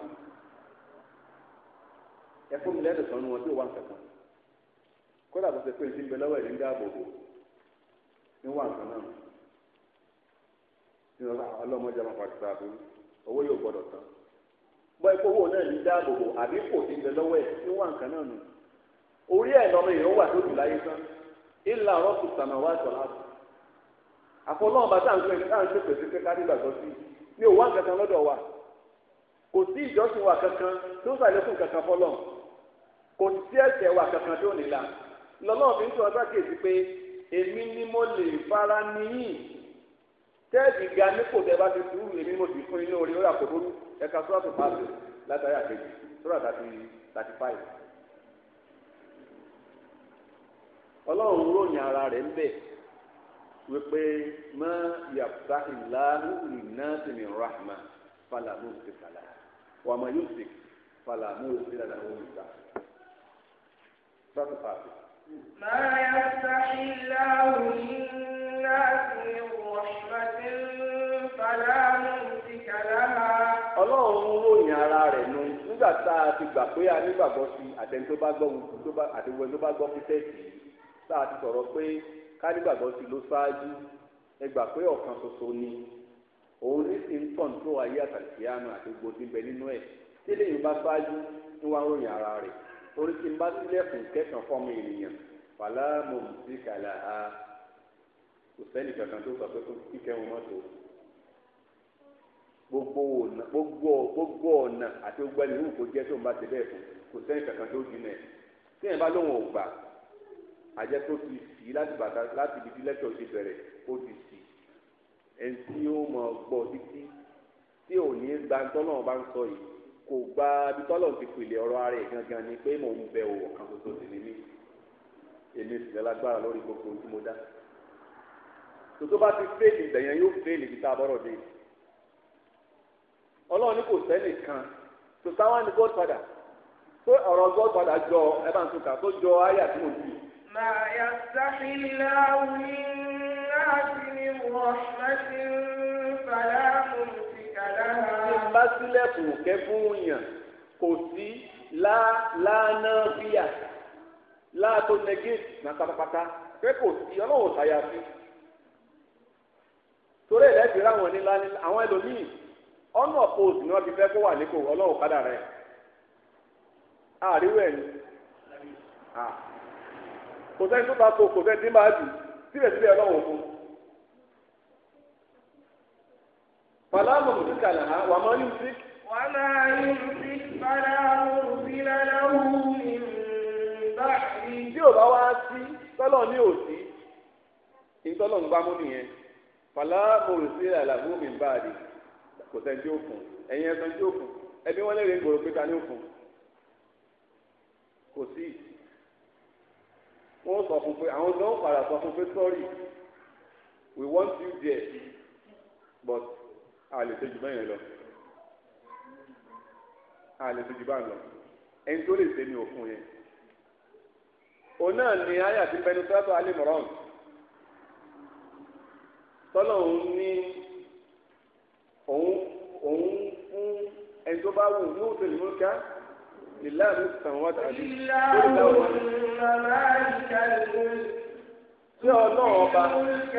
Speaker 1: mi wà nǹkan kan kódà kó pé ìdí ń bẹ lọ́wọ́ ń dáàbò bò ní wà nǹkan náà ní ọlọ́mọdé owó yóò tán bọ́ orí ẹ̀ lọ́mọ èèyàn wà lójú láyé tán ìlà rọ́ọ̀kù sàmàwá àtọ̀lá àfọlọ́ ọba tá à ń pè tá à ń ṣèpè sí pé ká nígbàgbọ́ sí ní òwò àǹkankan lọ́dọ̀ wa kò sí ìjọsìn wa kankan tó sàlékún kankan fọlọ́ kò sí ẹ̀ṣẹ̀ wa kankan tó nílà lọ́lọ́ọ̀ fi ń tún ọjọ́ kéèsì pé èmi ni mo lè fara níyìn tẹ́ẹ̀dì ga nípò tẹ́ bá ti sùúrù èmi mo sì fún inú orí ó yà kó bórú ẹ̀ka sọ́ọ̀tù pàṣẹ látàrí àkejì sọ́ọ̀tù thirty ọlọ́run ròyìn ara rẹ̀ ń bẹ̀ wípé má yàtá ìlànà ìnáàtì ní rahma falamu ti kàlà wàmà yóò ti falamu ti kàlà òun ìgbà.
Speaker 2: sọ́tù pàṣẹ. má yàtá ìlànà ìnáàtì ní rahma falamu ti kàlà. ọlọ́run ròyìn ara rẹ̀ nù nígbà
Speaker 1: tá a ti gbà pé a nígbàgbọ́ sí àtẹnudọ́bàgbọ́ àtẹnudọ́bàgbọ́ fífẹ́ sí i tá a ti sọ̀rọ̀ pé kánígbàgbọ́ ti ló ṣáájú ẹ gbà pé ọ̀kan ṣoṣo ni òun ní ti ń tàn tó ayé àtàlìkíyàmù àti gbogbo ti bẹ nínú ẹ̀ tí lèyìn bá ṣáájú ní wàá ròyìn ara rẹ̀ orí tí ń bá sílẹ̀kùn kẹsàn-án fọ́ọ̀mù ènìyàn fàlà mọ̀ sí kàlà á kò sẹ́ni kankan tó sọ pé kó kíkẹ́ wọn mọ́tò gbogbo ọ̀nà gbogbo gbogbo ọ̀nà àti gbogbo ẹni wù kó jẹ́ tó ń bá ti bẹ́ẹ̀ fún kò sẹ́ni kankan tó dín náà tí yẹn bá lóun ò gbà ajẹ́ tó ti sì láti bàtà láti ibi tí lẹ́tọ̀ ṣe bẹ̀rẹ̀ ó ti sì ẹni tí ó mọ̀ gbọ́ títí tí ò ní gba tọ́lọ̀ bá ń sọ yìí kò gba bí tọ́lọ̀ ti pìlẹ̀ ọ̀rọ̀ ara ẹ̀ gangan ni pé mò ń bẹ òwò kan tuntun sí ni mí èmi sì lẹ́ lágbára lórí gbogbo tí mo dá tòtó bá ti fèèlì ìbẹ̀yẹn yóò fèèlì bí tá a bọ́rọ̀ dé ọlọ́run ní kò sẹ́nì kan tòtáwá ni godfather tó ọ̀rọ̀ godfather jọ ẹ bá ń tún kà tó jọ ayé àti mòtí yìí.
Speaker 2: ما يفتح الله للناس من رحمة فلا ممسك لها
Speaker 1: bá sílẹ̀kùn kẹ́ yàn kò sí láàánàfíà láàtó negate náà pátápátá pé kò sí ọlọ́wọ́ sàyàfi torí ẹ̀lẹ́bìí ráwọn nílá àwọn ẹlòmíì ọ̀nà ọ̀pọ̀ọ̀sì ni wọ́n ti fẹ́ kó wà nípò ọlọ́wọ́ kádà rẹ̀ àríwẹ̀ ni. Ah kò sẹ́ni tó bá kó kò sẹ́ni tí máa dù síbẹ̀síbẹ̀ ọlọ́run fún. Fàlámù ní kàlà á, wà máa yún
Speaker 2: sí. Wà máa yún sí fàlámù sílẹ̀ lọ́wọ́ ìgbà yìí. Tí ò bá wá sí, tọ́lọ̀ ní òsì,
Speaker 1: ìtọ́lọ̀ ń bá mú nìyẹn. Fàlámù sílẹ̀ lọ́wọ́ ìgbà yìí. Kò sẹ́ni tí ó fún, ẹ̀yin ẹ̀sán tí ó fún, ẹbí wọn lè rí gbòòrò pé ta ni ó fún. Kò sí wọ́n sọ fún pé àwọn tó ń padà sọ fún pé sorry we want you there but a lè ṣe jù báyẹn lọ a lè ṣe jù báyẹn lọ ẹni tó lè ṣe ni òfun yẹn òun náà ni ayé àti bẹni sọ́tọ̀ alimọ̀rán tọ́lọ̀ òun ní òun òun fún ẹni tó bá wù ní òtò ìmúlùkà. لله ملك السماوات والأرض
Speaker 2: sí ọlọ́run ọba ẹkún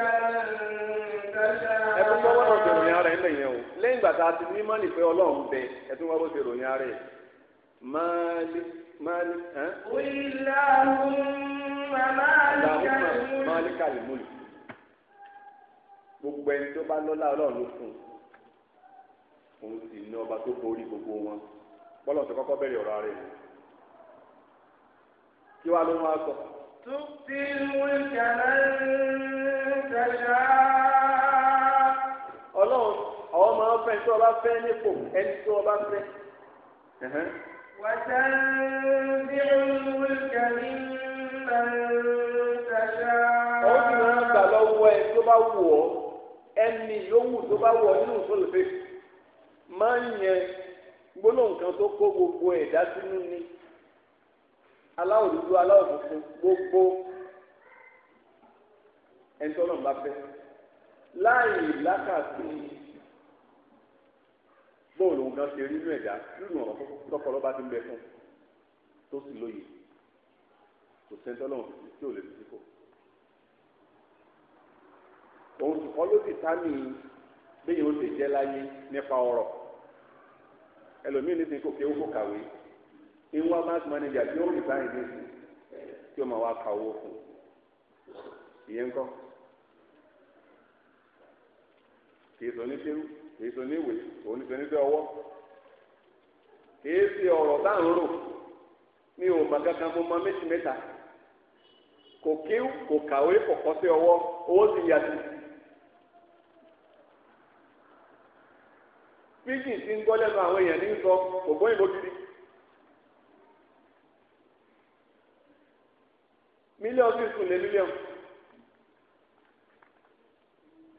Speaker 2: tó wọ́n ti ròyìn ara
Speaker 1: ẹ̀ lẹ́yìn o lẹ́yìn ìgbà tá a ti ní mọ́nì pé ọlọ́run bẹ ẹtún wọ́n bó ti ròyìn ara ẹ̀ máàlì máàlì ẹ́. máàlì kàlímùlì gbogbo ẹni tó bá lọ́lá ọlọ́run ló fún un òun sì ní ọba tó borí gbogbo wọn bọ́lọ̀ ti kọ́kọ́ bẹ̀rẹ̀ ọ̀rọ̀ rẹ̀ kí wàá ló máa sọ.
Speaker 2: tupti mulka man tasha. ọlọ́run àwọn máa ń fẹ́ tí wọ́n bá fẹ́
Speaker 1: nípò ẹni tí wọ́n bá fẹ́.
Speaker 2: وتنزع الملك ممن تشاء ó sì máa gbà
Speaker 1: lọ́wọ́ ẹ tó bá wù ọ́ ẹni yòówù tó bá wù ọ́ nínú ìsọ̀lùfẹ́ máa ń yẹn gbólóhùn kan tó kó gbogbo ẹ̀dá sínú ni aláwọ̀ dúdú aláwọ̀ funfun gbogbo ẹni tó náà bá fẹ́ láàyè lákàtí bóòlù òun kan ṣe rí inú ẹ̀dá nínú ọ̀rọ̀ tọkọlọ́ bá ti ń bẹ fún tó sì lóye kò sẹ́ńtọ́ lọ́wọ́ tí ò lè fi sípò òun sì kọ́ ló ti tá mi bẹ́ẹ̀ yóò lè jẹ́ láyé nípa ọ̀rọ̀ ẹlòmíì ní ti kò kí owó kàwé ìwọ bank manager tí ó rí báyìí ní sí tí ó máa wá ka owó fún ìyẹn ń kọ́ kìí sọ ní kéwú kìí sọ ní ìwé òun sọ ní bẹ́ ọwọ́ kìí sí ọ̀rọ̀ tá à ń rò mi ò mọ kankan mo mọ méjì mẹ́ta kò kéwú kò kàwé kò kọ́ sí ọwọ́ owó ti yàtì. pidgin ti ń gbọ́ lẹ́nu àwọn èèyàn ní sọ ògbọ́n ìbò gidi. mílíọ̀nù sì sùn lé mílíọ̀nù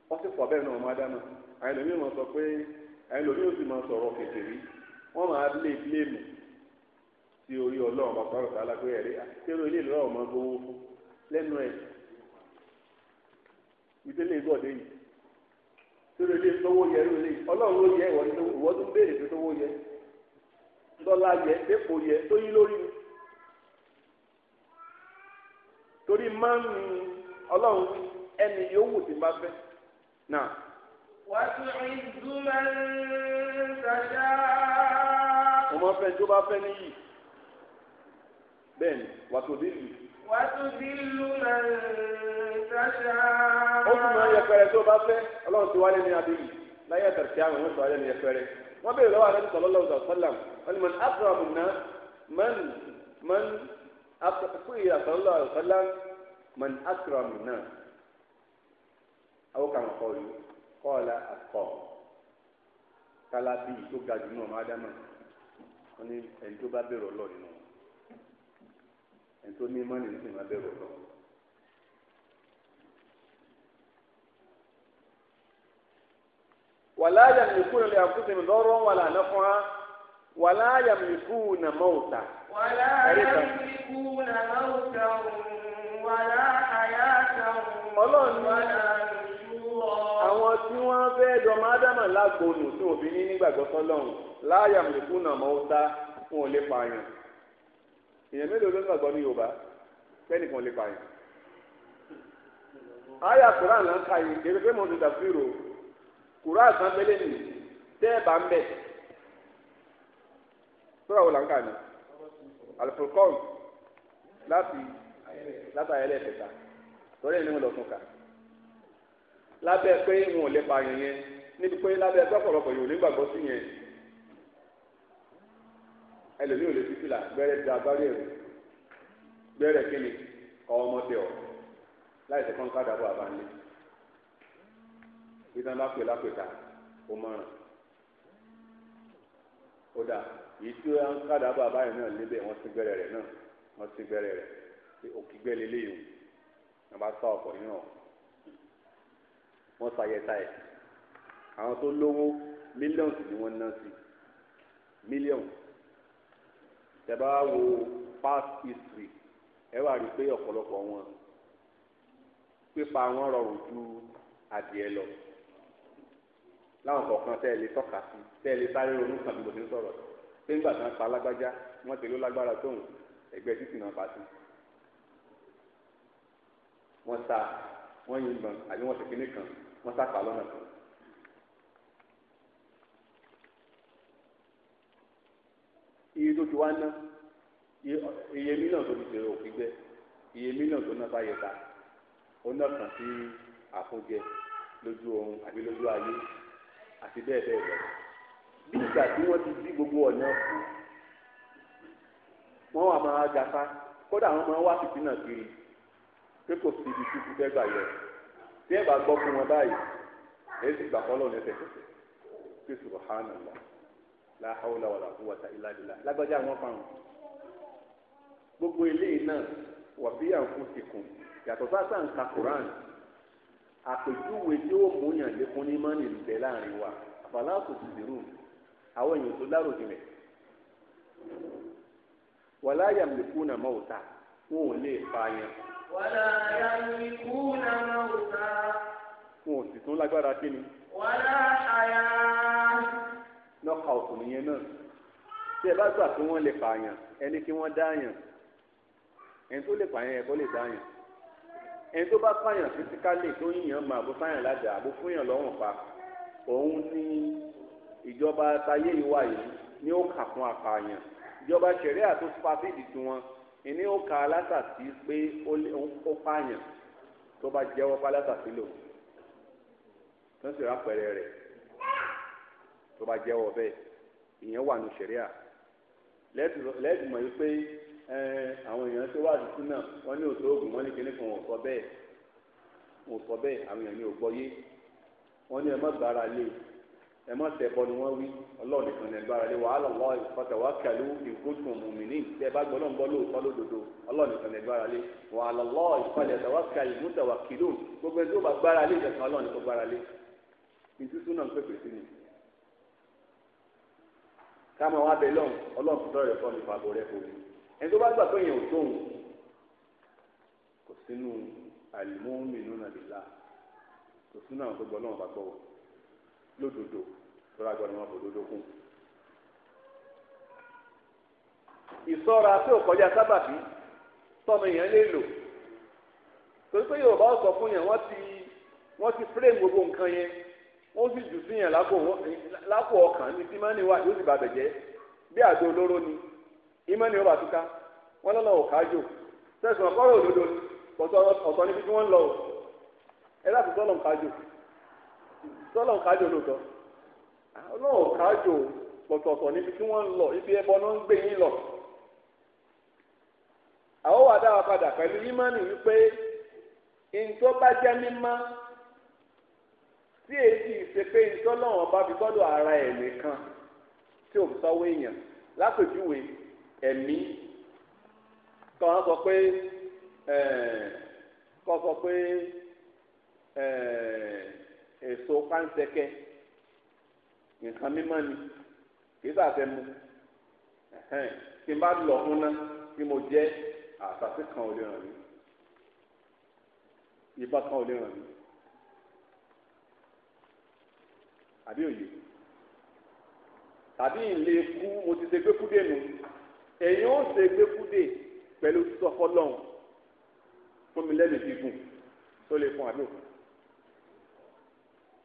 Speaker 1: wọ́n sì pọ̀ bẹ́ẹ̀ náà wọ́n dáná àwọn ẹlòmíì máa sọ pé àwọn ẹlòmíì ò sì máa sọ̀rọ̀ kékeré wọ́n máa lé bíléèmù sí orí ọlọ́run bàbá rẹ̀ alágbé ẹ̀rí àtẹ́rù ah, ilé ìlú máa gbowó fún lẹ́nu ẹ̀ lórí ilé sọwọ yẹ lórí ilé Ọlọ́run ló yẹ ìwọ ni ìwọ tó béèrè sọwọ yẹ ńlọlá yẹ dépò yẹ tó lórí torí máa ń mi Ọlọ́run ẹni yóò wù tí bá fẹ́ náà.
Speaker 2: وتعز من تشاء.
Speaker 1: ọmọ fẹ́ tó bá fẹ́ níyì bẹ́ẹ̀ ni dé
Speaker 2: ó tún máa ń
Speaker 1: yẹpẹrẹ tó o bá fẹ́ ọlọ́run ti wáyé ní abiyì láyé àtàkì àwọn oṣù ayé ní yẹpẹrẹ wọ́n béèrè lọ́wọ́ àti sọlọ́lọ́ ọ̀sán sọ́làm wọ́n ní mọ̀n áfúrọ̀mù náà mọ̀n mọ̀n fún ìyá sọlọ́lọ́ ọ̀sán sọ́làm mọ̀n áfúrọ̀mù náà àwọn kàwọn kọ́ yìí kọ́ọ̀lá àkọ́ kálábì tó ga jù náà má dáná wọ́n ní ẹni tó bá béèrè ọlọ́ọ̀ nínú wọn ẹni tó ní mọ́nì sì máa bẹ̀rù lọ. wàlá yàmìlìkú ni àkúté mi lọ́rọ́ wàlá àná fún wa wàlá yàmìlìkú nà mọ́wùtà. wàlá yàmìlìkú
Speaker 2: nà mọ́wùtà wàlá àyàtà ọlọ́run wàlá àwọn tí
Speaker 1: wọ́n fẹ́ dọmọ lágbo nù tí òbí ní nígbàgbọ́ sọ́lọ́run láyàmìlìkú mọ́wùtà wọn ò pààyàn. èèyàn mélòó ló ń gbàgbọ́ ní yorùbá kẹ́nìkan lè pààyàn. àyà kúrán là ń ka yìí kébé pé mo ti dà fúrò kúrán kan pélé nì tẹ́ ẹ bá ń bẹ̀. sọ́ra wo là ń kà ní láti lọ yẹn níbi pé lábẹ́ ẹlòmíì ò lè fi fìlà gbẹ́rẹ́ da agbárí ẹ̀rù gbẹ́rẹ́ kíni ọmọdé ọ̀ láì sọ kọ́ńká dàbọ̀ àbáńlé bí tán bá pè lápèta ó mọ̀ràn ó dà yìí tí ó ń kádàbọ̀ àbáyọ̀ náà lébẹ̀ wọ́n ti gbẹ́rẹ́ rẹ̀ náà wọ́n ti gbẹ́rẹ́ rẹ̀ òkìgbẹ́ lélẹ́yìn o wọ́n bá sá ọkọ̀ yìí hàn wọ́n ṣàyẹ̀tà ẹ̀ àwọn tó lówó mílíọ̀nù ni wọ́n ná sí mílíọ̀nù tẹ́bá wo past history ẹ wá rí i pé ọ̀pọ̀lọpọ̀ wọn pípa wọn rọrùn ju adìẹ lọ láwọn kọ̀ọ̀kan tẹ́ ẹ lè tọ́ka sí tẹ́ ẹ lè sáré ronú kan bí mo ti ń sọ̀rọ̀ pé ńgbà tí wọ́n pa alágbájá wọ́n ti ló lágbára tóun ẹgbẹ́ títì náà bá sí wọ́n sá wọ́n yìnbọn àbí wọ́n ṣe kinní kan wọ́n sá pa lọ́nà kan. iye tó ti wá ná iye mílíọ̀nù tó ti tèrè òfin gbẹ iye mílíọ̀nù tó ná báyẹn ta ó ná kàn sí àkójẹ lójú oorun àbí lójú ayé àti bẹ́ẹ̀ bẹ́ẹ̀ lọ bí ìgbà tí wọ́n ti dí gbogbo ọ̀nà kù wọ́n wà máa gafá kódà wọ́n máa wá fìtínà kiri pé kò sí ibi tí kú fẹ́ gbà yọ tí ẹ bá gbọ́ fún wọn báyìí ẹ sì gbà kọ́ lọ́nà ẹsẹ̀ kẹsẹ̀ kí subhanallah la hawla wala quwwata illa billah lágbájá wọn fáwọn gbogbo eléyìí náà wà bí àǹkú ti kùn yàtọ̀ sáà ń ka Quran àpèjúwe tí ó mú yàn lékún ní mọ́nì ìbẹ̀ láàrin wa àbálá kò sì dérò àwọn èèyàn tó dárò jinlẹ̀ wàlá yàmìlìkú nà mọ́wòtá wọn ò lè fa yẹn.
Speaker 2: wàlá yàmìlìkú nà mọ́wòtá.
Speaker 1: wọn ò sì tún lágbára kí ni.
Speaker 2: wàlá àyà
Speaker 1: knockout nìyẹn náà tí ẹ bá gbà pé wọ́n lè pààyàn ẹni kí wọ́n dáàyàn ẹni tó lè pààyàn ẹ̀ kó lè dáàyàn ẹni tó bá pààyàn fisikálì tó yìnyàn mà bó sáyàn ládàá àbó fúnyàn lọ́wọ́n pa òun ní ìjọba táyé ìwà yìí ni ó kà fún apààyàn ìjọba sẹ̀ríà tó fàfíìdì tiwọn ìní ó ka alásàtì pé ó pààyàn tó bá jẹ́wọ́ pa alásàtì lò tó ń sì rápẹ̀rẹ̀ rẹ̀ tó bá jẹ́wọ́ bẹ́ẹ̀ ìyẹn wà ní sẹ̀ríà lẹ́ẹ̀dì mọ̀ yìí pé àwọn èèyàn tó wà tuntun náà wọ́n ní òtó oògùn wọ́n ní kíní kan wọ́n sọ bẹ́ẹ̀ wọ́n sọ bẹ́ẹ̀ àwọn èèyàn ní ò gbọ́yé wọ́n ní ẹ má gbára lé ẹ má tẹ̀bọ ni wọ́n wí ọlọ́run nìkan ní ẹgbára lé wa ala Allah fatawakkalu in kuntum mu'minin tẹ́ ẹ bá gbọ́ náà ń bọ́ lóòótọ́ lódodo ọlọ́run nìkan ní ẹgbára lé wa ala Allah falyatawakkalil mutawakkilun gbogbo ẹni tó bá gbára lé ìjẹ̀kan ọlọ́run nìkan gbára lé ìtútù náà ń pèpè sí ni ká máa wá bẹ lọ́hùn ọlọ́run fún tọ́rẹ̀ fún mi fàgọ́ rẹ fún mi ẹni tó bá gbà pé yẹn ò tóun kò sínú àlùmọ́ọ́mìnú náà lè la kò sínú àwọn tó gbọ́ lọ́hùn bá gbọ́ wọ lódodo tó rà gbọ́dọ̀ wọn kò dodo kún. ìsọ́ra tí ò kọjá sábàbí tọ́mọ èèyàn lè lò torí pé Yorùbá ọ̀sọ̀ fún yẹn wọ́n ti wọ́n ti fírèmù gbogbo nǹkan yẹn. ó sì jù síyàn eh, lápò ọkàn ní símánì wà yóò sì bàbẹ̀ jẹ́ bí àdó olóró ni ìmánì ọba túká wọn lọ́nà òkájò sẹ́sùn ọ̀kọ́rọ̀ òdodo ọ̀tọ̀ níbi tí wọ́n ń lọ ẹ láti sọ́lọ̀ ń kájò sọ́lọ̀ ń kájò lóòótọ́ níbi tí wọ́n ń lọ ibi ẹbọ náà ń gbé tí èyí ṣe pé ìtọ́nà ọba fi gbọ́dọ̀ ara ẹ̀ nìkan tí ò ń sọ́wọ́ èèyàn lápèjúwe ẹ̀mí kọ́ sọ pé eh, kọ́ sọ pé eh, èso pánṣẹ́kẹ́ nǹkan mímọ́ ni kì í sàfẹ́ mu tí n bá lọ fún ná tí mo jẹ́ àtàtì kan ò lè ràn mí ìbọn kan ò lè ràn mí. àbí òye tàbí ìlé kú mo ti ṣe gbẹ́kúdé nu èyàn ó ṣe gbẹ́kúdé pẹ̀lú sísọfọ́ lọ́hùn fún mi lẹ́nu gígùn tó lè fún àbí òkú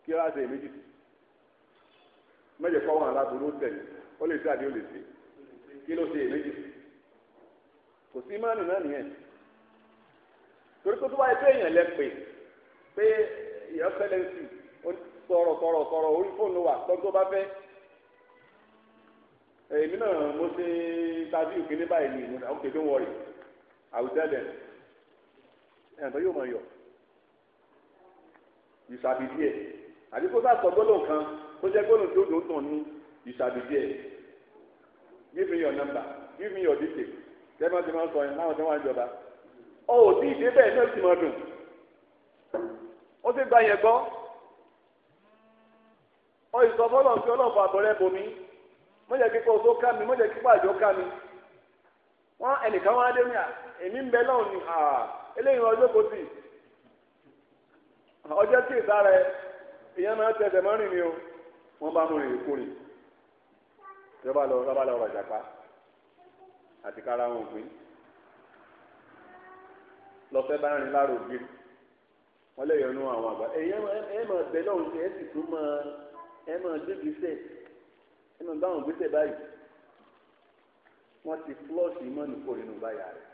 Speaker 1: kí ó láti èmi jìbì mẹ́jọ kọ́ wọn aláboró tẹ̀lé ó lè ṣe àbí ó lè ṣe kí ló ṣe èmi jìbì kò sí mánù náà nìyẹn torí kó tó wáyé pé èèyàn lẹ pè pé ìyá fẹlẹ ń sùn sọ̀rọ̀ sọ̀rọ̀ sọ̀rọ̀ orí fóònù wa tọ́ tó bá fẹ́. èmi náà mo ṣe tàbí ìkíní báyìí ni mo ok don't worry I will tell them ẹ̀ǹtọ́ yóò mọ̀ yọ ìṣàbìdí ẹ̀ àbí kó sáà sọ gbólóhùn kan kó jẹ́ gbólóhùn tí ó dùn tàn ní ìṣàbìdí ẹ̀ give me your number give me your detail tẹ́lẹ̀ tí wọ́n sọ yẹn láwọn tí wọ́n jọba ọ ò tí ì dé bẹ́ẹ̀ náà ti mọ̀ dùn ó sì gba yẹn gbọ́ ọ ìsọfọlọ fi ọlọpàá àbọrẹ bomi mọjẹ kíkọ tó ká mi mọjẹ kíkọ àjọ ká mi
Speaker 2: wọn ẹnìkan wọn adé ní
Speaker 1: à èmi ń bẹ lọhùn ní à eléyìí ọjọ́ kò sí ọjọ́ tí ìsára ẹ ìyẹn máa ń tẹsẹ̀ mọ́ rìn ni o wọn bá mú rìn kúrìn yọba lọ yọba lọ rọjà pa àti kára wọn òpin lọfẹ bá rìn láàrò gbé wọn lè yọnu àwọn àgbà ẹ yẹn ẹ máa bẹ lọhùn ẹ sì tún máa ẹ máa gbé gbèsè ẹ máa bá àwọn gbèsè báyìí wọ́n ti flush ìmọ̀nù kò nínú báyà rẹ̀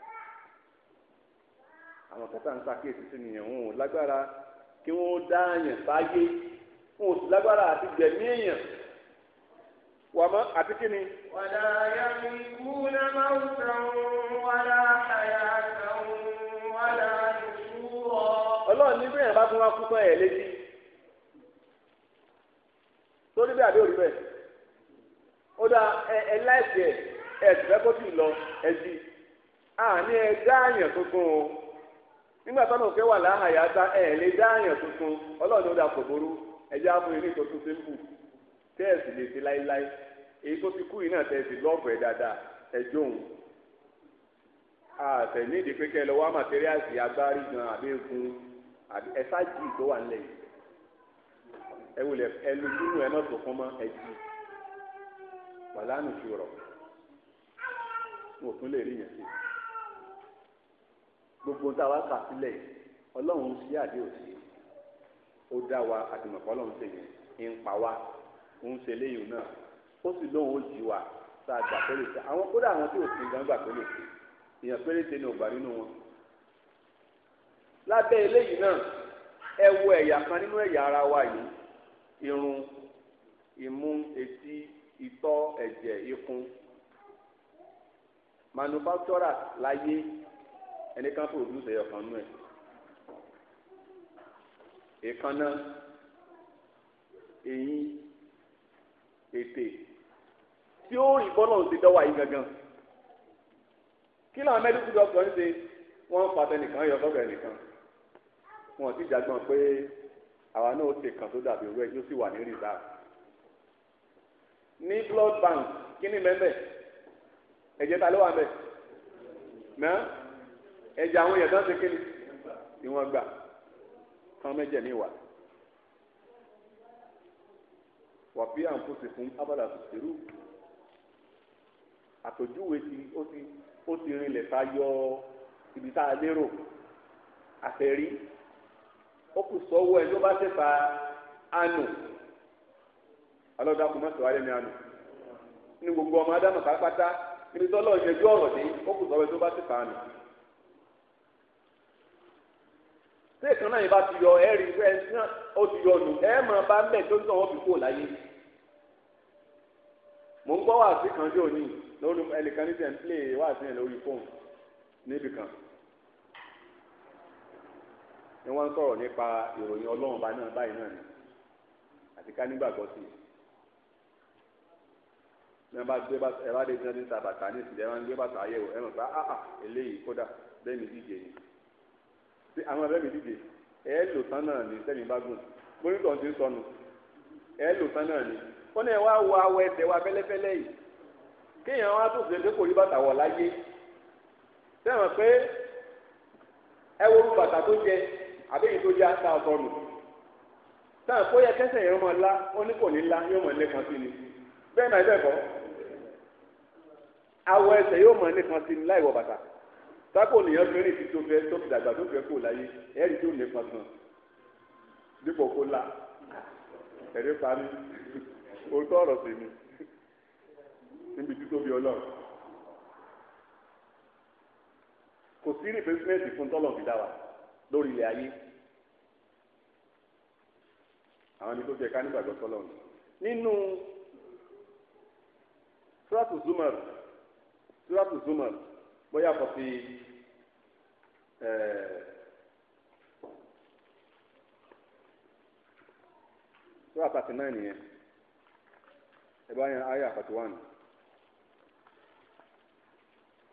Speaker 1: àwọn kẹta ń ṣàkíyèsí sí nìyẹn wọn ò lágbára kí wọ́n dá àyàn báyé wọn ò lágbára àti gbẹ̀mí èèyàn wà mọ́ àti kí ni.
Speaker 2: wàlá yamliku na mawtan wàlá hayatan wàlá nusura. ọlọ́run ní bí èèyàn bá tún wá kú tán
Speaker 1: ẹ̀ létí. torí bẹ́ẹ̀ àbí òrí bẹ́ẹ̀ ó dá ẹ láìsí ẹ kó sì lọ ẹ̀sìn àní àyàn tuntun o nígbà tó lóun fẹ́ wà láhàyà dá ẹ dá àyàn tuntun ọlọ́run ló dà kò burú ẹjẹ́ àfún ìtọ́tún sẹ́ńkù tẹ́ lè èyí tó ti kú yìí náà tẹ́ lọ́ọ̀fẹ́ dáadáa ẹjọ́ òun àtẹ̀nídìí pé kẹ́ ẹ lọ wá màtẹ́ríàsì agbárí gan àbí ẹ̀sájì tó wà ẹ wò lẹ ẹnu dúró ẹ mọ̀tò fún mọ́ ẹ jí wàhálà nù fi rọ̀ n ò tún lè rí yẹn sí gbogbo ń ta wá kà sílẹ̀ ọlọ́run sí àdé òsì o dá wa àdìmọ̀pọ̀ ọlọ́run ṣe yẹn ń pa wá ń ṣe léyìn náà ó sì lóun ó jí wa tá a gbà pé lè ṣe àwọn kódà àwọn tí òsì gan gbà pé lè ṣe èèyàn péréte ni ògbà nínú wọn lábẹ́ eléyìí náà ẹ wo ẹ̀yà kan nínú ẹ̀yà ara wa yìí irun imú etí itọ́ ẹ̀jẹ̀ ikùn manufacturer láyé ẹnìkan produce ẹyọ kan nú ẹ èékánná eyín ètè tí ó rí bọ́lọ̀ ti dọ́wà yìí gangan kí làwọn medical doctor ń ṣe wọ́n ń fa tẹnìkan yọ sọ́gbẹ̀ẹ́ nìkan wọn ò sì jágbọ́n pé àwa náà ó ṣe kàn tó dàbí rẹ yóò sì wà ní reserve ní blood bank kí ni mẹ́mẹ́ ẹ̀jẹ̀ ta ló wà mẹ́ mẹ́ ẹ̀jẹ̀ àwọn èèyàn náà ṣe kí ni ìwọ̀n gbà kan mẹ́jẹ̀ ní ìwà wà bí à ń kó sí fún abala tòṣèlú àpèjúwe ti ó ti ó ti rinlẹ̀ tá a yọ ibi tá a lérò àfẹ́rí ó kù sọ́wọ́ ẹ̀ ló bá ṣe fa àánú alọ́dà kò mọ̀tò ayé mi àánú ní gbogbo ọmọ ádámù pátápátá níbi tó lọ́ọ́ yẹjú ọ̀rọ̀ dé ó kù sọ́wọ́ ẹ̀ ló bá ṣe fa àánú. tí èkán náà yìí bá ti yọ ẹ̀rí ẹ̀ ó ti yọ nù ẹ̀ máa bá mẹ́ẹ̀ tó ń tọ̀ wọ́n fi kúrò láyé. mò ń gbọ́ wàásì kan jẹ́ òní lórí ẹnìkan ní tẹ̀ ń pè wàásì yẹn lórí fóònù níbì ni wọ́n ń sọ̀rọ̀ nípa ìròyìn ọlọ́run bá náà báyìí náà ni àti ká nígbàgbọ́ sí i ẹ bá gbé bàtà ẹ bá dé bíyànjú ta bàtà ní ìsìlẹ̀ ẹ bá ń gbé bàtà ayẹ̀wò ẹ mọ̀ pé áà ah, ah, eléyìí kódà bẹ́ẹ̀ mi díje ni tí àwọn bẹ́ẹ̀ mi díje ẹ lò tán náà ni sẹ́mi bá gùn gbóyúntàn ti ń sọnù ẹ lò tán náà ni wọ́n náà wá wọ awọ ẹsẹ̀ wa fẹ́lẹ́fẹ́lẹ́ yìí kéèyàn wá tó fìdí kò rí bàtà wọ̀ láyé sẹ́wọ̀n pé ẹ wo bàtà tó jẹ àbẹ́yìn tó yá tá a sọnù táà kó yẹ kẹsẹ̀ yẹn mọ̀ ńlá ó ní kò ní ńlá yóò mọ̀ nìkan sí ni bẹ́ẹ̀ náà bẹ́ẹ̀ kọ́ awọ ẹsẹ̀ yóò mọ̀ nìkan sí ni láì wọ bàtà sákò nìyẹn fẹ́rẹ̀ ti tó fẹ́ tó fi dàgbà tó fẹ́ kó láyé ẹ̀rí tó nìkan sàn dípò kó la ẹ̀rí pa mí òótọ́ ọ̀rọ̀ sí mi níbi títóbi ọlọ́run kò sí rìfẹ́símẹ́ǹtì fún tọ́lọ̀ fi dá wa lórí ilẹ̀ ayé àwọn ibi tó jẹ ká nígbàgbọ́ sọ́lọ́ nínú suratu zumar suratu zumar bóyá kò sí eh, sura thirty nine yẹn ẹ bá yẹn aya forty one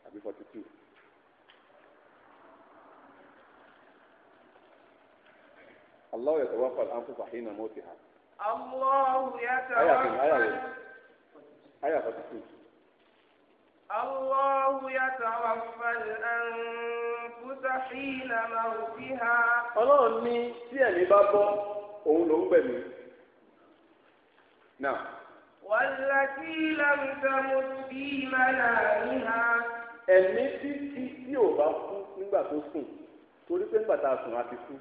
Speaker 1: àbí forty two. الله يتوفى الأنفس حين موتها
Speaker 2: الله يتوفى آية
Speaker 1: الله يتوفى الأنفس حين موتها Ọlọ́run ní tí ẹ̀mí bá bọ́ òun ló ń gbẹ̀mí náà.
Speaker 2: والتي لم تمت في منامها. ẹ̀mí tí tí tí ò
Speaker 1: bá kú nígbà tó sùn torí pé nígbà tá a sùn a ti kú.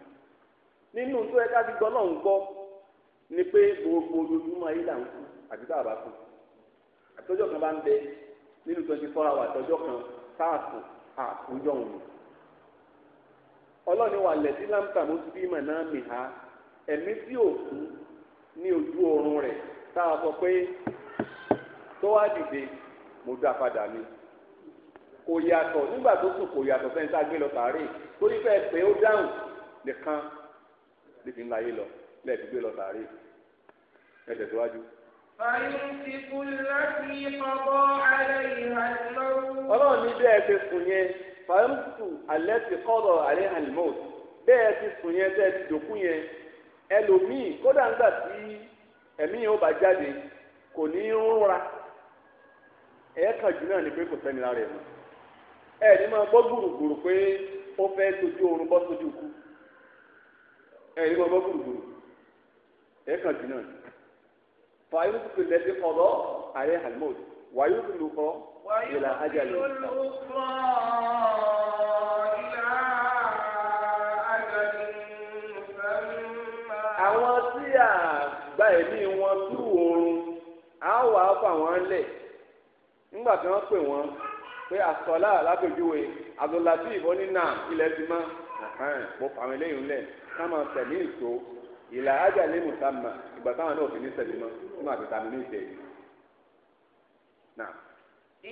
Speaker 2: nínú tó yẹ ká
Speaker 1: gbọ́ náà gbọ́ gbogbo ojoojúmọ́ ayé là ń kú àti tá kan bá ń bẹ nínú twenty four hours kan káàkó àkójọ òun ọlọ́ni wà lẹ̀ láǹtà mo ti bí ha ẹ̀mí tí ò kú ní ojú oorun rẹ̀ tá a sọ pé tó wá dìde mo dá padà mi kò yàtọ̀ nígbà tó sùn kò yàtọ̀ tá a gbé nífi ńlá yé lọ lẹ́ẹ̀fi gbé lọ sàárè ẹsẹ̀ síwájú.
Speaker 2: ọlọ́run ní bẹ́ẹ̀
Speaker 1: ti sùn yẹn fàámùsù alẹ́ ti kọ́rọ̀ alẹ́ àlùmọ́ bẹ́ẹ̀ ti sùn yẹn tẹ́ ti dòkú yẹn ẹlòmíì kódà tí ẹ̀mí yẹn ó bá jáde kò ní í kan jù náà ni pé kò sẹ́ni lára ẹ̀ mọ́ ẹ̀ ní máa gbọ́ gbùrùgbùrù pé ẹ̀rí wọn bọ́ gbùgbùrù ẹ̀ kàn jù náà fàáyé tó lè ti kọ̀ lọ ayé halimọ́ọ̀dù wàyó tó lù kọ́ ìlà ajalè
Speaker 2: ìta. àwọn tí a
Speaker 1: gba ẹ̀mí wọn tú oorun á wà á fà wọ́n lẹ̀ nígbà tí wọ́n pè wọ́n pé àsọlá alábòjúwe Abdullahi ìbọn nínà ilẹ̀ ti mọ́ mo fà wọn lẹ́yìn ká máa tẹ̀lé ètò ìlà ájà lé mùsàmà ìgbà táwọn náà fi ní sẹ̀lé mọ́ fún máa fi tàmí ní ìtẹ̀lé.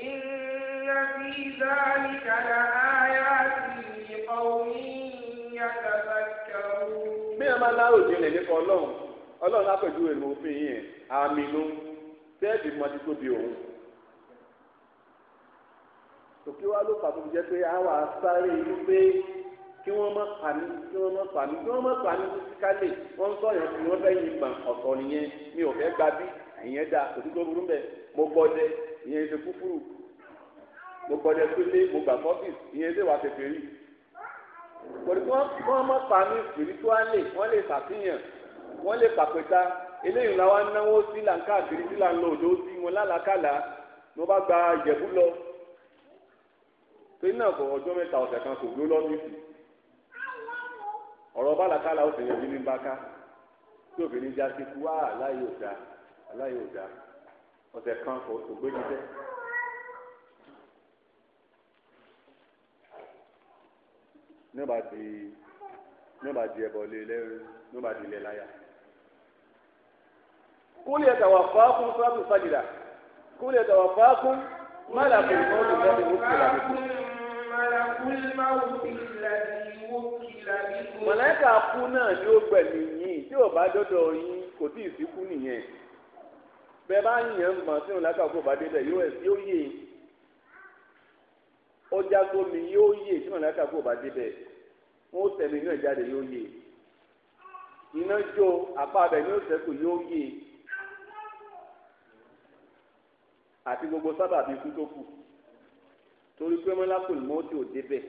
Speaker 2: Inna fi dhalika la ayatin li qawmin yatafakkarun. Bí ẹ máa lárò jinlẹ̀
Speaker 1: nípa Ọlọ́run, Ọlọ́run lápẹ̀júwe fi yín àmì nú tẹ́ẹ̀dì mọ́ ti tóbi òun òkè ló fà tó jẹ pé àwa sáré inú pé kí wọ́n má pàmí kí wọ́n má pàmí kí wọ́n má pàmí títí ká lè wọ́n sọ yẹn kí wọ́n fẹ́ yin gbọ̀n ọ̀tọ̀ nìyẹn mi ò fẹ́ gba bí ìyẹn da òdúgbò burú bẹ́ẹ̀ mo gbọ́ dẹ ìyẹn ṣe kúkúrú mo gbọ́ dẹ pélé mo gbà fọ́fíìsì ìyẹn ṣe wà pèpè rí pẹ̀lú kí wọ́n má pàmí spiritually wọ́n lè ṣàfihàn wọ́n lè pàpẹ́ta eléyìí làwọn náwó sí làǹkàkiri sí làǹlọ́ òdò sí wọn lálàkàlà ni wọ́n bá gba ìjẹ̀bú lọ torí náà kọ ọjọ́ mẹ́ta ọ̀sẹ̀ kan kò gbó lọ́dún sí ọ̀rọ̀ bálàkàlà ó sì yẹn bí ní bá ká tí obìnrin já sí kú wá aláyé òdà aláyé òdà ọ̀sẹ̀ kan kò gbé jíjẹ́. nígbà tí nígbà tí ẹ̀bọ̀ lé lẹ́rú nígbà tí ilẹ̀ láyà. kúlẹ̀ tàwa fàákùn sọ́ọ̀tù fàjìlà kúlẹ̀ tàwa fàákùn mọ́là kò ní ọdún lẹ́nu ó
Speaker 2: kúlẹ̀ àbíkú mọ̀lẹ́kà kú
Speaker 1: náà ni ó gbẹ̀mí yín tí ò bá dọ́dọ̀ yín kò tí ì sí kú nìyẹn bẹ́ẹ̀ bá yàn ń mọ̀ sí mọ̀lẹ́kà kú bá débẹ̀ yóò ẹ̀ yóò yè ọjà sómi yóò yè tí mọ̀lẹ́kà kú bá débẹ̀ wọ́n ó tẹ̀mí inú ẹ̀ jáde yóò yè iná jó apá abẹ ní òsèkù yóò yè àti gbogbo sábàbí ikú tó kù torí pé mọ́lákùn mọ́tò débẹ̀.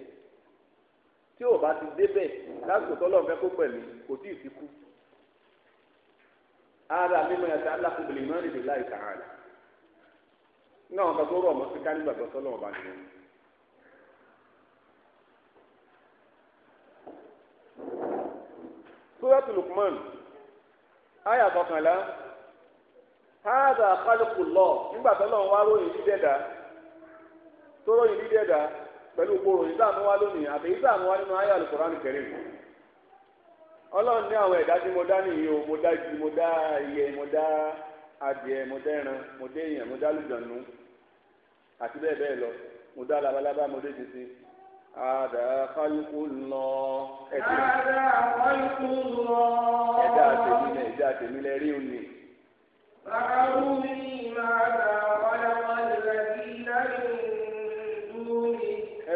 Speaker 1: tí o bá ti débẹ̀ lásìkò tọ́lọ̀ fẹ́ kó pẹ̀lú kò tí ì fi kú. ara mímọ yàtọ̀ alákùnrin ìmọ̀ rìn láì tààlà. ní àwọn tó ọmọ sí ká nígbà tó tọ́lọ̀ ọba nìyẹn. lukman àyà kọkànlá hádà kálukú lọ nígbà tọ́lọ̀ ń wá dídẹ̀dà pẹ̀lú gbòòrò yìí tá a mú wá lónìí àbí yìí tá nínú ayé Al-Qur'an Karim ọlọ́run ní àwọn ẹ̀dá tí mo dá nìyí o mo dá igi mo dá iye mo dá adìẹ mo dá ẹran mo dá èèyàn mo dá lùjọ̀nù àti bẹ́ẹ̀ bẹ́ẹ̀ lọ mo dá labalábá mo dé títí. Ada khalqullah. Ada khalqullah.
Speaker 2: Ẹ̀dá àtẹ̀mí lẹ̀
Speaker 1: ẹ̀dá àtẹ̀mí lẹ̀ rí òní.
Speaker 2: Bàbá mi máa dà wọ́n lẹ́yìn lẹ́yìn.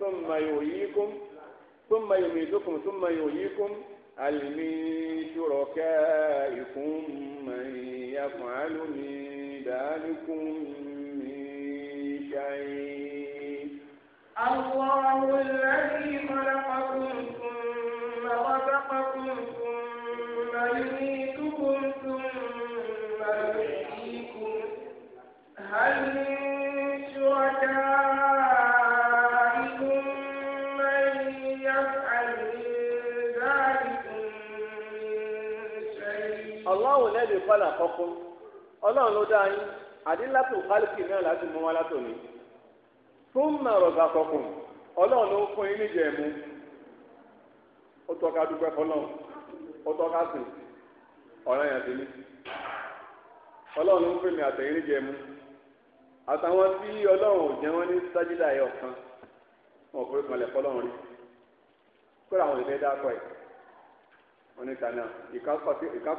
Speaker 1: ثم يحييكم ثم يميتكم ثم يحييكم هل من شركائكم من يفعل من ذلكم من شيء
Speaker 2: الله الذي خلقكم ثم رزقكم ثم يميتكم ثم يحييكم هل من
Speaker 1: kọ́là kọ́kọ́ ọlọ́run ló dá yín àdínlátò kálíkì náà láti mú wọn látòní fún màrọ̀gà kọkùn ọlọ́run ló fún yín níjẹ̀ mú ó tọ́ka dúpẹ́ fọlọ́run ó tọ́ka sùn ọ̀rọ̀ yẹn ti ní ọlọ́run ló fún mi àtẹ̀yìn àtàwọn tí ọlọ́run ò jẹ́ wọn ní sájídà ẹ̀ ọ̀kan wọn oníkanna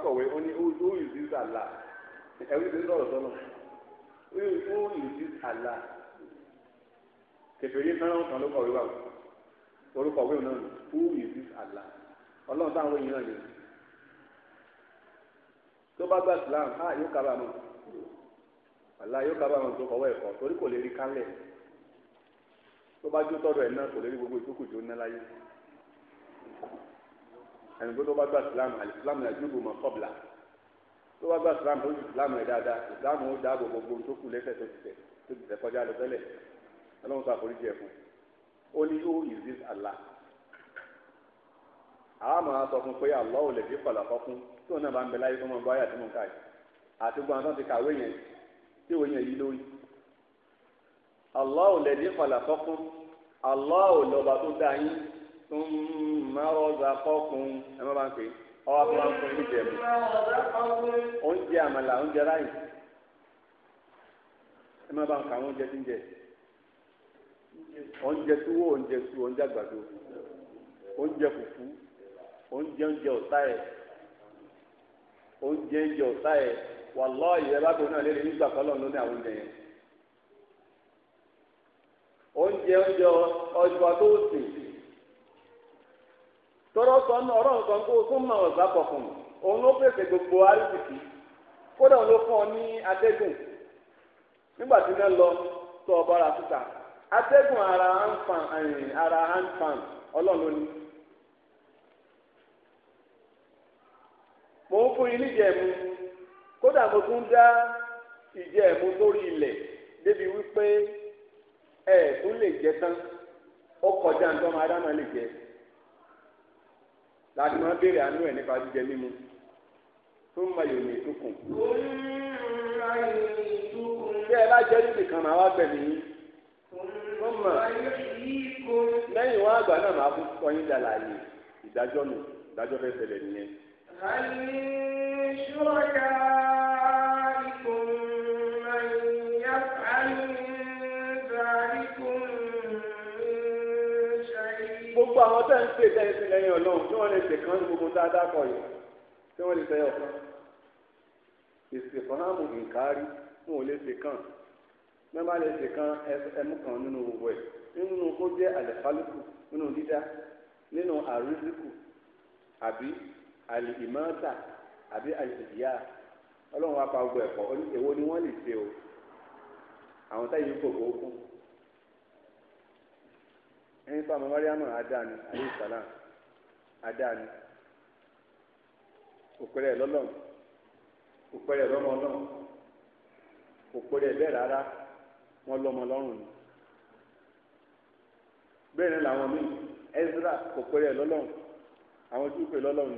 Speaker 1: o ó ní who is this Allah ẹ̀rí ti sọ̀rọ̀ sọ́nà who is this Allah kẹfẹ́rí o kan ló kọ̀wé wà orúkọ wíwọ̀n náà who is this Allah ọlọ́run táwọn èèyàn yìí tó bá gba Islam á ah, yóò kábàámọ̀ àlá yóò kábàámọ̀ tó kọ̀wé ẹ̀kọ́ torí kò lè rí kálẹ̀ tó bá jó tọ́dọ̀ ẹ̀ náà kò lè rí gbogbo ìtókùjó ńlá láyé ẹni pé tó bá gba islam alisilamu yà jùlọ mọ kọbla tó bá gba islam tó ju islam rẹ dáadáa islam ó dáàbò gbogbo tó kù lẹ́sẹ̀ tó ti tẹ̀ tó ti tẹ̀ kọjá lọ tẹ́lẹ̀ Ọlọ́run sọ àforíjì ẹ fún ó ní who is this Allah àwọn máa sọ fún pé Allah ò lè fi kọlà fọkún tí òun náà bá ń bẹ láyé fún ọmọ báyà tí mo ń ká yìí àti gbọ́n àtọ́ ti kàwé yẹn tí òun yẹn yí lórí Allah ò lè fi kọlà fọkún Allah ò lọ́ba tó dá yín. ثم رزقكم أما بانكي أو akụkọ إجابة
Speaker 2: oúnjẹ àmàlà
Speaker 1: oúnjẹ ráyìn ẹ má bàa ń ka àwọn oúnjẹ tí ń jẹ oúnjẹ túwó oúnjẹ tu oúnjẹ àgbàdo oúnjẹ fùfú oúnjẹ oúnjẹ ọ̀tá oúnjẹ oúnjẹ ọ̀tá tọrọ sọ ní ọ̀rọ̀ nǹkan kó fún mọ ọgbà pọ òun ló pèsè kódà òun ló fún ọ ní atẹ́gùn nígbà tí wọn lọ tọ ọba ara síta atẹ́gùn ara handpan ẹ̀yìn ara mo ń fún yín kódà mo tún dá ìjẹ̀mú sórí ilẹ̀ débi wípé ẹ̀ẹ́dún lè jẹ tán ó kọjá láti máa béèrè àánú ẹ̀ nípa jíjẹ mímu tó ń mayò ní ìtukùn.
Speaker 2: bí ẹ bá jẹ́ níbi kan màá
Speaker 1: wá gbẹ̀mí yín
Speaker 2: tó mọ̀ lẹ́yìn wọn àgbà náà màá fún kọyín
Speaker 1: dàlàyé ìdájọ́ nù ìdájọ́ fẹ́ ṣẹlẹ̀ nìyẹn.
Speaker 2: àyè ṣúra yàrá. gbogbo àwọn tẹ́ ń pè tẹ́ ń sin lẹ́yìn
Speaker 1: ọlọ́run tí wọ́n lè pè kán ní gbogbo tá a dákọ̀ yìí tí wọ́n lè fẹ́ ọ̀kan ìsìnkọ́nàmù ìkárí wọn ò lè ṣe kàn mẹ́bà lè ṣe kàn ẹmu kan nínú gbogbo ẹ̀ nínú kó jẹ́ àlẹ́fálùkù nínú dídá nínú àrísìkù àbí àlìmọ́tà àbí àlìyá ọlọ́run wá pa gbogbo ẹ̀kọ́ èwo ni wọ́n lè ṣe o àwọn táyì ń fòkó ẹni sọ àmọ́ mariamu adani aleyhi salam adáni òpèrè lọ́lọ́run òpèrè lọ́mọ ọlọ́run òpèrè bẹ́ẹ̀ rárá wọ́n lọ́mọ lọ́rùn ni ni làwọn míì Ezra òpèrè lọ́lọ́run àwọn tí ó pè ni.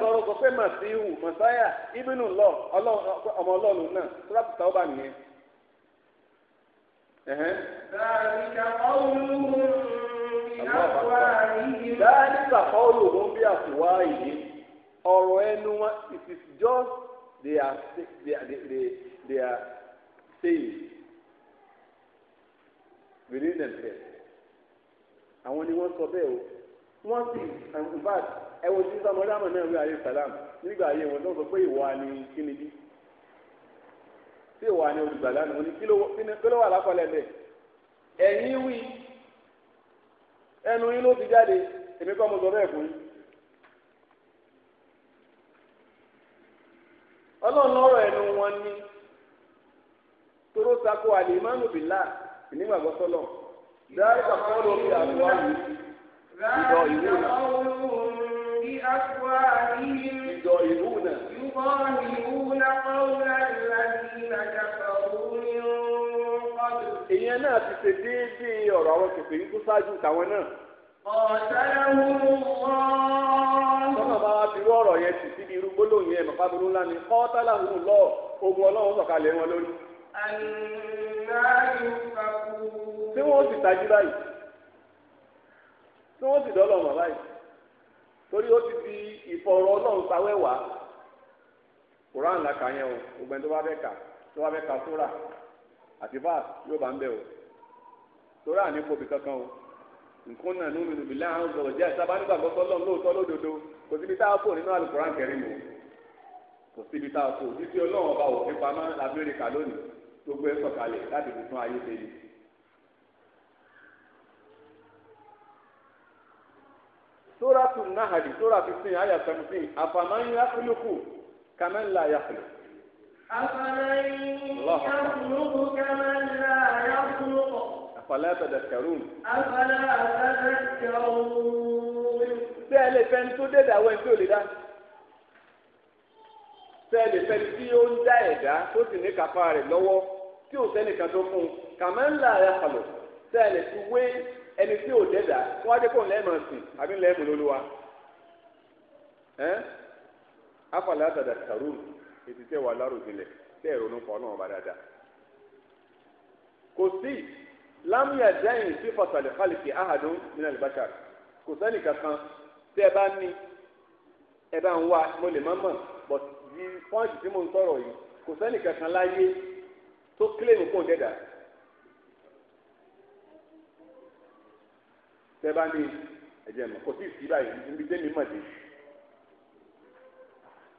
Speaker 1: sọ orúkọ pé màsíhù màsáyà ibùnú lọ ọmọ ọlọ́run náà sọ́dọ̀tì táwọn bá nìyẹn. Dàríkà kọ́ọ̀lùhùn bí àfùwá yìí ọ̀rọ̀ ẹnu wọn it is just they are they are they, they are saying within themselves àwọn ni wọ́n sọ bẹ́ẹ̀ o. wọ́n sì in ẹ wo sí sọmọ dáàmù náà wí nígbà ayé wọn tó sọ pé ìwà ni kíni bí tí ìwà ni olùgbàlà ni wọn ni kí wà lápọ̀lẹ̀ bẹ́ẹ̀ ẹ̀yin wí ẹnu yín ló ti jáde èmi kọ́ mo sọ bẹ́ẹ̀ fún
Speaker 2: يضاهئون بأفواههم يضاهئون يضاهئون قول الذين كفروا من قبل ìyẹn náà ti ṣe
Speaker 1: déédéé ọ̀rọ̀ àwọn kèfèrí tó ṣáájú tàwọn náà.
Speaker 2: ọ̀sẹ̀lẹ̀hùn wọ́n. sọ́nà
Speaker 1: bá wa fi ọ̀rọ̀ yẹn sì síbi ogun lórí.
Speaker 2: yóò
Speaker 1: tí wọ́n sì dọ́lọ̀ mọ̀ báyìí torí ó ti di ìfọ̀rọ̀ ọlọ́run sáwẹ́wàá koran la kà yẹn o gbogbo ẹni tó bá fẹ́ kà tó bá fẹ́ kà sóra àti bá yóò bá ń o sóra ní kankan o nǹkan náà nínú ìlú àwọn ọ̀gbọ̀n jẹ́ ìsábà nígbà lóòótọ́ lódodo kò síbi fò nínú o kò síbi a fò títí ọlọ́run ọba pamọ́ kà lónìí sóràtù nahali sóra fifteen àyà seventeen àfàmán yàkùlùkù kàmán là yàkùlù.
Speaker 2: àfàmán yàkùlùkù kàmán là yàkùlùkù.
Speaker 1: àfàlà tadakkarun.
Speaker 2: àfàlà tadakkarun.
Speaker 1: bẹ́ẹ̀ lè fẹ́ tó dé dàwọ́ ẹ̀ tó lè dá. bẹ́ẹ̀ lè fẹ́ tí ó ń dá ẹ̀dá tó sì ní kápá rẹ̀ lọ́wọ́ tí ò sẹ́nìkan tó fún un kàmán là yàkùlù. bẹ́ẹ̀ lè fi wé. ẹni tí ò dẹ́dà wọ́n á jẹ́ kó lẹ́ẹ̀mọ̀ sìn àbí lẹ́ẹ̀mọ̀ lóluwa ẹ́n afọlẹ́ àtàdà tàrú ètí tẹ́ wà láròjinlẹ̀ tẹ́ ìrònú pọ̀ náà bá dáadáa kò sí lámúyà dáhìn sí fọ̀sàlẹ̀ fàlìkì ahàdùn nínú àlùbáṣà kò sẹ́ni kankan tẹ́ ẹ bá ní ẹ bá ń wá mo lè má mọ̀ bọ̀t di pọ́ǹtì tí mo ń sọ̀rọ̀ yìí kò sẹ́ni kankan láyé tó tẹ́bá ní ẹ̀jẹ̀ mọ̀ kò sí ìsí báyìí níbi tẹ́mi mọ̀ dé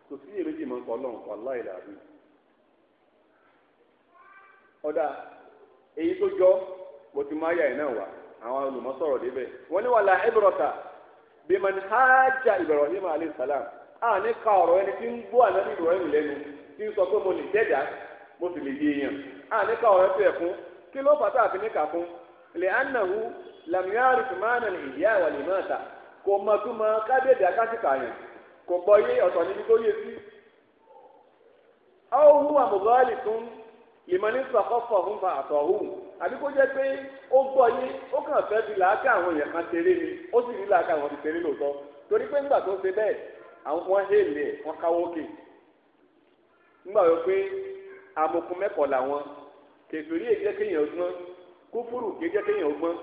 Speaker 1: kò sí èrèjì mọ̀ kọ́ lọ́n kọ́ láì dàbí. ọ̀dà èyí tó jọ mo ti máa yà ẹ̀ náà wá àwọn olùmọ̀sọ̀rọ̀ débẹ̀ wọ́n ní ẹ̀bùrọ̀tà bí a ní ka ọ̀rọ̀ ẹni tí ń ànábì lẹ́nu tí ń sọ pé mo lè jẹ́jà mo sì lè yé èèyàn a ní ka ọ̀rọ̀ ẹ̀fẹ̀ fún kí fún lamiyari tumana ni ìyá wa lè máa ta kò mọ tó mọ si. akásìkà yẹn kò gbọ́ yé ọ̀tọ̀ níbi tó yé sí. àwọn ohun àmọ̀gbọ́ọ̀lì tún ìmọ̀ni sọ̀kọ́fọ̀ ọ̀hún fa àtọ̀ ọ̀hún àbí kó jẹ́ pé ó gbọ́ yé ó kàn fẹ́ fi làákà àwọn èèyàn ni ó sì làákà àwọn ti lóòótọ́ torí pé nígbà tó ṣe bẹ́ẹ̀ àwọn wọn lè wọn káwọ́ òkè nígbà wọ pé mẹ́kọ̀ọ́ làwọn èjẹ́ kéèyàn gbọ́n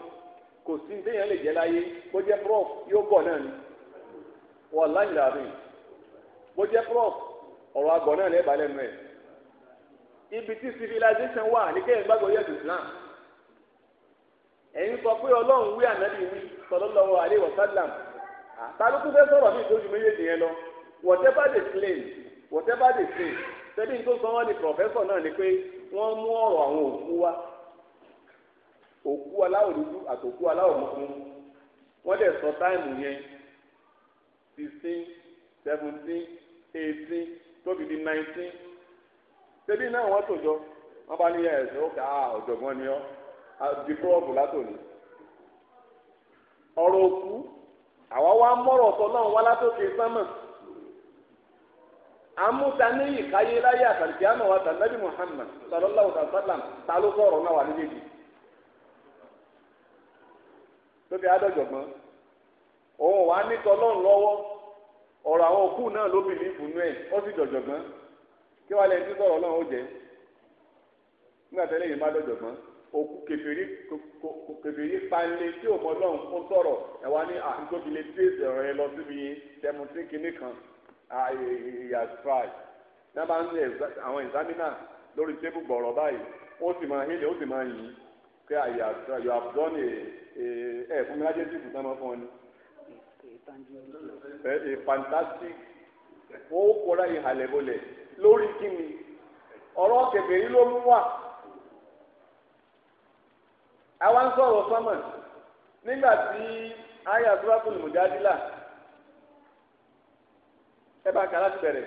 Speaker 1: kò sí ní téèyàn lè jẹ́ láyé bó jẹ́ prof yóò bọ̀ náà ni wọ́n láyìn láàrin bó jẹ́ prof ọ̀rọ̀ àgọ̀ náà lẹ́ẹ̀bà lẹ́nu ẹ̀ ibi tí civilization wà ní kéèyàn gbàgbọ́ yẹ̀sùn Islam ẹ̀yin sọ pé ọlọ́run wí ànábì wí sallallahu alaihi wasallam àtàlùkù fẹ́ sọ̀rọ̀ mí ìtọ́jú méjèèjì yẹn lọ whatever they claim whatever they claim, sẹ́bí tó sọ wọ́n di professor náà ni pé wọ́n mú ọ̀rọ̀ àwọn òkú wá òkú aláwọ̀ dúdú àtòkú aláwọ̀ funfun wọ́n dẹ̀ sọ táìmù yẹn sixteen seventeen eighteen tóbi di nineteen ṣébí náà wọ́n tòjọ́ wọ́n bá ní ẹ̀sìn ó kà á ọ̀jọ̀gbọ́n ni ọ́ di kúrọ́ọ̀bù látòní ọ̀rọ̀ òkú àwa wá mọ́rọ̀ ọ̀tọ̀ náà wá látòkè sánmà amútaníyì káyé láyé àtàlùkíyàmọ̀ wa tàbí Muhammad sallallahu alaihi wa sallam náà wà níbi yìí. t'obi adọjọgbọn òun wàá ní tọlọ́run lọ́wọ́ ọ̀rọ̀ àwọn òkú náà ló bìlífù nú ẹ̀ ó sì dọ̀jọ̀gbọ́n kí wàá lẹ́yìn tí sọ̀rọ̀ ọlọ́run ó jẹ́ nígbà tẹ́lẹ̀ yìí má dọ̀jọ̀gbọ́n òkú kèfèrí kèfèrí panlé tí òun ọlọ́run ó sọ̀rọ̀ ẹ̀ wá ní àtúntòbi tí lọ síbi kan ìyá strike náà bá ń àwọn ìsámínà lórí gbọ̀rọ̀ báyìí ó sì máa ó sì máa ẹ eh, eh, fún mi lájẹ tí ìbùsùn máa fún ọ ni. a eh, fantastic ó kọra ìhàlẹ̀ bọlẹ̀ lórí kíni ọ̀rọ̀ kẹfẹ́ yìí ló mú wá. àwa ń sọ̀rọ̀ sọ́mọ̀ nígbà tí ayé là ẹ bá bẹ̀rẹ̀.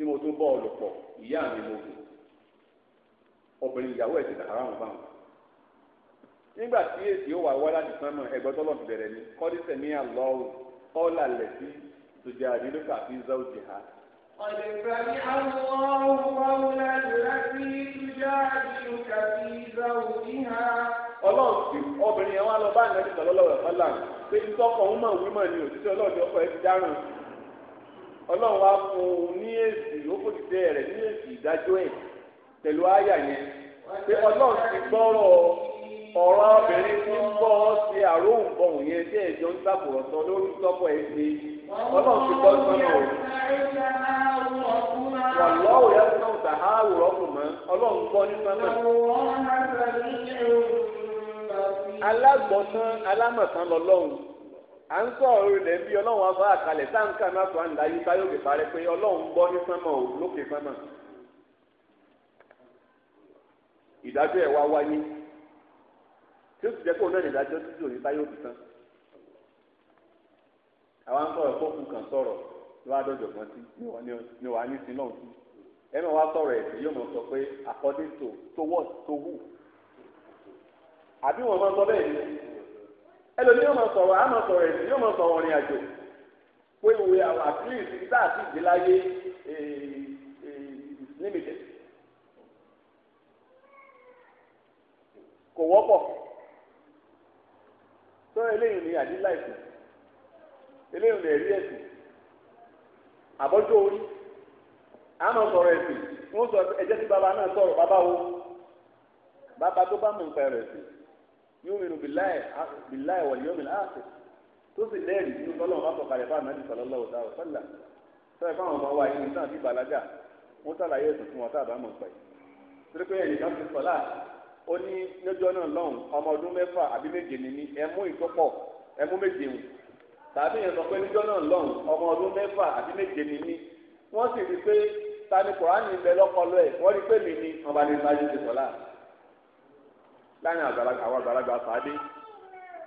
Speaker 1: tí mo tún bọ́ọ̀lù pọ̀ ìyá mi mo bù obìnrin ìyàwó ẹ̀ ti dàrá wọn nígbà tí èsì ó wà wá láti sánmọ̀ ẹgbẹ́ tọ́lọ̀ ti bẹ̀rẹ̀ ni kọ́dísẹ̀ ní àlọ́wù ọ̀là lẹ̀sí tòjá àdínlùkà fi ń àdínlùkà
Speaker 2: fi ń
Speaker 1: ọlọ́run yẹn wá lọ bá ọlọ́run wá fún un ní èsì òkòtìtẹ́ rẹ̀ ní èsì ìdájọ́ ẹ̀ pẹ̀lú àyà yẹn pé ọlọ́run ti gbọ́rọ̀ ọ̀rọ̀ obìnrin tí ń bọ́ ọ ṣe àróhùnbọ̀hùn yẹn tí ẹ̀jọ́ ń sàkùrọ̀sọ lórí tọ́pọ̀ ẹ̀ ṣe ọlọ́run ti gbọ́ sọ́nà o.
Speaker 2: wàlọ́ òyà tó náà
Speaker 1: tà á wùrọ̀ kù mọ́ ọlọ́run gbọ́ ní sọ́nà.
Speaker 2: alágbọ̀tán
Speaker 1: alámọ̀tán lọ́lọ́run à ń sọ̀rọ̀ ilẹ̀ ń bí ọlọ́run afọ àkàlẹ̀ sáǹkà náà tó à ń láyé báyọ̀ kì parẹ́ pé ọlọ́run gbọ́ ní sánmọ̀ ò lókè sánmọ̀ ìdájọ́ ẹ̀ wá wáyé tí ó sì jẹ́ pé òun náà ní ìdájọ́ títí òní báyọ̀ kì tán àwa ń sọ̀rọ̀ fóònù kan sọ̀rọ̀ ló wá dọ̀jọ̀ kan sí ni wàá ní sí náà sí ẹ náà wá sọ̀rọ̀ yóò mọ̀ sọ pé according to to what to who àbí wọn máa sọ bẹ́ẹ̀ ni ẹlòmíì yóò máa sọ̀rọ̀ àmọ̀ sọ̀rọ̀ ẹ̀sìn yóò máa sọ̀rọ̀ ìrìn àjò pé ìwé àwọn àtìlẹ́sì tá a ti dé láyé eh, eh, limited kò wọ́pọ̀ tó eléyìí ni àdílà ẹ̀sìn eléyìí ni ẹ̀rí ẹ̀sìn àbọ́jọ́ orí àmọ̀ sọ̀rọ̀ ẹ̀sìn wọ́n sọ ẹ̀jẹ̀ tí baba náà sọ̀rọ̀ bàbá wo bàbá tó bá mọ̀ nǹkan ẹ̀rọ ẹ̀sìn yuminu billahi wal yawmil akhir tó sì lẹ́rìí nínú tọ́lọ́wọ́n bá sọ̀kalẹ̀ fún ànábì sallallahu alaihi wasallam sọ́yìn fáwọn ọmọ wa yìí nítorí balaga wọ́n sàlàyé ẹ̀sùn fún wọn tá a bá mọ̀ pẹ́ torí pé ẹnìkan ti sọ̀lá ó ní lọ́jọ́ náà lọ́hùn ọmọ ọdún mẹ́fà àbí méje ní ẹmú ìtọ́pọ̀ ẹmú méje hùn tàbí yẹn sọ pé lọ́jọ́ náà lọ́hùn ọmọ ọdún mẹ́fà àbí méje ní ní sì rí pé ta ni kòránì ń bẹ lọ́pọlọ ẹ̀ wọ́n rí pé mi ni ọba ní ìbájú ti sọ̀lá láàrin àgbàlagbà àwọn àgbàlagbà fàádé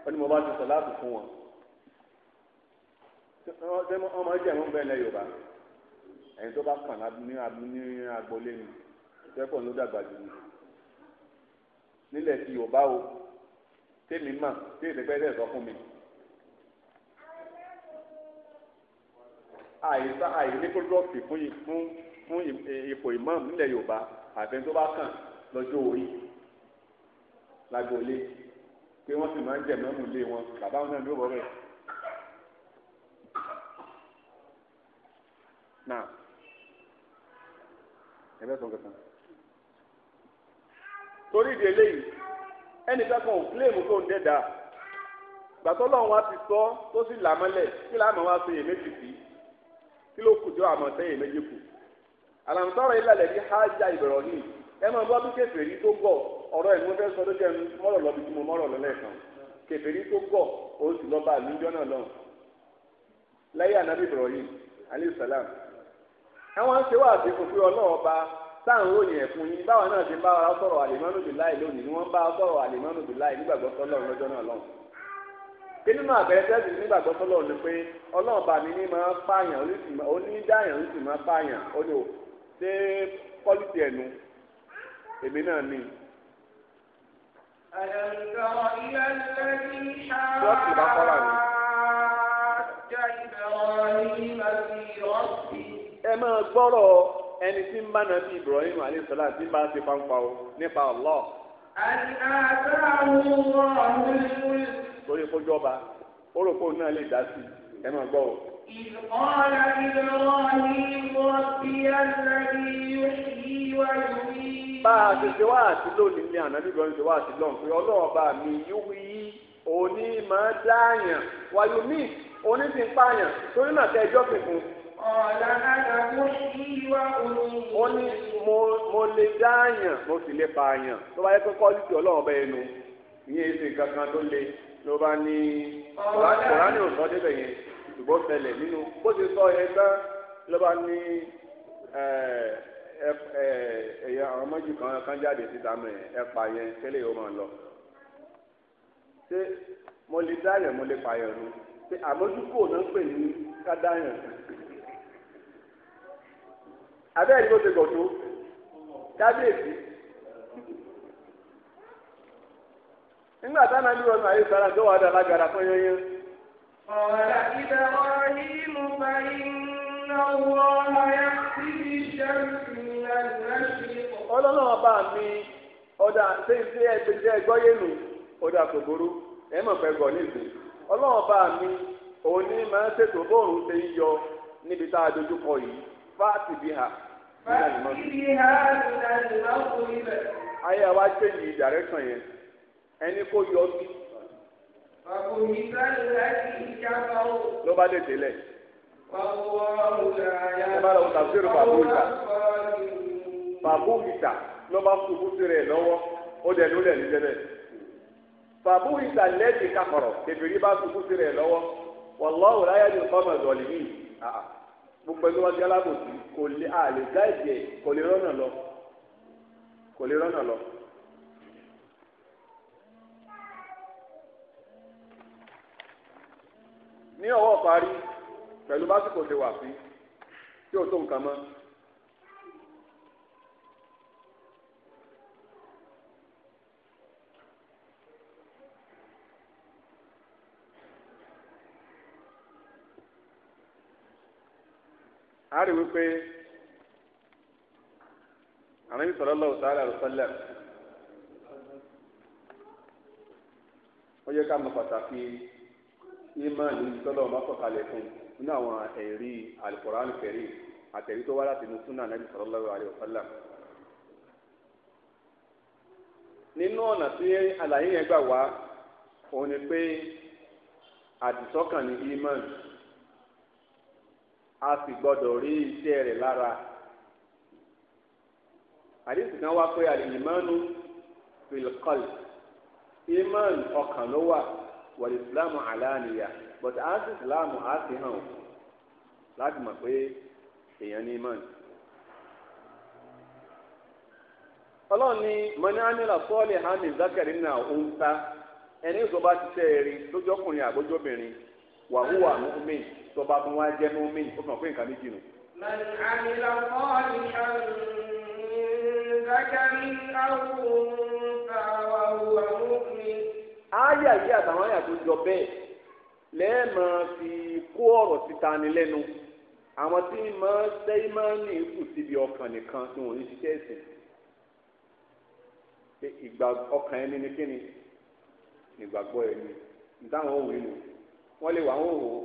Speaker 1: wọ́n ní mo bá ti sọ láàbù fún wọn wọ́n máa jẹ́ ẹ̀wọ̀n bẹ́ẹ̀ lẹ́ Yorùbá ẹ̀yin tó bá kàn ní agboolé ni ìfẹ́kọ̀ ló dàgbà jù ní nílẹ̀ ti Yorùbá o tèmi mà tèmi pẹ́ tẹ̀ sọ fún mi.
Speaker 2: àìsá àìní
Speaker 1: pọ́lọ́ọ̀kì fún fún ipò ìmọ̀ nílẹ̀ Yorùbá àfẹn tó bá kàn lọ́jọ́ orí lágboolé pé wọ́n sì máa ń jẹ̀ mọ́mù lé wọn bàbá wọn náà ló wọ́ bẹ́ẹ̀. náà ẹ bẹ́ẹ̀ sọ kankan. torí ìdí eléyìí ẹnì kankan ò kílèmù kó ń dẹ́dà gbàtọ́ lọ́run wa ti sọ tó sì là mọ́lẹ̀ kí láàmú wa sọ èyí méjì sí kí ló kù tí ó àmọ̀ sẹ́yìn méjì kù. àlàmùtọ́rọ̀ ilẹ̀ lẹ́ni hájà Ibrahim ẹ máa bọ́ bí kéfèé rí tó gbọ́ ọ̀rọ̀ ẹ̀ ni mo fẹ́ sọ ló jẹ́ mọ́rọ̀ lọ bí tí mo mọ́rọ̀ lọ lẹ́ẹ̀kan kèfèrí tó gọ̀ ó sì lọ bá àlùjọ náà lọ láyé ànábì Ibrahim alayhi salam àwọn ń ṣe wá àdínkù pé ọlọ́wọ́ bá sáàrùn òyìn ẹ̀fún yín báwa náà ti bá wa sọ̀rọ̀ àlèmánù bìláì lónìí ni wọ́n bá sọ̀rọ̀ àlèmánù bìláì nígbàgbọ́ sọ́lọ́run lọ́jọ́ náà lọ́hùn kí nínú àbẹ̀rẹ̀ tẹ́sí nígbàgbọ́ sọ́lọ́run ni pé ọlọ́ọ̀bà mi ní máa pààyàn onídàáyàn ó sì máa pààyàn ó ní o ṣé pọ́lìtì ẹ̀nu èmi náà ní i
Speaker 2: ألم تر إلى الذي حاج إبراهيم في ربه
Speaker 1: ẹ máa gbọ́rọ̀ ẹni tí ń bá nàbí Ibrahim alayisalaam tí ń bá ti fanfa o nípa Allah.
Speaker 2: àti àtàwọn ọmọ ìlú.
Speaker 1: torí kó jọba ó rò pé òun náà lè dá sí ẹ máa gbọ́ o.
Speaker 2: إذ قال إبراهيم ربي الذي يحيي ويميت
Speaker 1: bá a ti ṣe wá àti lónìí ni ànábì gan ṣe wá àti lọ́n pé ọlọ́run bá mi yíwí òní máa dáàyàn wáyú mi òní ti ń pààyàn torí náà tẹ ẹjọ́ fífún.
Speaker 2: ọ̀la náà mo ṣí wá omi. ó ní
Speaker 1: mo lè dáàyàn mo sì lè pààyàn tó bá yẹ pé kọ́lùtì ọlọ́run bẹ́ẹ̀ nu ìyẹn èsì kankan tó le ló bá ní kòránì ò sọ débẹ̀ yẹn ṣùgbọ́n tẹlẹ̀ nínú bó ti sọ yẹn ẹyà àwọn mọ́jú kan kan jáde síta mọ́ ẹ pa yẹn lọ. ṣé mo lè dá yẹn mo lè pa yẹn nu ṣé àmójúkò náà pè ní ká yẹn. abẹ́ ti tó kábíyèsí. nígbà táwọn ọlọ́nà ọba mi ọ̀dà ṣéǹṣe ẹgbẹ́jẹ́ ẹgbọ́yé nù ọ̀dà kò ẹ mọ̀ fẹ́ gbọ́ níbi ọlọ́nà ọba mi òun ṣètò bóòrùn ṣe ń yọ níbi tá a dojú kọ yìí fáàtì bí ha ayé ṣe yẹn ẹni kò yọ
Speaker 2: bí. ló bá dé délẹ̀. ọba lọ tàbísírì fàbúùtà fàbúùtà
Speaker 1: lọba lọ́wọ́ ó dẹ ní ní jẹbẹ lẹ́ẹ̀dì kakọ̀rọ̀ kẹfìrí bá kúkú sírè lọ́wọ́ wàlọ́wọ́ láyé ní kọ́mọ̀ dọ̀lì yìí gbogbo ẹgbẹ́ wájú alábòsí kò lè àlè ẹ̀ kò pẹ̀lú básìkò ṣe wà sí tí ò tó nǹkan mọ́. a rí wípé Ànábì sallallahu ta'ala alaihi wasallam ó yẹ ká mọ̀ pàtàkì ìmọ̀ ní ìtọ́lọ́wọ́ bá sọ̀kalẹ̀ fún un nínú àwọn ẹ̀rí Al-Qur'an Al-Karim àtẹ̀rí tó wá láti inú súnà nàbì sallallahu alaihi wasallam. nínú ọ̀nà tí àlàyé yẹn gbà wá òun ni pé àdìsọ́kàn ní iman a sì gbọ́dọ̀ rí iṣẹ́ rẹ̀ lára àdìsí kan wá pé àlìmánu fil qalb ọkàn ló wà wal islamu alaniya but as Islam àti hàn láti mọ̀ pé èèyàn ní imán. ọlọ́run ní mọ̀ní amílà sọ́ọ̀lì hami zakari na ó ń ta ẹni tó bá ti tẹ́ ẹ̀rí lójọ́kùnrin àgbójóbìnrin wàhùwà mùmí tó bá tún wá jẹ́ mùmí ó kàn pé nǹkan méjì nù.
Speaker 2: mọ̀ní amílà sọ́ọ̀lì hami zakari na ó ń ta wàhùwà mùmí. ayé àyè àtàwọn àyà
Speaker 1: tó jọ lẹ́ẹ̀mọ fi kó ọ̀rọ̀ síta ni lẹ́nu àwọn tí mọ sẹ́yìmánì kù síbi ọkàn nìkan tí wọ́n ń ṣiṣẹ́ ẹ̀sìn pé ìgbà ọkàn ẹni ni kíni ìgbàgbọ́ ẹni nítawọn òwe nù wọ́n lè wà wọ́n wò ó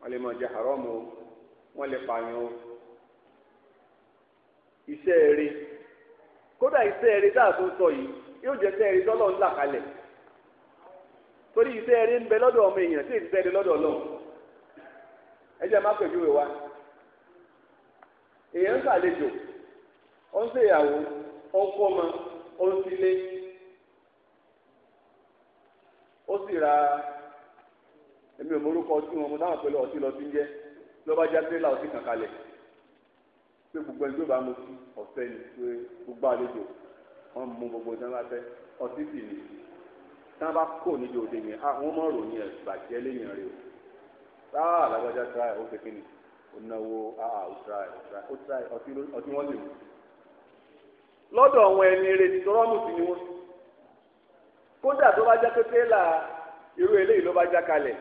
Speaker 1: wọ́n lè mọ jẹ haramu o wọ́n lè pààyàn o iṣẹ́ eré kódà iṣẹ́ eré dáàtó sọ yìí yóò jẹ́ iṣẹ́ eré tọ́lọ́ ńlá kalẹ̀ torí iṣẹ́ rere ń bẹ lọ́dọ̀ ọmọ èèyàn tí iṣẹ́ rere lọ́dọ̀ Ọlọ́run ẹ jẹ́ má pèjúwe wa èèyàn ń ṣàlejò ó ń ṣèyàwó ó ń kọ́mọ ó ń sílé ó sì ra èmi ò morúkọ ọtí wọn mo dáhùn pẹ̀lú ọtí lọ́tí ń jẹ́ lọ́ba já tírélà ọtí kan kalẹ̀ pé gbogbo ẹni tó bá mo sí ọ̀sẹ̀ ni pé gbogbo àlejò wọn mú gbogbo ìdánwà fẹ́ ọtí sì ni tí wọ́n bá kó níbi òde yẹn àwọn ọmọ ròyìn ẹ̀ bàjẹ́ lẹ́yìn rẹ̀ o ah alágbájá try ó ṣe kíni ó náwó ah ó try ó try ó try ọtí wọ́n lè mú lọ́dọ̀ àwọn ẹni retí tó rọ́ọ̀mù sí ni wọ́n kódà tó bá já pé tẹ́lá irú eléyìí ló bá já kalẹ̀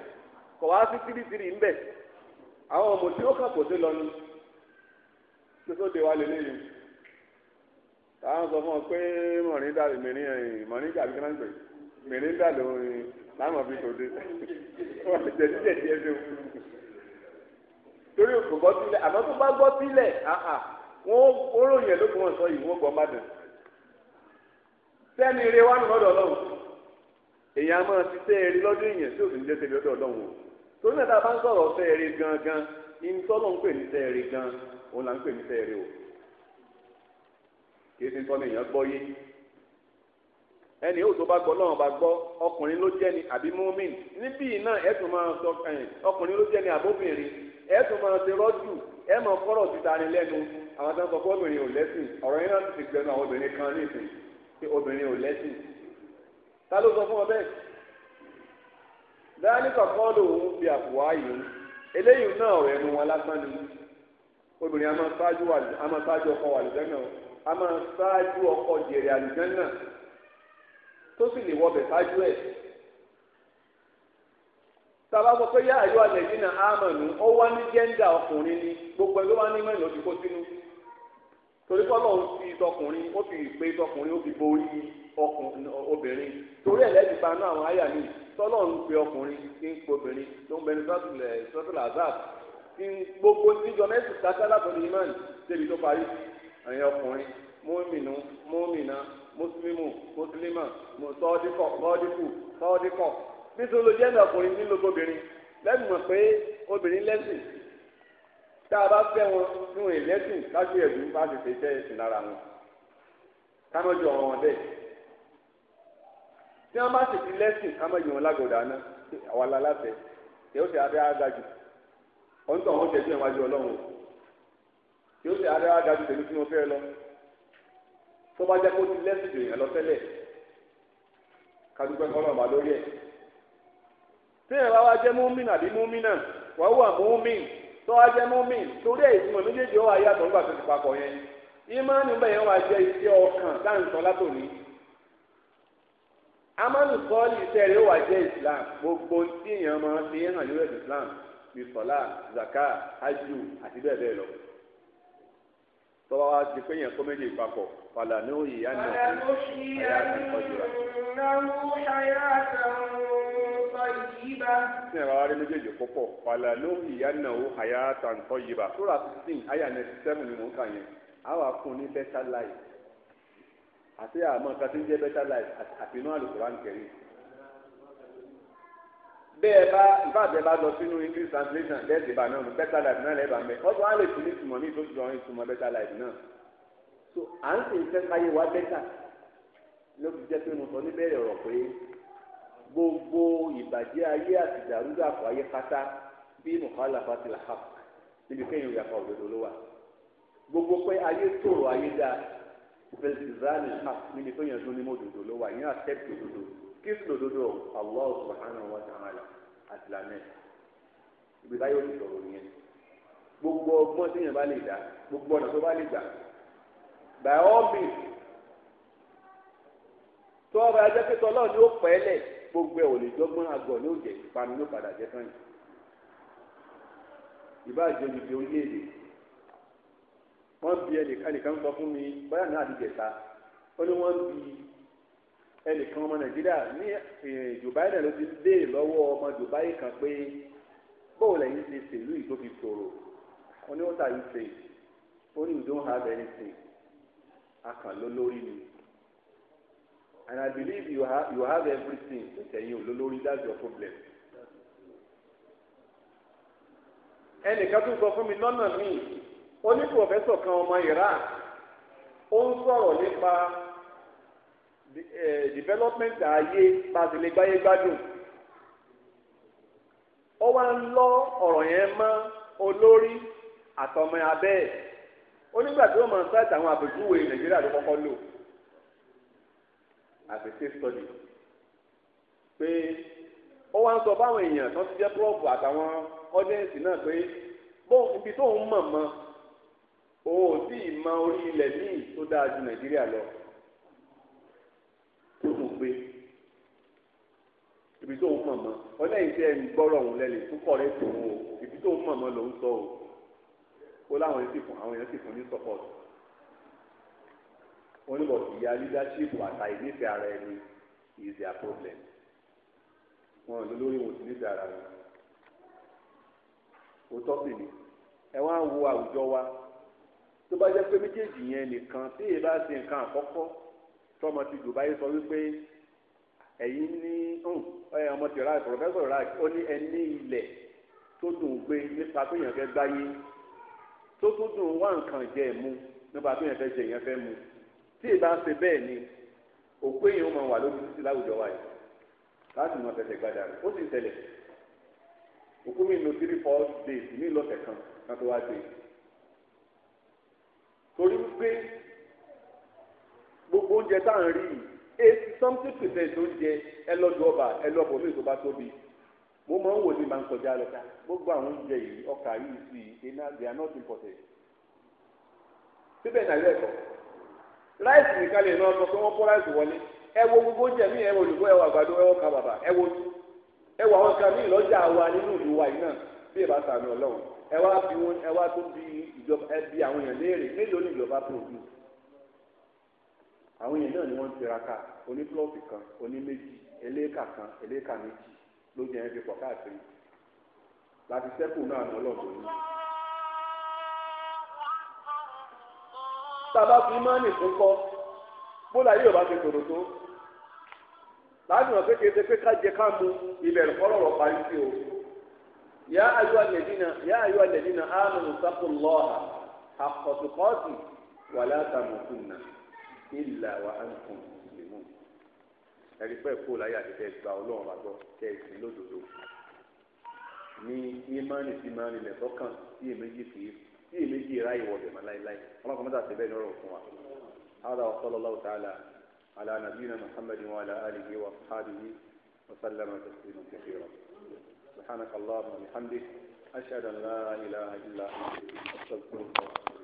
Speaker 1: kọ̀ wá sí tìrìtìrì ń bẹ̀ àwọn ọmọ tí ó kà kò sí lọ ni tó de wa lè léyìn táwọn sọ fún ọ pé mọ̀nìdà mìíràn mọ̀nìdà bí kí wọ́n ń pè é mèrèndà ló ń rin láwọn fi tò dé wọn lè jẹ díẹ̀ díẹ̀ lé wọn torí òkú gbọ́ sílẹ̀ àmọ́ tó bá gbọ́ sílẹ̀ wọn ó ròyìn ẹ̀ lókun wọn sọ yìí wọn gbọ́ má dùn sẹ́ni eré wa nù lọ́dọ̀ ọlọ́run èèyàn máa ti sẹ́ eré lọ́dún èèyàn tí òfin jẹ́ sẹ́ni lọ́dọ̀ ọlọ́run o torí náà tá a bá ń sọ̀rọ̀ sẹ́ eré gangan ìtọ́lọ́ ń pè ní sẹ́ eré gan òun là ń pè ní sẹ́ eré o kì í ẹni yóò tó bá gbọ́ lọ́wọ́ bá gbọ́ ọkùnrin ló jẹ́ ni àbí mọ́mìn níbí náà ẹ tún máa sọ ọkùnrin ló jẹ́ ni àbóbìnrin ẹ tún máa ṣe rọ́jù ẹ máa kọ́rọ̀ títa ni lẹ́nu àwọn tó ń sọ pé obìnrin ò lẹ́sìn ọ̀rọ̀ yẹn náà ti gbẹnu àwọn obìnrin kan ní ìsìn pé obìnrin ò lẹ́sìn ta ló sọ fún ọ bẹ́ẹ̀ dáníkà kọ́ọ̀lù òun fi àpò ààyè eléyìí náà ọ̀rọ̀ ẹnu wọn lásán ni obìnrin a máa ṣáájú wà tó sì lè wọbẹ̀ fájú ẹ̀. tàbá sọ pé yá àyọ alẹ́ yìí náà ó wá ní ọkùnrin ni gbogbo ẹ̀ ló wá ní mẹ́rin kó sínú torí kọ́lọ̀ ń fi tọkùnrin ó fi ìpè tọkùnrin ó fi borí obìnrin torí ẹ̀ lẹ́yìn àwọn àyà mi tọ́lọ̀ ń pe ọkùnrin ń pe obìnrin tó ń bẹni gbogbo mẹ́sì muslimu mùsùlùmà mùsọ̀ọ́díkọ̀ mọ́ọ́díkù mọ́ọ́díkọ̀ nítorí ló jẹ́ ọkùnrin nílò obìnrin lẹ́nu mọ̀ pé obìnrin lẹ́sìn tá a bá fẹ́ wọn ní wọn ìlẹ́sìn láti ẹ̀dù bá ti fi ẹ̀sìn lára wọn kámọ́jọ ọ̀rọ̀ wọn bẹ́ẹ̀ tí wọ́n bá sì fi lẹ́sìn kámọ́jọ wọn lágọ̀dá náà ó ọ̀ńtọ̀ wọn ọlọ́run ó tẹ̀lé tí wọ́n fẹ́ tó bá jẹ́ kó ti lẹ́sìn jò yẹn lọ tẹ́lẹ̀ kadúpẹ́ kọ́nà bá lórí ẹ̀ téèyàn bá wá jẹ́ múmínà àbí múmínà wà wà múmín tó wá jẹ́ múmín torí ẹ̀ ìtumọ̀ méjèèjì ó wà yàtọ̀ nígbà tó ti papọ̀ yẹn ìmánì bẹ́ẹ̀ yẹn wà jẹ́ iṣẹ́ ọkàn táǹtọ́ látòní amánu sọ́ọ̀lì iṣẹ́ rẹ̀ wà jẹ́ islam gbogbo tí èèyàn máa fi hàn nínú islam bí sọ́lá zaka hajj àti bẹ́ẹ̀ bẹ́ẹ̀ lọ tọ́wọ́ wá di pé yẹn kó méjì papọ̀ padà ní òyì yá ni òyì ayá ti kọjú ra. Sin ẹ̀rọ arí méjèèjì púpọ̀ padà ní òyì yá ni òyì ayá ta yìí bá. Sura sixteen ayà ninety seven ni mò ń kà yẹn. A wà fún un ní better life. Àti àmọ́ nǹkan tí ń jẹ́ better life àti àfinú àlùkò ránkẹ́rì bẹ́ẹ̀ bá ìbáàbẹ̀ bá lọ sínú english translation lẹ́ẹ̀dẹ̀ bá náà better life náà lẹ́ẹ̀bà mẹ́ ọ̀tọ̀ á lè tún ní ìtumọ̀ ní ìtòsí ọ̀rìn ìtumọ̀ better life náà so à ń sè iṣẹ́ káyé wa better ló fi jẹ́ pé mo sọ níbẹ̀rẹ̀ ọ̀rọ̀ pé gbogbo ìbàjẹ́ ayé àti ìdàrúdàpọ̀ ayé pátá bí mùkálà fati là hàp níbi kéèyàn ìyàpá òdodo ló wà gbogbo pé ayé tòrò ayé dáa fẹsibáàlì hàp níbi kéèyàn tó kí sì lòdodo Allah subhanahu wa ta'ala àti ibi táyọ̀ ti sọ̀rọ̀ nìyẹn gbogbo ọgbọ́n tí yẹn bá lè dá gbogbo ọ̀nà tó bá lè ni ó gbogbo ò lè ní ìpanu ní yìí orílẹ̀-èdè wọ́n bí ẹnìkan sọ fún mi báyà ó ní wọ́n ẹnìkan ọmọ nàìjíríà ní dubai náà ló ti dé lọ́wọ́ ọmọ dubai kan pé bóòlù ẹ̀yin ti ṣèlú yìí tó fi ṣòro ó ní what are you saying ó ní you don't have anything akànlólórí ni and I believe you have you have everything ẹ̀yin olólórí that's your problem. ẹnìkan tún sọ fún mi lọ́nà míì ó ní pòfẹ́sọ̀ kan ọmọ Iran ó ń sọ̀rọ̀ nípa. Eh, development ààyè pàṣẹlẹ gbáyé gbádùn ó wá ń lọ ọ̀rọ̀ yẹn mọ́ olórí àtọmọ abẹ́ ẹ̀ ó nígbà tí wọ́n máa ń sáàtì àwọn àpèjúwe nàìjíríà ló kọ́kọ́ lò àpèsè study pé ó wá ń sọ fáwọn èèyàn tó ti jẹ́ prọ́ọ̀bù àtàwọn ọ́dẹ́ǹsì náà pé bó ibi tóun mọ̀ mọ́ òun ò tí ì mọ orí ilẹ̀ míì tó dáa ju nàìjíríà lọ. ibi tó ń mọ̀ mọ́ ọlẹ́yìn tẹ́ ń gbọ́rọ̀ òun lẹ́lẹ̀ tó kọ̀ rẹ́ tó o ibi tó ń mọ̀ mọ́ ló ń sọ o ó láwọn yẹn sì fún àwọn yẹn sì fún ní support wọn ní bọ̀dù ìyá leadership àtà ìnífẹ̀ẹ́ ara ẹni is their problem wọn ò lórí wọn ò sì nífẹ̀ẹ́ ara wọn ó tọ́ sí ni ẹ wá ń wo àwùjọ wa tó bá jẹ́ pé méjèèjì yẹn nìkan tí èyí bá ṣe nǹkan àkọ́kọ́ tọmọ ti Dubai sọ wípé ẹ̀yin ní ọmọ tí ọ̀la pọ̀fẹ́sọ̀ ọ̀la ó ní ẹni ilẹ̀ tó dùn gbé nípa pé èèyàn fẹ́ gbáyé tó tún dùn wá nǹkan jẹ mu nípa pé èèyàn fẹ́ jẹ èèyàn fẹ́ mu tí ì bá ṣe bẹ́ẹ̀ ni òkú èèyàn máa wà lójú títí láwùjọ wa yìí láti mọ fẹsẹ̀ gbadà rẹ̀ ó sì ń tẹ̀lẹ̀ òkú mi lo three four days mi lọ́sẹ̀ kan kan tó wá dé torí pé gbogbo oúnjẹ tá ń rí yìí eighty something percent oúnjẹ ẹlọ́dọ̀ ọba ẹlọ́bọ̀ mi tó bá tóbi mo máa ń wò ní màá ń kọjá lọ gbogbo àwọn oúnjẹ yìí ọkà yìí sí iná they are not important síbẹ̀ náà ilé ẹ̀kọ́ ráìsì nìkan lè ná ọsọ pé wọ́n kó ráìsì wọlé ẹ wo gbogbo oúnjẹ mi ẹ wo olùkọ́ ẹ wo àgbàdo ẹ wo ká bàbà ẹ wo ẹ wo àwọn kan míì lọ́jà wa nínú ìlú wa yìí náà bí ẹ bá sàmì ọlọ́run ẹ wá bí wọn ẹ wá tó bí ìjọba ẹ bí àwọn èèyàn léèrè mélòó ni ìjọba produce àwọn èèyàn náà ni wọ́n ń tiraka onífúlọ́ọ̀fù kan oní méjì eléka kan eléka méjì lójú ẹ̀yẹ́ fi pọ̀ káàkiri láti sẹ́kù náà ní ọlọ́ọ̀dọ́ ní. sábà fi mọ́ọ̀nì tó kọ́ bóla yóò bá ti tòrò tó láti hàn kékeré pé ká jẹ ká mu ilẹ̀ ìfọ́lọ́rọ̀ parí sí o. yá ayọ́ alẹ́dínà yá ayọ́ alẹ́dínà ámùnù sákòlọ́ọ̀hà àkọ̀tùkọ́ọ̀tì wàlá tàmùkùnà ìlà wa antum muslimun ẹ̀rí pẹ́ kó láyé àti tẹ́ gba ọlọ́run àgbọ̀ tẹ́ ẹ sìn lódodo ní ìmánì sí ìmánì lẹ̀ tọ́kàn sí èméjì kì í sí èméjì ráyè wọ̀bẹ̀ mọ́ láéláé ọlọ́run kọ́mọ́tà tẹ́ bẹ́ẹ̀ ní ọ̀rọ̀ fún wa. هذا وصلى الله تعالى على نبينا محمد وعلى آله وأصحابه وسلم تسليما كثيرا سبحانك اللهم وبحمدك أشهد أن لا إله إلا أنت أستغفرك